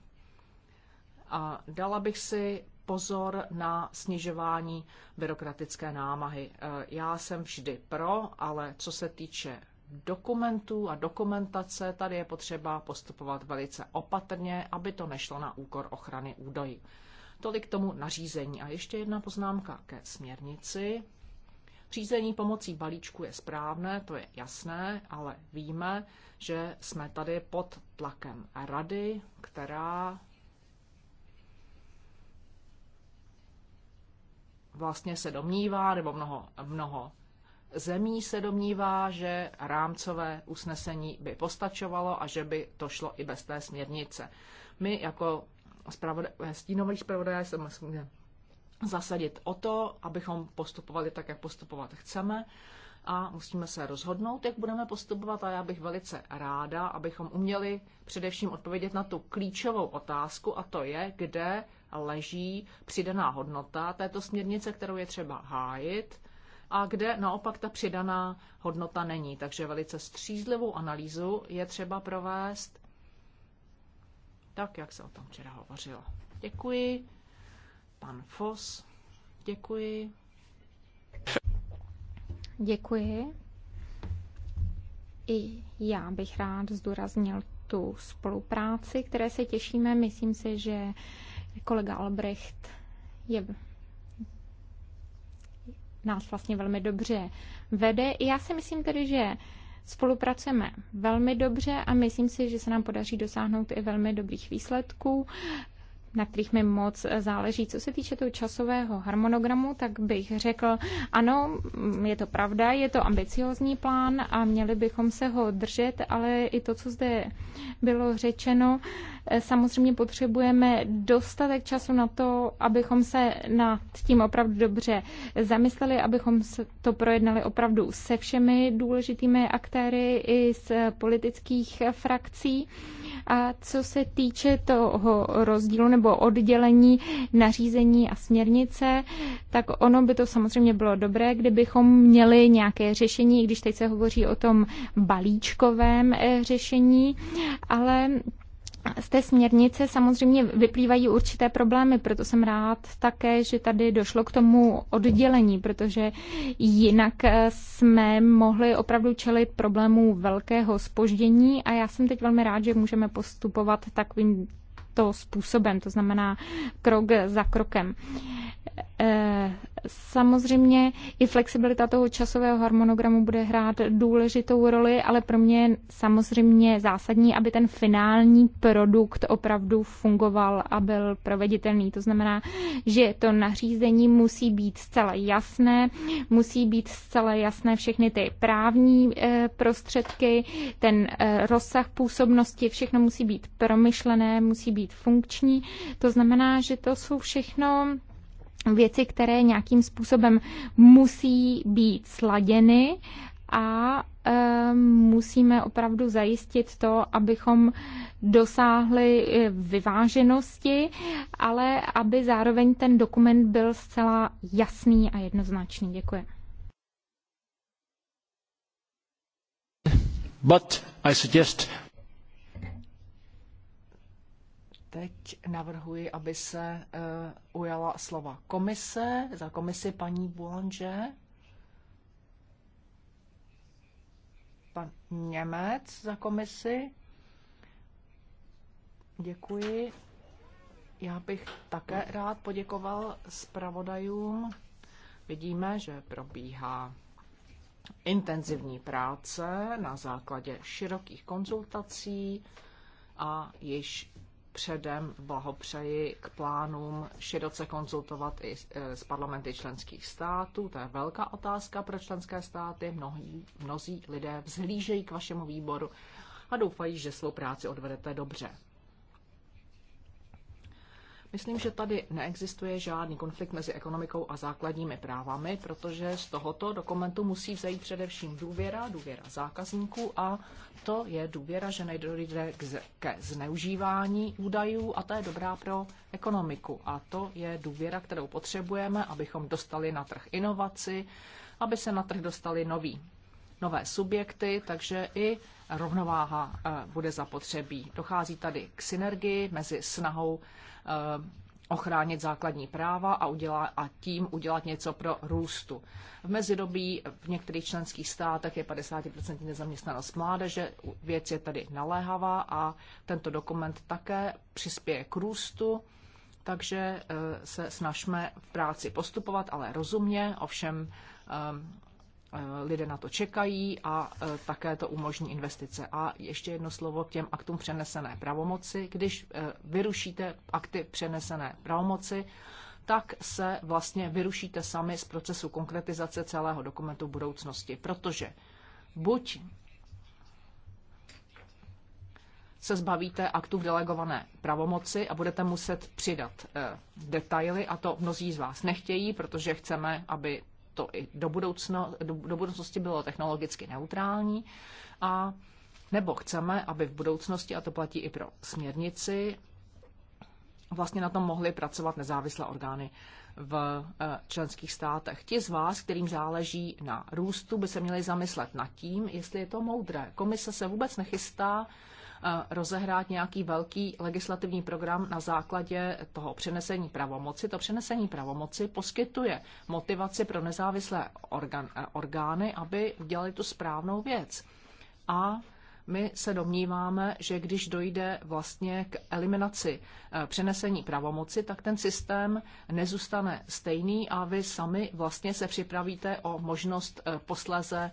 Speaker 1: A dala bych si pozor na snižování byrokratické námahy. Já jsem vždy pro, ale co se týče dokumentů a dokumentace, tady je potřeba postupovat velice opatrně, aby to nešlo na úkor ochrany údajů. Tolik k tomu nařízení. A ještě jedna poznámka ke směrnici. Řízení pomocí balíčku je správné, to je jasné, ale víme, že jsme tady pod tlakem rady, která vlastně se domnívá, nebo mnoho, mnoho zemí se domnívá, že rámcové usnesení by postačovalo a že by to šlo i bez té směrnice. My jako spravodaj, stínový zpravodaj se musíme zasadit o to, abychom postupovali tak, jak postupovat chceme a musíme se rozhodnout, jak budeme postupovat a já bych velice ráda, abychom uměli především odpovědět na tu klíčovou otázku a to je, kde leží přidaná hodnota této směrnice, kterou je třeba hájit a kde naopak ta přidaná hodnota není. Takže velice střízlivou analýzu je třeba provést, tak jak se o tom včera hovořilo. Děkuji. Pan Fos, děkuji.
Speaker 3: Děkuji. I já bych rád zdůraznil tu spolupráci, které se těšíme. Myslím si, že kolega Albrecht je nás vlastně velmi dobře vede. Já si myslím tedy, že spolupracujeme velmi dobře a myslím si, že se nám podaří dosáhnout i velmi dobrých výsledků na kterých mi moc záleží. Co se týče toho časového harmonogramu, tak bych řekl, ano, je to pravda, je to ambiciozní plán a měli bychom se ho držet, ale i to, co zde bylo řečeno, samozřejmě potřebujeme dostatek času na to, abychom se nad tím opravdu dobře zamysleli, abychom to projednali opravdu se všemi důležitými aktéry i z politických frakcí. A co se týče toho rozdílu nebo oddělení nařízení a směrnice, tak ono by to samozřejmě bylo dobré, kdybychom měli nějaké řešení, i když teď se hovoří o tom balíčkovém eh, řešení, ale z té směrnice samozřejmě vyplývají určité problémy, proto jsem rád také, že tady došlo k tomu oddělení, protože jinak eh, jsme mohli opravdu čelit problému velkého spoždění a já jsem teď velmi rád, že můžeme postupovat takovým to způsobem, to znamená krok za krokem. Eh, samozřejmě i flexibilita toho časového harmonogramu bude hrát důležitou roli, ale pro mě je samozřejmě zásadní, aby ten finální produkt opravdu fungoval a byl proveditelný. To znamená, že to nařízení musí být zcela jasné, musí být zcela jasné všechny ty právní eh, prostředky, ten eh, rozsah působnosti, všechno musí být promyšlené, musí být funkční. To znamená, že to jsou všechno věci, které nějakým způsobem musí být sladěny a e, musíme opravdu zajistit to, abychom dosáhli eh, vyváženosti, ale aby zároveň ten dokument byl zcela jasný a jednoznačný. Děkuji.
Speaker 1: But I suggest teď navrhuji, aby se uh, ujala slova komise, za komisi paní Boulanger, pan Němec za komisi. Děkuji. Já bych také rád poděkoval zpravodajům. Vidíme, že probíhá intenzivní práce na základě širokých konzultací a již předem blahopřeji k plánům široce konzultovat i e, s parlamenty členských států. To je velká otázka pro členské státy. Mnohí, mnozí lidé vzhlížejí k vašemu výboru a doufají, že svou práci odvedete dobře. Myslím, že tady neexistuje žádný konflikt mezi ekonomikou a základními právami, protože z tohoto dokumentu musí vzejít především důvěra, důvěra zákazníků a to je důvěra, že nedojde ke zneužívání údajů a to je dobrá pro ekonomiku. A to je důvěra, kterou potřebujeme, abychom dostali na trh inovaci, aby se na trh dostali noví nové subjekty, takže i rovnováha eh, bude zapotřebí. Dochází tady k synergii mezi snahou Eh, ochránit základní práva a, udělá, a tím udělat něco pro růstu. V mezidobí v některých členských státech je 50% nezaměstnanost mládeže, věc je tedy naléhavá a tento dokument také přispěje k růstu, takže eh, se snažme v práci postupovat, ale rozumně, ovšem eh, Eh, lidé na to čekají a eh, také to umožní investice. A ještě jedno slovo k těm aktům přenesené pravomoci. Když eh, vyrušíte akty přenesené pravomoci, tak se vlastně vyrušíte sami z procesu konkretizace celého dokumentu budoucnosti, protože buď se zbavíte aktu v delegované pravomoci a budete muset přidat detaily, a to mnozí z vás nechtějí, protože chceme, aby to i do, budoucno, do, do budoucnosti bylo technologicky neutrální a nebo chceme, aby v budoucnosti, a to platí i pro směrnici, vlastně na tom mohly pracovat nezávislé orgány v eh, členských státech. Ti z vás, kterým záleží na růstu, by se měli zamyslet nad tím, jestli je to moudré. Komise se vůbec nechystá rozehrát nějaký velký legislativní program na základě toho přenesení pravomoci. To přenesení pravomoci poskytuje motivaci pro nezávislé organ, eh, orgány, aby udělali tu správnou věc. A my se domníváme, že když dojde vlastně k eliminaci eh, přenesení pravomoci, tak ten systém nezůstane stejný a vy sami vlastně se připravíte o možnost eh, posléze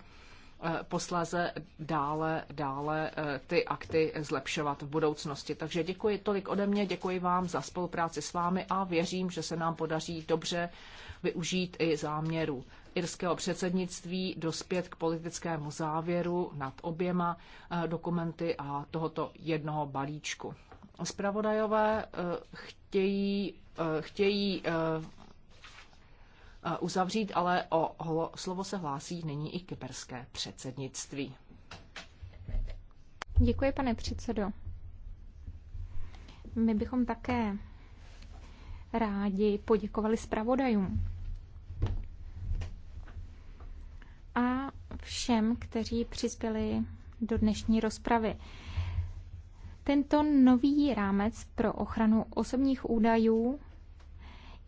Speaker 1: Eh, posléze dále, dále eh, ty akty zlepšovat v budoucnosti. Takže děkuji tolik ode mě, děkuji vám za spolupráci s vámi a věřím, že se nám podaří dobře využít i záměru irského předsednictví dospět k politickému závěru nad oběma eh, dokumenty a tohoto jednoho balíčku. Spravodajové chtějí, chtějí uzavřít, ale o slovo se hlásí nyní i kyperské předsednictví.
Speaker 3: Děkuji, pane předsedo. My bychom také rádi poděkovali zpravodajům a všem, kteří přispěli do dnešní rozpravy. Tento nový rámec pro ochranu osobních údajů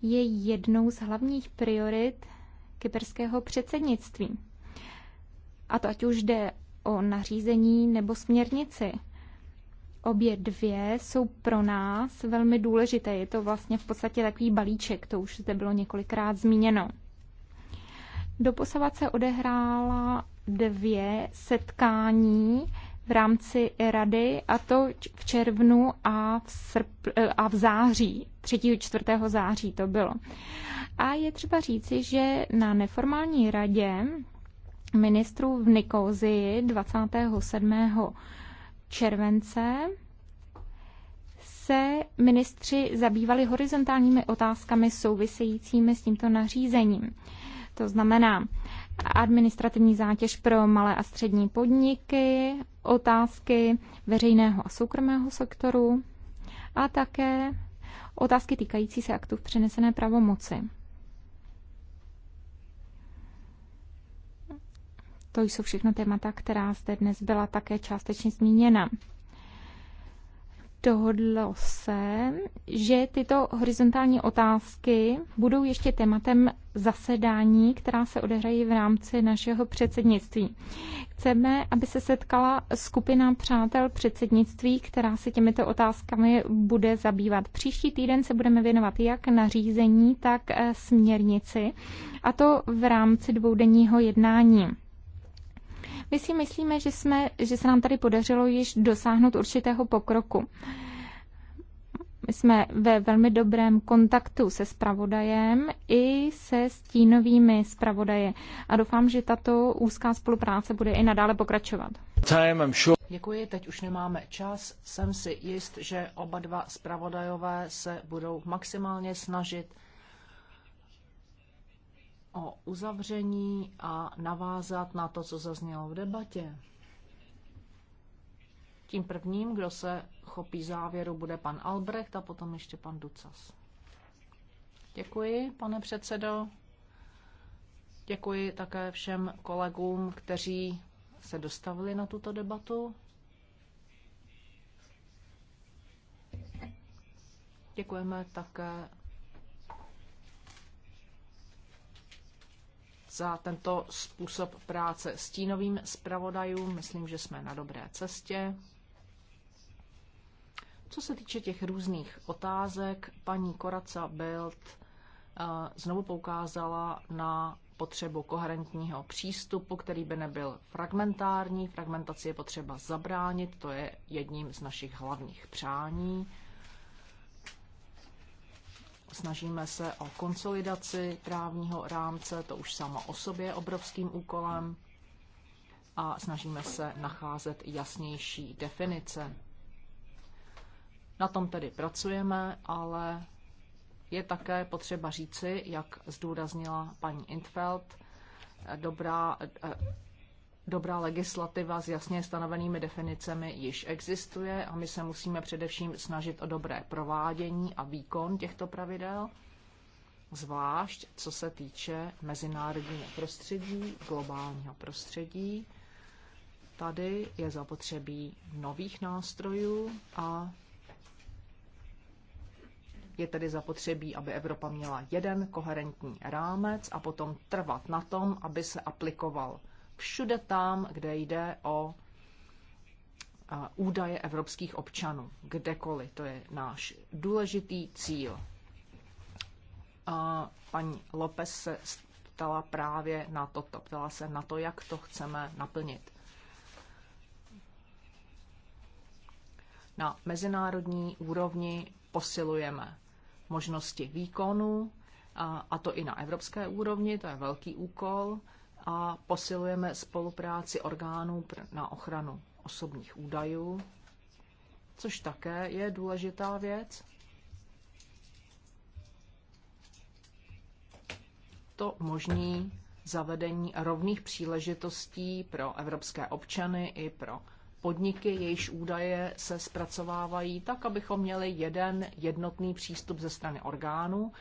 Speaker 3: je jednou z hlavních priorit kyperského předsednictví. A to ať už jde o nařízení nebo směrnici. Obě dvě jsou pro nás velmi důležité. Je to vlastně v podstatě takový balíček, to už zde bylo několikrát zmíněno. Doposavat se odehrála dvě setkání v rámci rady, a to v červnu a v, srp, a v září, 3. 4. září to bylo. A je třeba říci, že na neformální radě ministrů v Nikozii 27. července se ministři zabývali horizontálními otázkami souvisejícími s tímto nařízením. To znamená, administrativní zátěž pro malé a střední podniky, otázky veřejného a soukromého sektoru a také otázky týkající se aktů v přenesené pravomoci. To jsou všechno témata, která zde dnes byla také částečně zmíněna dohodlo se, že tyto horizontální otázky budou ještě tématem zasedání, která se odehrají v rámci našeho předsednictví. Chceme, aby se setkala skupina přátel předsednictví, která se těmito otázkami bude zabývat. Příští týden se budeme věnovat jak nařízení, tak eh, směrnici, a to v rámci dvoudenního jednání. My si myslíme, že, jsme, že se nám tady podařilo již dosáhnout určitého pokroku. My jsme ve velmi dobrém kontaktu se spravodajem i se stínovými spravodaje a doufám, že tato úzká spolupráce bude i nadále pokračovat.
Speaker 1: Děkuji, teď už nemáme čas. Jsem si jist, že oba dva spravodajové se budou maximálně snažit o uzavření a navázat na to, co zaznělo v debatě. Tím prvním, kdo se chopí závěru, bude pan Albrecht a potom ještě pan Ducas. Děkuji, pane předsedo. Děkuji také všem kolegům, kteří se dostavili na tuto debatu. Děkujeme také za tento způsob práce stínovým zpravodajům. Myslím, že jsme na dobré cestě. Co se týče těch různých otázek, paní Koraca Belt eh, znovu poukázala na potřebu koherentního přístupu, který by nebyl fragmentární. Fragmentaci je potřeba zabránit, to je jedním z našich hlavních přání. Snažíme se o konsolidaci právního rámce, to už samo o sobě je obrovským úkolem, a snažíme se nacházet jasnější definice. Na tom tedy pracujeme, ale je také potřeba říci, jak zdůraznila paní Intfeld, dobrá eh, dobrá legislativa s jasně stanovenými definicemi již existuje a my se musíme především snažit o dobré provádění a výkon těchto pravidel, zvlášť co se týče mezinárodního prostředí, globálního prostředí. Tady je zapotřebí nových nástrojů a je tedy zapotřebí, aby Evropa měla jeden koherentní rámec a potom trvat na tom, aby se aplikoval všude tam, kde jde o údaje evropských občanů, kdekoliv. To je náš důležitý cíl. Paní Lopez se ptala právě na toto, ptala se na to, jak to chceme naplnit. Na mezinárodní úrovni posilujeme možnosti výkonu, a to i na evropské úrovni, to je velký úkol a posilujeme spolupráci orgánů na ochranu osobních údajů, což také je důležitá věc. To možní zavedení rovných příležitostí pro evropské občany i pro podniky, jejichž údaje se zpracovávají tak, abychom měli jeden jednotný přístup ze strany orgánů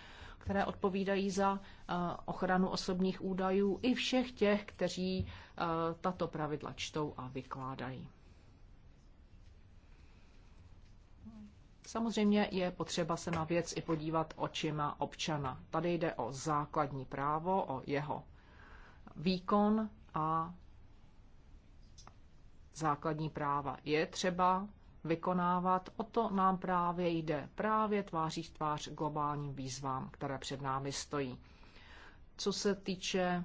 Speaker 1: které odpovídají za eh, ochranu osobních údajů i všech těch, kteří eh, tato pravidla čtou a vykládají. Samozřejmě je potřeba se na věc i podívat očima občana. Tady jde o základní právo, o jeho výkon a základní práva. Je třeba vykonávat. O to nám právě jde, právě tváří v tvář globálním výzvám, které před námi stojí. Co se týče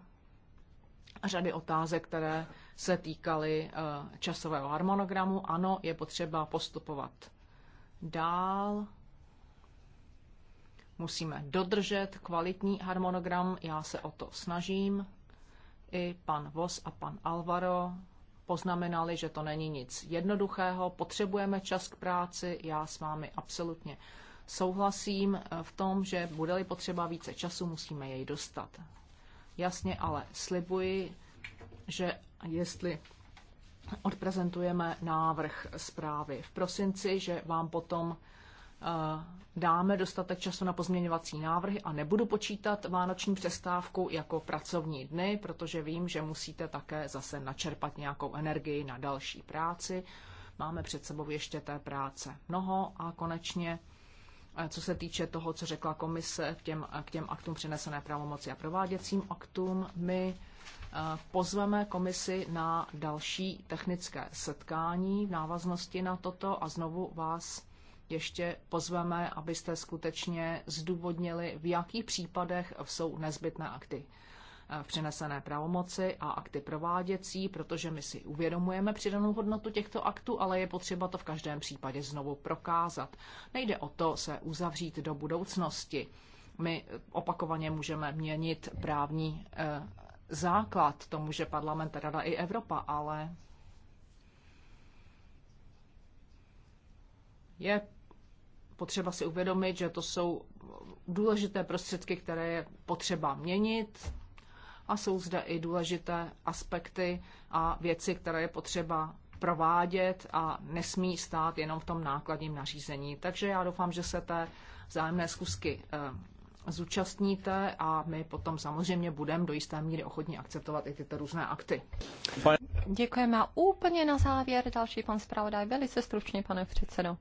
Speaker 1: řady otázek, které se týkaly eh, časového harmonogramu, ano, je potřeba postupovat dál. Musíme dodržet kvalitní harmonogram, já se o to snažím. I pan Vos a pan Alvaro poznamenali, že to není nic jednoduchého, potřebujeme čas k práci, já s vámi absolutně souhlasím v tom, že bude-li potřeba více času, musíme jej dostat. Jasně, ale slibuji, že jestli odprezentujeme návrh zprávy v prosinci, že vám potom Eh, dáme dostatek času na pozměňovací návrhy a nebudu počítat vánoční přestávku jako pracovní dny, protože vím, že musíte také zase načerpat nějakou energii na další práci. Máme před sebou ještě té práce mnoho a konečně eh, co se týče toho, co řekla komise k těm, eh, k těm aktům přenesené pravomoci a prováděcím aktům, my pozveme komisi na další technické setkání v návaznosti na toto a znovu vás ještě pozveme, abyste skutečně zdůvodnili, v jakých případech jsou nezbytné akty v eh, přenesené pravomoci a akty prováděcí, protože my si uvědomujeme přidanou hodnotu těchto aktů, ale je potřeba to v každém případě znovu prokázat. Nejde o to se uzavřít do budoucnosti. My opakovaně můžeme měnit právní eh, základ, to může parlament, rada i Evropa, ale je potřeba si uvědomit, že to jsou důležité prostředky, které je potřeba měnit a jsou zde i důležité aspekty a věci, které je potřeba provádět a nesmí stát jenom v tom nákladním nařízení. Takže já doufám, že se té vzájemné zkusky eh, zúčastníte a my potom samozřejmě budeme do jisté míry ochotní akceptovat i tyto různé akty.
Speaker 2: Děkujeme a úplně na závěr další pan zpravodaj, velice stručně, pane předsedo.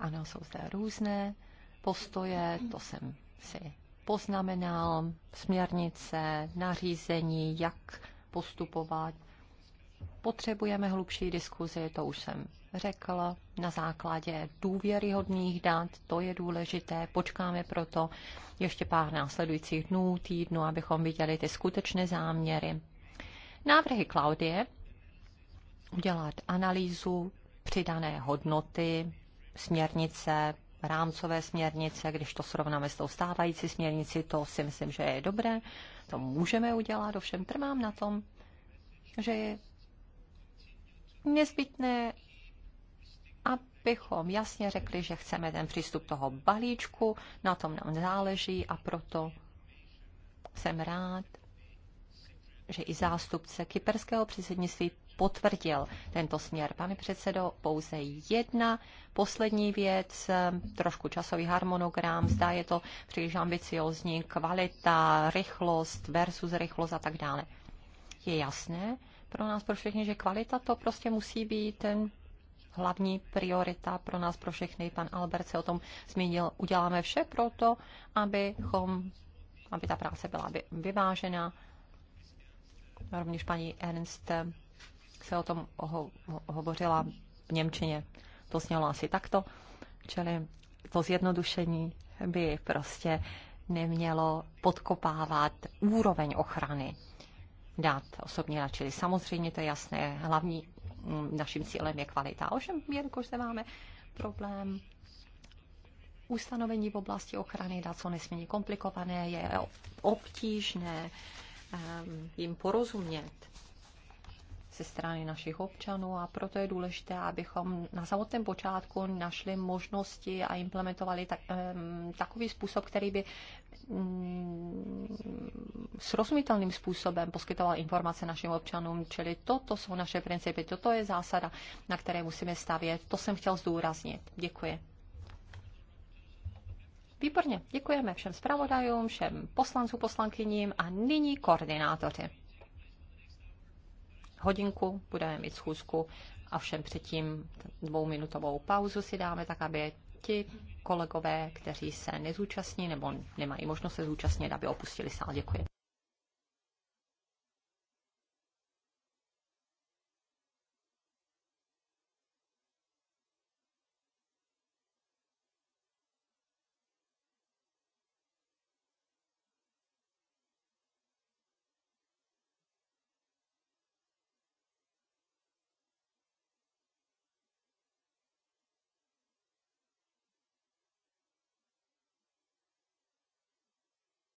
Speaker 2: Ano, jsou zde různé postoje, to jsem si poznamenal, směrnice, nařízení, jak postupovat. Potřebujeme hlubší diskuzi, to už jsem řekl, na základě důvěryhodných dat, to je důležité. Počkáme proto ještě pár následujících dnů, týdnů, abychom viděli ty skutečné záměry. Návrhy Klaudie udělat analýzu přidané hodnoty směrnice, rámcové směrnice, když to srovnáme s tou stávající směrnici, to si myslím, že je dobré, to můžeme udělat, ovšem trvám na tom, že je nezbytné, abychom jasně řekli, že chceme ten přístup toho balíčku, na tom nám záleží a proto jsem rád, že i zástupce kyperského předsednictví potvrdil tento směr. Pane předsedo, pouze jedna poslední věc, trošku časový harmonogram, zdá je to příliš ambiciozní, kvalita, rychlost versus rychlost a tak dále. Je jasné pro nás, pro všechny, že kvalita to prostě musí být ten hlavní priorita pro nás, pro všechny. Pan Albert se o tom zmínil. Uděláme vše pro to, abychom, aby ta práce byla vyvážena. Rovněž paní Ernst se o tom ho, ho, hovořila v Němčině. To snělo asi takto. Čili to zjednodušení by prostě nemělo podkopávat úroveň ochrany dát osobně, na Čili samozřejmě to je jasné, hlavní mm, naším cílem je kvalita. Ovšem, jelikož se máme problém ustanovení v oblasti ochrany dat co nesmírně komplikované, je obtížné ehm, jim porozumět ze strany našich občanů a proto je důležité, abychom na samotném počátku našli možnosti a implementovali tak, takový způsob, který by mm, srozumitelným způsobem poskytoval informace našim občanům, čili toto jsou naše principy, toto je zásada, na které musíme stavět. To jsem chtěl zdůraznit. Děkuji. Výborně, děkujeme všem zpravodajům, všem poslancům, poslankyním a nyní koordinátoři hodinku budeme mít schůzku a všem předtím dvouminutovou pauzu si dáme, tak aby ti kolegové, kteří se nezúčastní nebo nemají možnost se zúčastnit, aby opustili sál. Děkuji.